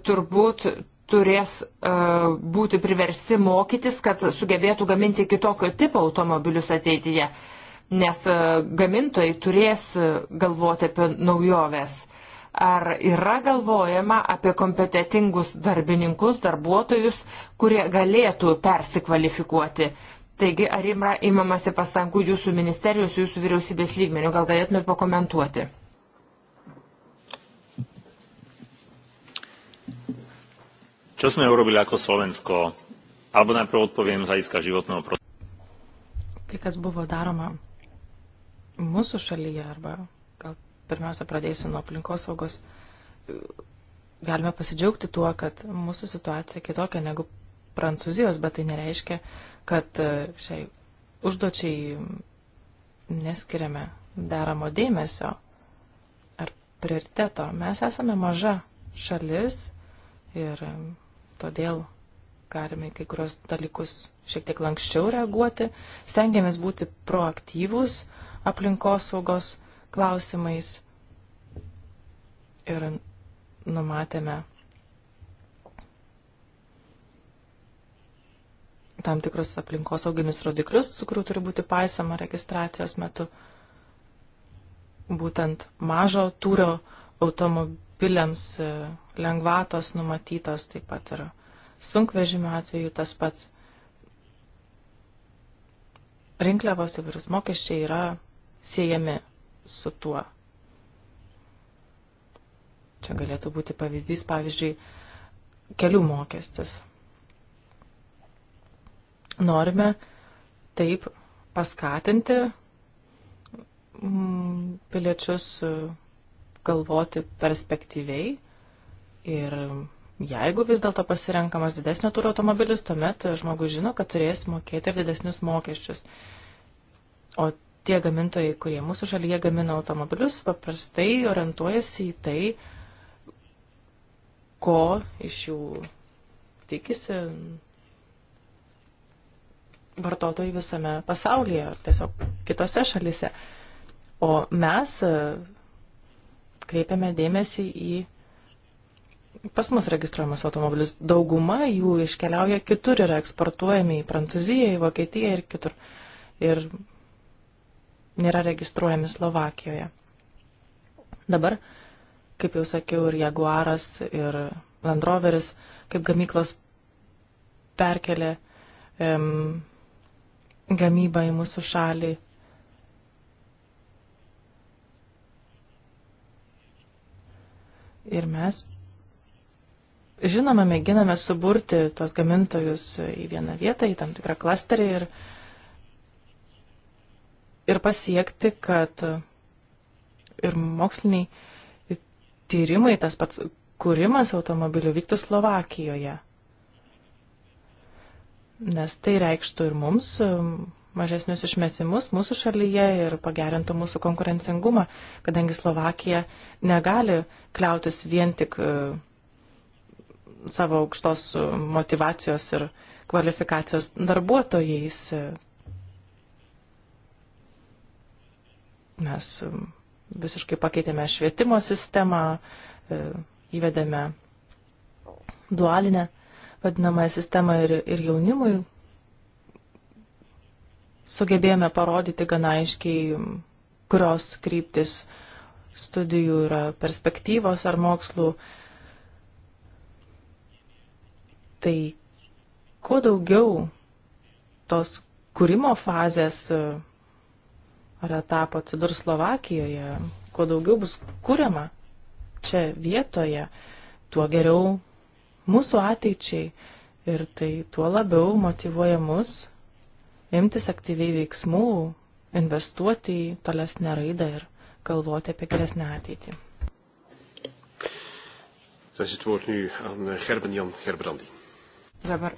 turbūt turės uh, būti priversti mokytis, kad sugebėtų gaminti kitokio tipo automobilius ateityje, nes uh, gamintojai turės galvoti apie naujoves. Uh, Ar yra galvojama apie kompetitingus darbininkus, darbuotojus, kurie galėtų persikvalifikuoti? Taigi, ar imra, imamasi pastangų jūsų ministerijos, jūsų vyriausybės lygmenių? Gal galėtumėt pakomentuoti? Čo sme urobili ako Slovensko? Alebo najprv odpoviem z hľadiska životného prostredia. Tai, kas buvo daroma mūsų šalyje arba pirmiausia, pradėsiu nuo aplinkosaugos. Galime pasidžiaugti tuo, kad mūsų situacija kitokia negu Prancūzijos, bet tai nereiškia, kad e, šiai užduočiai neskiriame deramo dėmesio ar prioriteto. Mes esame maža šalis ir e, todėl galime į kai kurios dalykus šiek tiek lankščiau reaguoti. Stengiamės būti proaktyvūs aplinkosaugos klausimais ir numatėme tam tikrus aplinkosauginius rodiklius, su kurių turi būti paisoma registracijos metu. Būtent mažo tūrio automobiliams e, lengvatos numatytos taip pat ir sunkvežimio atveju tas pats. Rinkliavos įvairūs mokesčiai yra siejami su tuo. Čia galėtų būti pavyzdys, pavyzdžiui, kelių mokestis. Norime taip paskatinti mm, piliečius galvoti perspektyviai ir jeigu vis dėlto pasirenkamas didesnio turo automobilis, tuomet žmogus žino, kad turės mokėti ir didesnius mokesčius. O tie gamintojai, kurie mūsų šalyje gamina automobilius, paprastai orientuojasi į tai, ko iš jų tikisi vartotojai visame pasaulyje ar tiesiog kitose šalise. O mes e, kreipiame dėmesį į pas mus registruojamas automobilius. Dauguma jų iškeliauja kitur, yra eksportuojami į Prancūziją, į Vokietiją ir kitur. Ir nėra registruojami Slovakijoje. Dabar, kaip jau sakiau, ir Jaguaras, ir Land Roveris, kaip gamyklos perkelė um, gamybą į mūsų šalį. Ir mes žinoma, mėginame suburti tos gamintojus į vieną vietą, į tam tikrą klasterį ir uh, ir pasiekti, kad ir moksliniai tyrimai, tas pats kūrimas automobilių vyktų Slovakijoje. Nes tai reikštų ir mums um, mažesnius išmetimus mūsų šalyje ir pagerintų mūsų konkurencingumą, kadangi Slovakija negali kliautis vien tik uh, savo aukštos uh, motivacijos ir kvalifikacijos darbuotojais. Uh, Mes um, visiškai pakeitėme švietimo sistemą, e, įvedėme dualinę vadinamąją sistemą ir, ir jaunimui sugebėjome parodyti gana aiškiai, um, kurios kryptis studijų yra perspektyvos ar mokslų. Tai kuo daugiau tos kūrimo fazės ar etapo atsidurs Slovakijoje, kuo daugiau bus kuriama čia vietoje, tuo geriau mūsų ateičiai ir tai tuo labiau motivuoja mus imtis aktyviai veiksmų, investuoti į tolesnę raidą ir galvoti apie geresnę ateitį. Dan is het woord nu aan eh, Gerben Jan Gerbrandi. Dabar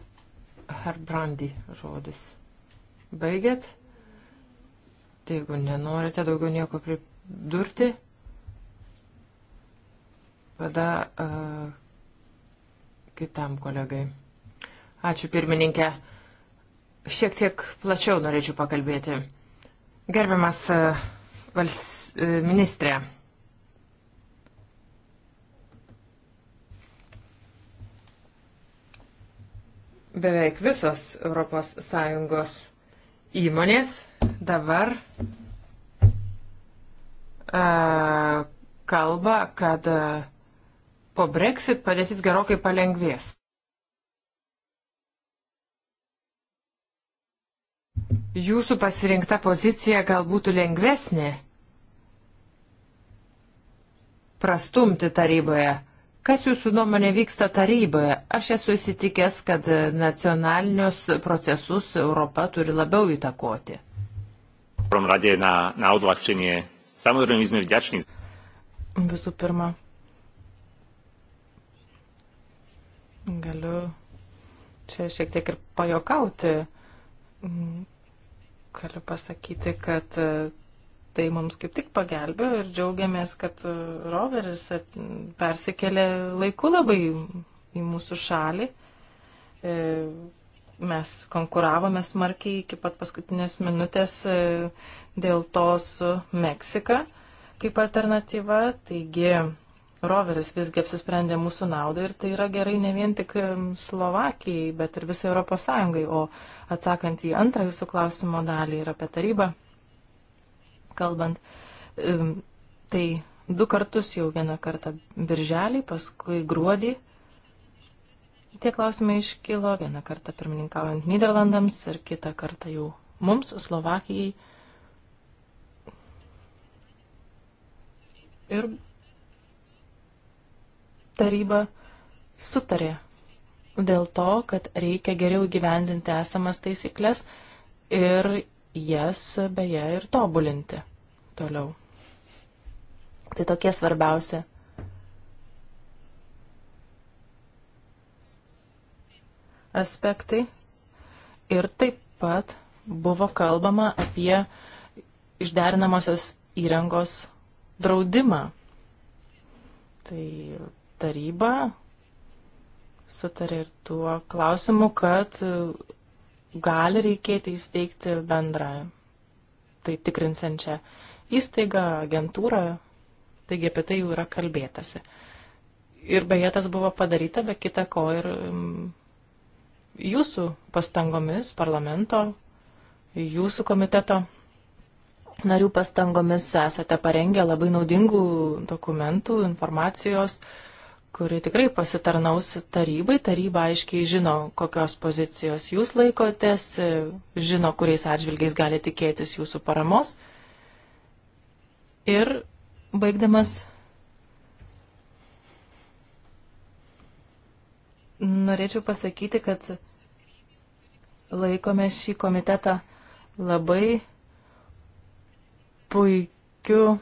Herbrandi žodis. Baigėt? Tai jeigu nenorite daugiau nieko pridurti, tada uh, kitam kolegai. Ačiū pirmininkė. Šiek tiek plačiau norėčiau pakalbėti. Gerbiamas uh, vals, uh, ministrė. beveik visos ES įmonės dabar uh, kalba, kad uh, po Brexit padėtis gerokai palengvės. Jūsų pasirinkta pozicija gal būtų lengvesnė prastumti taryboje. Kas jūsų nuomonė vyksta taryboje? Aš esu įsitikęs, kad nacionalinius procesus Europa turi labiau įtakoti prvom rade na, na odľahčenie. Samozrejme, my sme vďační. Visų pirma, galiu čia šiek tiek ir pajokauti. Galiu pasakyti, kad e, tai mums kaip tik pagelbėjo ir džiaugiamės, kad e, roveris persikėlė laiku labai į mūsų šalį. E, Mes konkuravome smarkiai iki pat paskutinės minutės e, dėl to su Meksika kaip alternatyva. Taigi roveris visgi apsisprendė mūsų naudai ir tai yra gerai ne vien tik e, Slovakijai, bet ir visai Europos Sąjungai. O atsakant į antrą jūsų klausimo dalį ir apie tarybą, kalbant, e, tai du kartus jau vieną kartą birželį, paskui gruodį Tie klausimai iškilo vieną kartą pirmininkaujant Niderlandams ir kitą kartą jau mums, Slovakijai. Ir taryba sutarė dėl to, kad reikia geriau gyvendinti esamas taisyklės ir jas beje ir tobulinti toliau. Tai tokie svarbiausi aspektai ir taip pat buvo kalbama apie išderinamosios įrangos draudimą. Tai taryba sutarė ir tuo klausimu, kad gali reikėti įsteigti bendrą tai tikrinsiančią įstaigą, agentūrą, taigi apie tai jau yra kalbėtasi. Ir beje, tas buvo padaryta, be kita ko ir mm, jūsų pastangomis, parlamento, jūsų komiteto narių pastangomis esate parengę labai naudingų dokumentų, informacijos, kuri tikrai pasitarnaus tarybai. Taryba aiškiai žino, kokios pozicijos jūs laikotės, žino, kuriais atžvilgiais gali tikėtis jūsų paramos. Ir baigdamas. Norėčiau pasakyti, kad laikome šį komitetą labai puikiu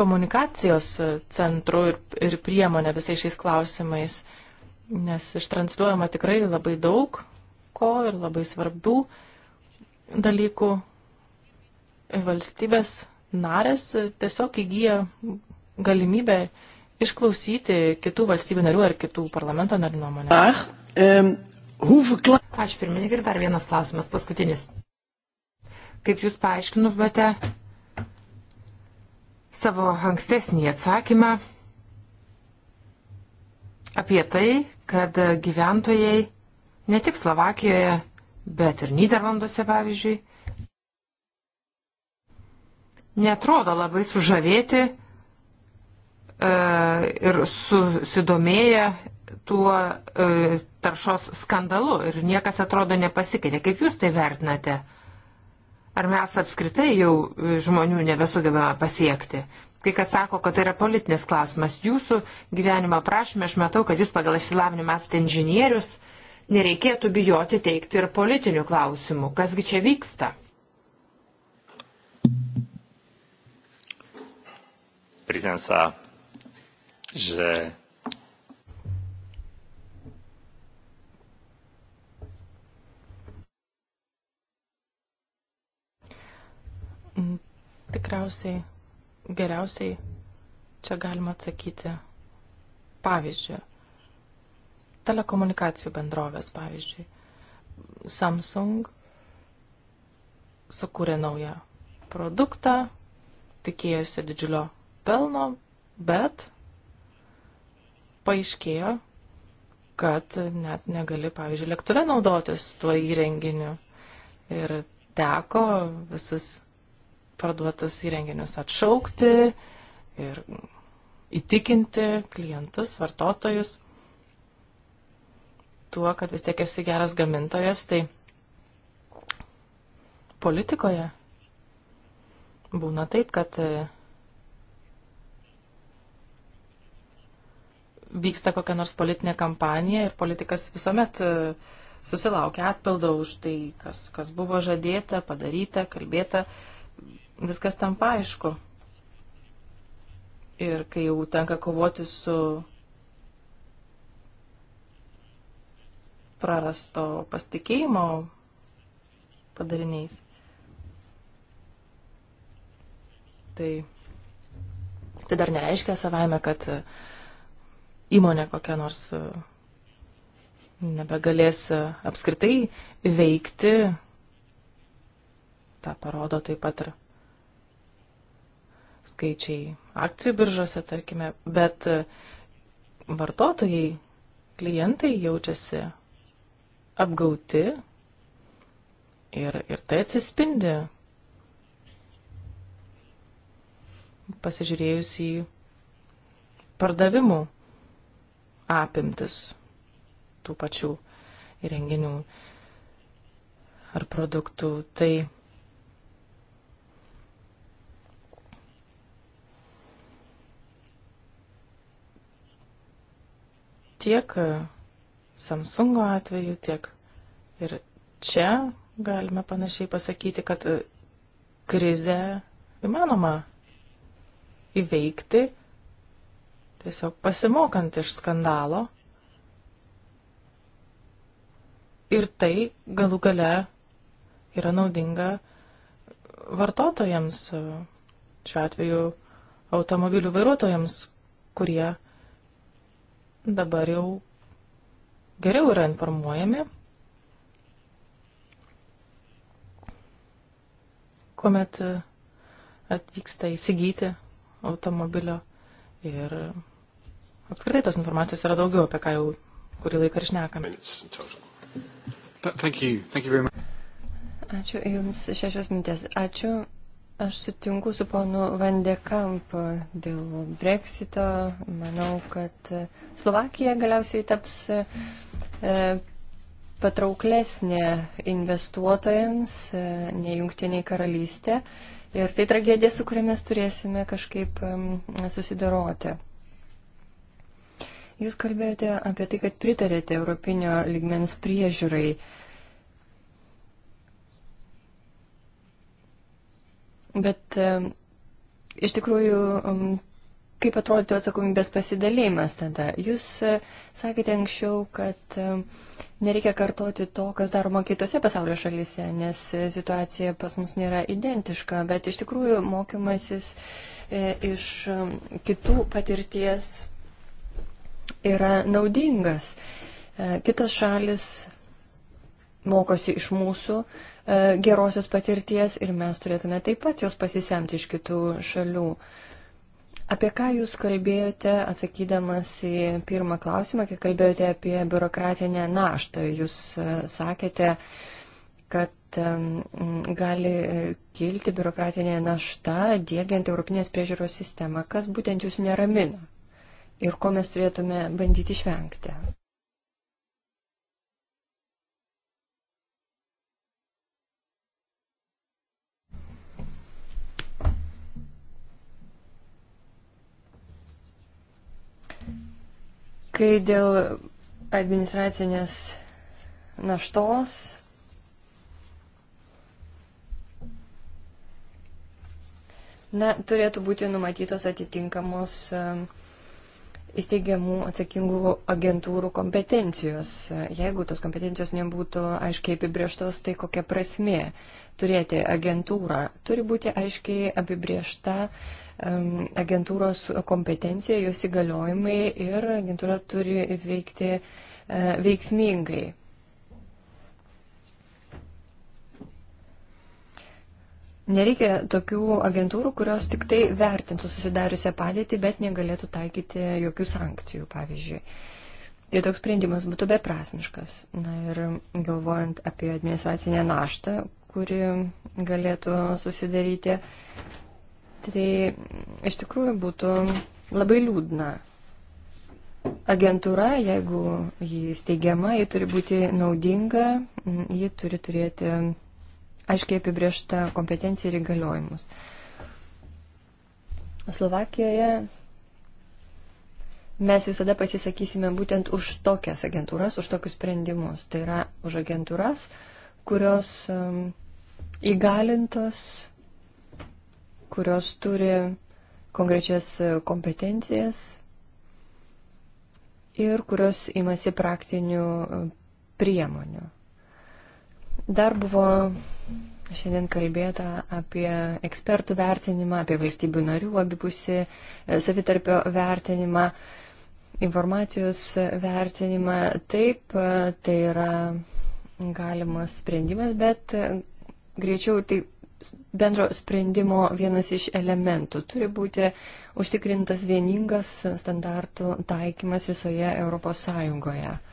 komunikacijos centru ir, ir priemonė visais šiais klausimais, nes ištranšliuojama tikrai labai daug ko ir labai svarbių dalykų. Valstybės narės tiesiog įgyja galimybę išklausyti kitų valstybių narių ar kitų parlamento narių nuomonę. Ach, um, Aš pirmininkai ir dar vienas klausimas, paskutinis. Kaip Jūs paaiškinumėte savo ankstesnį atsakymą apie tai, kad gyventojai ne tik Slovakijoje, bet ir Niderlanduose, pavyzdžiui, netrodo labai sužavėti e, ir susidomėję tuo e, taršos skandalu ir niekas atrodo nepasikeitė. Kaip jūs tai vertinate? Ar mes apskritai jau e, žmonių nebesugebame pasiekti? Kai kas sako, kad tai yra politinis klausimas. Jūsų gyvenimo prašymė, aš matau, kad jūs pagal išsilavinimą esate inžinierius, nereikėtų bijoti teikti ir politinių klausimų. Kasgi čia vyksta? Priznam sa, že Mm, tikriausiai geriausiai čia galima atsakyti pavyzdžių. Telekomunikacijų bendrovės, pavyzdžiui. Samsung sukūrė naują produktą, tikėjosi didžiulio pelno, bet paaiškėjo, kad net negali, pavyzdžiui, lėktuve naudotis tuo įrenginiu. Ir teko visus parduotus įrenginius atšaukti ir įtikinti klientus, vartotojus tuo, kad vis tiek esi geras gamintojas, tai politikoje būna taip, kad e, vyksta kokia nors politinė kampanija ir politikas visuomet e, susilaukia atpildo už tai, kas, kas buvo žadėta, padaryta, kalbėta. Uh, viskas tampa aišku. Ir kai jau tenka kovoti su prarasto pasitikėjimo padariniais, tai, tai dar nereiškia savaime, kad įmonė kokia nors e, nebegalės e, apskritai veikti. Ta parodo taip pat ir skaičiai akcijų biržose, tarkime, bet e, vartotojai, klientai jaučiasi apgauti ir, ir tai atsispindi pasižiūrėjus į pardavimų apimtis tų pačių įrenginių ar produktų. Tai Tiek e, Samsungo atveju, tiek ir čia galime panašiai pasakyti, kad e, krizę įmanoma įveikti, tiesiog pasimokant iš skandalo. Ir tai galų gale yra naudinga vartotojams, e, šiuo atveju automobilių vairuotojams, kurie dabar jau geriau yra informuojami, kuomet e, atvyksta įsigyti automobilio ir apskritai tos informacijos yra daugiau, apie ką jau kurį laiką ir šnekame. Ačiū Jums šešios mintės. Ačiū Aš sutinku su ponu Vandekamp dėl breksito. Manau, kad Slovakija galiausiai taps e, patrauklesnė investuotojams e, nei jungtiniai karalystė. Ir tai tragedija, su kuria mes turėsime kažkaip e, susidoroti. Jūs kalbėjote apie tai, kad pritarėte Europinio ligmens priežiūrai. E, Bet iš tikrųjų, kaip atrodytų atsakomybės pasidalėjimas tada? Jūs e, sakėte anksčiau, kad nereikia kartoti to, kas daroma kitose pasaulio šalyse, nes e, situacija pas mus nėra identiška, bet iš tikrųjų mokymasis e, iš kitų patirties yra naudingas. Kitos šalis mokosi iš mūsų, E, gerosios patirties ir mes turėtume taip pat jos pasisemti iš kitų šalių. Apie ką Jūs kalbėjote, atsakydamas į pirmą klausimą, kai kalbėjote apie biurokratinę naštą? Jūs e, sakėte, kad e, gali kilti biurokratinė našta dėgiant Europinės priežiūros sistemą. Kas būtent Jūs neramina ir ko mes turėtume bandyti išvengti? Kai dėl administracinės naštos na, turėtų būti numatytos atitinkamos um, įsteigiamų atsakingų agentūrų kompetencijos. Jeigu tos kompetencijos nebūtų aiškiai apibrieštos, tai kokia prasmė turėti agentūrą? Turi būti aiškiai apibriešta uh, agentūros kompetencija, jos įgaliojimai ir agentūra turi veikti e, veiksmingai. Nereikia tokių agentūrų, kurios tik tai vertintų susidariusią padėtį, bet negalėtų taikyti jokių sankcijų, pavyzdžiui. Tai toks sprendimas būtų beprasmiškas. Na ir galvojant apie administracinę naštą, kuri galėtų susidaryti, Tai iš tikrųjų būtų labai liūdna. Agentūra, jeigu ji steigiama, ji turi būti naudinga, ji turi turėti aiškiai apibriešta kompetencija ir įgaliojimus. Slovakijoje mes visada pasisakysime būtent už tokias agentūras, už tokius sprendimus. Tai yra už agentūras, kurios um, įgalintos kurios turi konkrečias kompetencijas ir kurios imasi praktinių e, priemonių. Dar buvo Šiandien kalbėta apie ekspertų vertinimą, apie valstybių narių abipusį e, savitarpio vertinimą, informacijos vertinimą. Taip, e, tai yra galimas sprendimas, bet greičiau tai bendro sprendimo vienas iš elementų. Turi būti užtikrintas vieningas standartų taikymas visoje ES.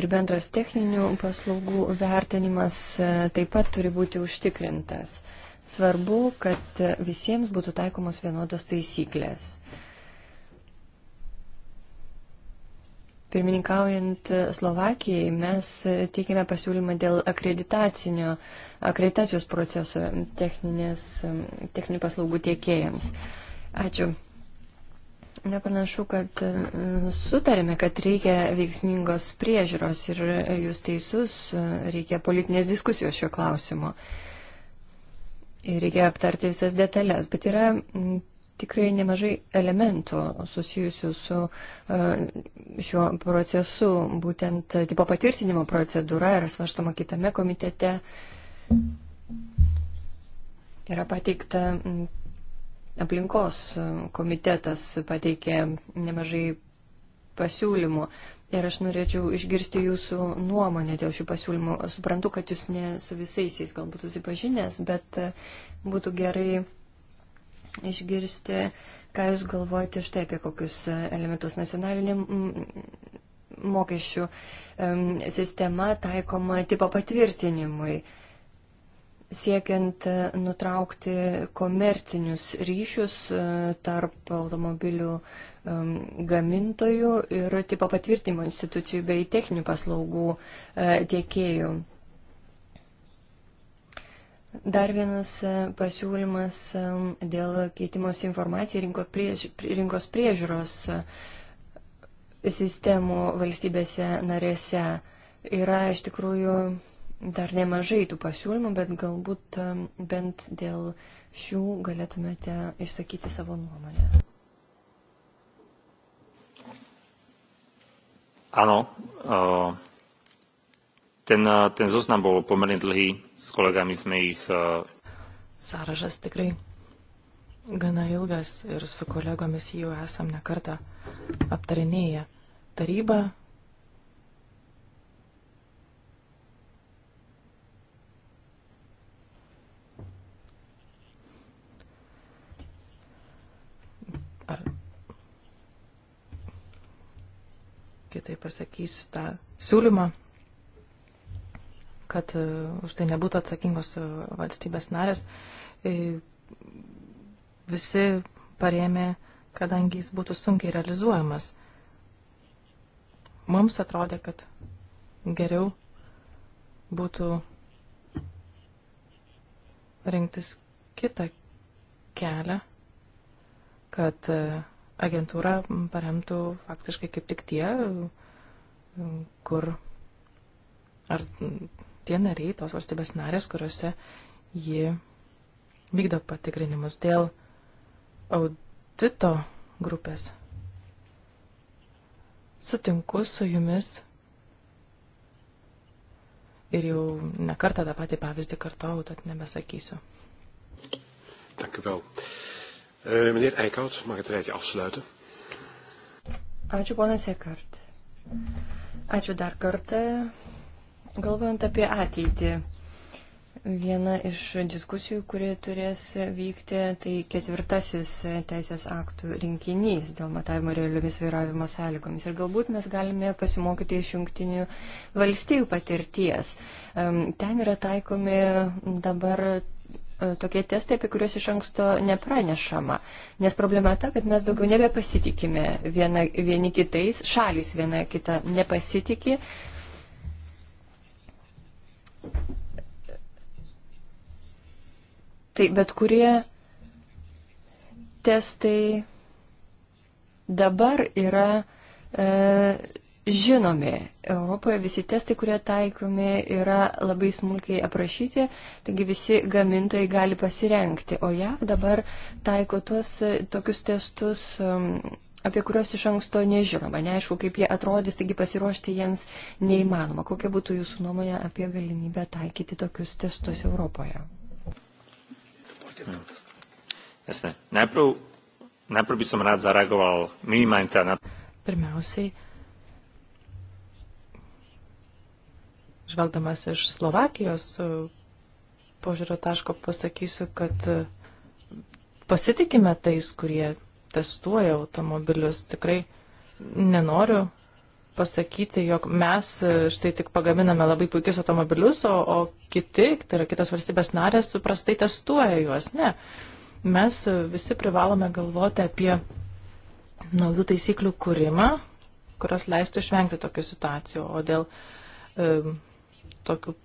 Ir bendras techninių paslaugų vertinimas e, taip pat turi būti užtikrintas. Svarbu, kad visiems būtų taikomos vienodos taisyklės. Pirmininkaujant Slovakijai, mes teikėme pasiūlymą dėl akreditacinio, akreditacijos proceso techninės, techninių paslaugų tiekėjams. Ačiū. Nepanašu, kad sutarėme, kad reikia veiksmingos priežiūros ir jūs teisus, reikia politinės diskusijos šiuo klausimu. Ir reikia aptarti visas detalės, bet yra tikrai nemažai elementų susijusių su e, šiuo procesu, būtent e, tipo patvirtinimo procedūra yra svarstama kitame komitete. Yra pateikta aplinkos e, komitetas, pateikė nemažai pasiūlymų. Ir aš norėčiau išgirsti jūsų nuomonę dėl šių pasiūlymų. Suprantu, kad jūs ne su visais jais galbūt susipažinęs, bet būtų gerai išgirsti, ką Jūs galvojate štai apie kokius e, elementus nacionalinė mokesčių sistema taikoma tipo patvirtinimui, siekiant e, nutraukti komercinius ryšius e, tarp automobilių gamintojų ir tipo patvirtinimo institucijų bei techninių paslaugų tiekėjų. Dar vienas e, pasiūlymas e, dėl keitimos informacija rinkos priežiūros e, sistemų valstybėse narėse. Yra iš tikrųjų dar nemažai tų pasiūlymų, bet galbūt bent dėl šių galėtumėte išsakyti savo nuomonę. Áno, Ten, eh, ten zoznam bol pomerne dlhý, s kolegami sme ich... Eh, Sąrašas tikrai gana ilgas ir su kolegomis jau esam nekartą aptarinėję. Taryba ar kitaip pasakysiu tą siūlymą kad e, už tai nebūtų atsakingos e, valstybės narės. E, visi parėmė, kadangi jis būtų sunkiai realizuojamas. Mums atrodė, kad geriau būtų rinktis kitą kelią, kad agentūra paremtų faktiškai kaip tik tie, kur ar tie nariai, tos valstybės narės, kuriuose ji vykdo patikrinimus dėl audito grupės. Sutinku su jumis ir jau nekartą tą patį pavyzdį kartau, tad nebesakysiu. Dank u wel. Uh, meneer Eickhout, mag ik het rijtje afsluiten? Ačiū, ponas Ekart. Ačiū dar kartą. Galvojant apie ateitį, viena iš diskusijų, kuri turės vykti, tai ketvirtasis teisės aktų rinkinys dėl matavimo realiomis vairavimo sąlygomis. Ir galbūt mes galime pasimokyti iš jungtinių valstybių patirties. Ten yra taikomi dabar e, tokie testai, apie kuriuos iš anksto nepranešama. Nes problema ta, kad mes daugiau nebepasitikime viena, vieni kitais, šalis viena kita nepasitikė, Tai bet kurie testai dabar yra e, žinomi. Europoje visi testai, kurie taikomi, yra labai smulkiai aprašyti, taigi visi gamintojai gali pasirenkti. O JAV dabar taiko tuos tokius testus. E, apie kuriuos iš anksto nežinoma, neaišku, kaip jie atrodys, taigi pasiruošti jiems neįmanoma. Kokia būtų jūsų nuomonė apie galimybę taikyti tokius testus Europoje? Jasné. Najprv, najprv by som rád zareagoval minimálne teda na... Pirmiausiai, žvelgdamas iš Slovakijos e, požiūrio taško pasakysiu, kad e, pasitikime tais, kurie testuoja automobilius. Tikrai nenoriu pasakyti, jog mes e, štai tik pagaminame labai puikius automobilius, o, o kiti, tai yra kitos valstybės narės, prastai testuoja juos. Ne. Mes e, visi privalome galvoti apie naujų taisyklių kūrimą, kurios leistų išvengti tokių situacijų. O dėl e, tokių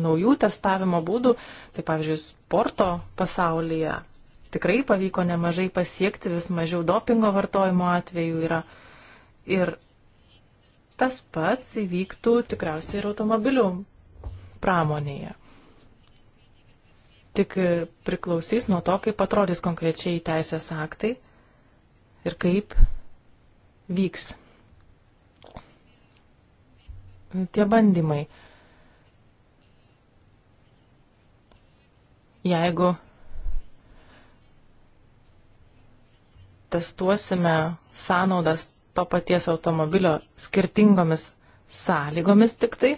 naujų testavimo būdų, tai pavyzdžiui, sporto pasaulyje tikrai pavyko nemažai pasiekti, vis mažiau dopingo vartojimo atvejų yra. Ir tas pats įvyktų tikriausiai ir automobilių pramonėje. Tik priklausys nuo to, kaip atrodys konkrečiai teisės aktai ir kaip vyks tie bandymai. Jeigu testuosime sąnaudas to paties automobilio skirtingomis sąlygomis tik tai,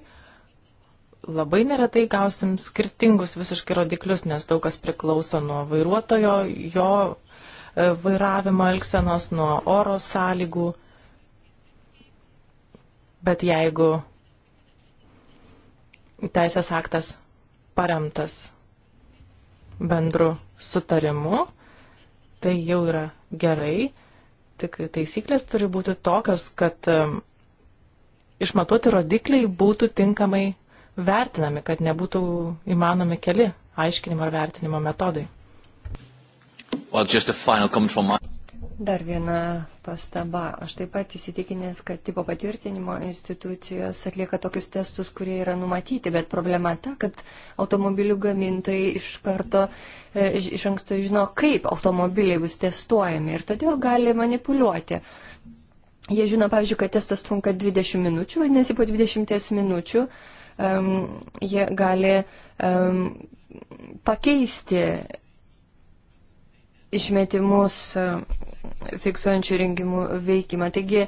labai neretai gausim skirtingus visiškai rodiklius, nes daug kas priklauso nuo vairuotojo, jo e, vairavimo elgsenos, nuo oro sąlygų. Bet jeigu teisės aktas paremtas bendru sutarimu, tai jau yra gerai, tik taisyklės turi būti tokios, kad išmatuoti rodikliai būtų tinkamai vertinami, kad nebūtų įmanomi keli aiškinimo ar vertinimo metodai. Well, my... Dar viena pastaba. Aš taip pat įsitikinęs, kad tipo patvirtinimo institucijos atlieka tokius testus, kurie yra numatyti, bet problema ta, kad automobilių gamintojai iš karto, e, iš anksto žino, kaip automobiliai bus testuojami ir todėl gali manipuliuoti. Jie žino, pavyzdžiui, kad testas trunka 20 minučių, vadinasi, po 20 minučių um, jie gali um, pakeisti išmetimus e, fiksuojančių įrengimų veikimą. Taigi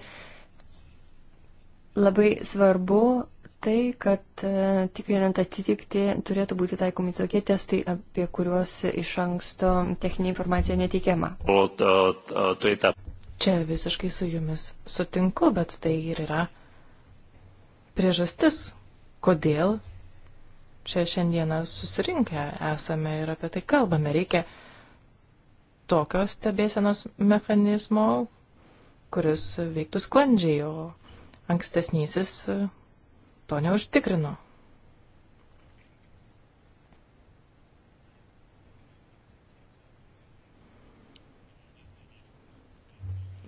labai svarbu tai, kad e, tikrinant atitikti turėtų būti taikomi tokie testai, apie kuriuos iš anksto techninė informacija neteikiama. Tai čia visiškai su jumis sutinku, bet tai ir yra priežastis, kodėl čia šiandieną susirinkę esame ir apie tai kalbame. Reikia tokios stebėsenos mechanizmo, kuris veiktų sklandžiai, o ankstesnysis e, to neužtikrino.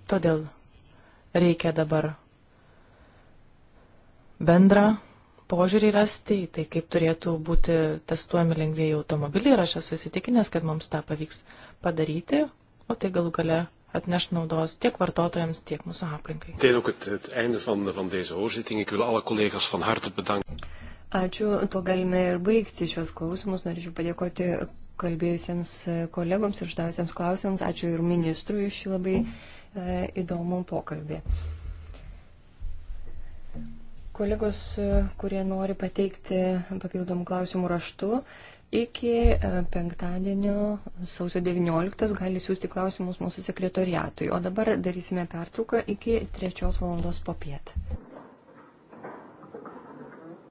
Todėl reikia dabar bendrą požiūrį rasti į tai, kaip turėtų būti testuojami lengvėjai automobiliai ir aš esu įsitikinęs, kad mums tą pavyks padaryti, o tai galų gale atneš naudos tiek vartotojams, tiek mūsų aplinkai. Tai jau, kad het einde van, van deze hoorzitting. Ik wil alle collega's van harte bedanken. Ačiū, tuo galime ir baigti šios klausimus. Norėčiau padėkoti kalbėjusiems kolegoms ir uždavusiems klausimams. Ačiū ir ministrui iš šį labai e, įdomų pokalbį. Kolegos, kurie nori pateikti papildomų klausimų raštu, Iki e, penktadienio sausio 19 gali siūsti klausimus mūsų sekretoriatui. O dabar darysime pertrauką iki 3 valandos popiet.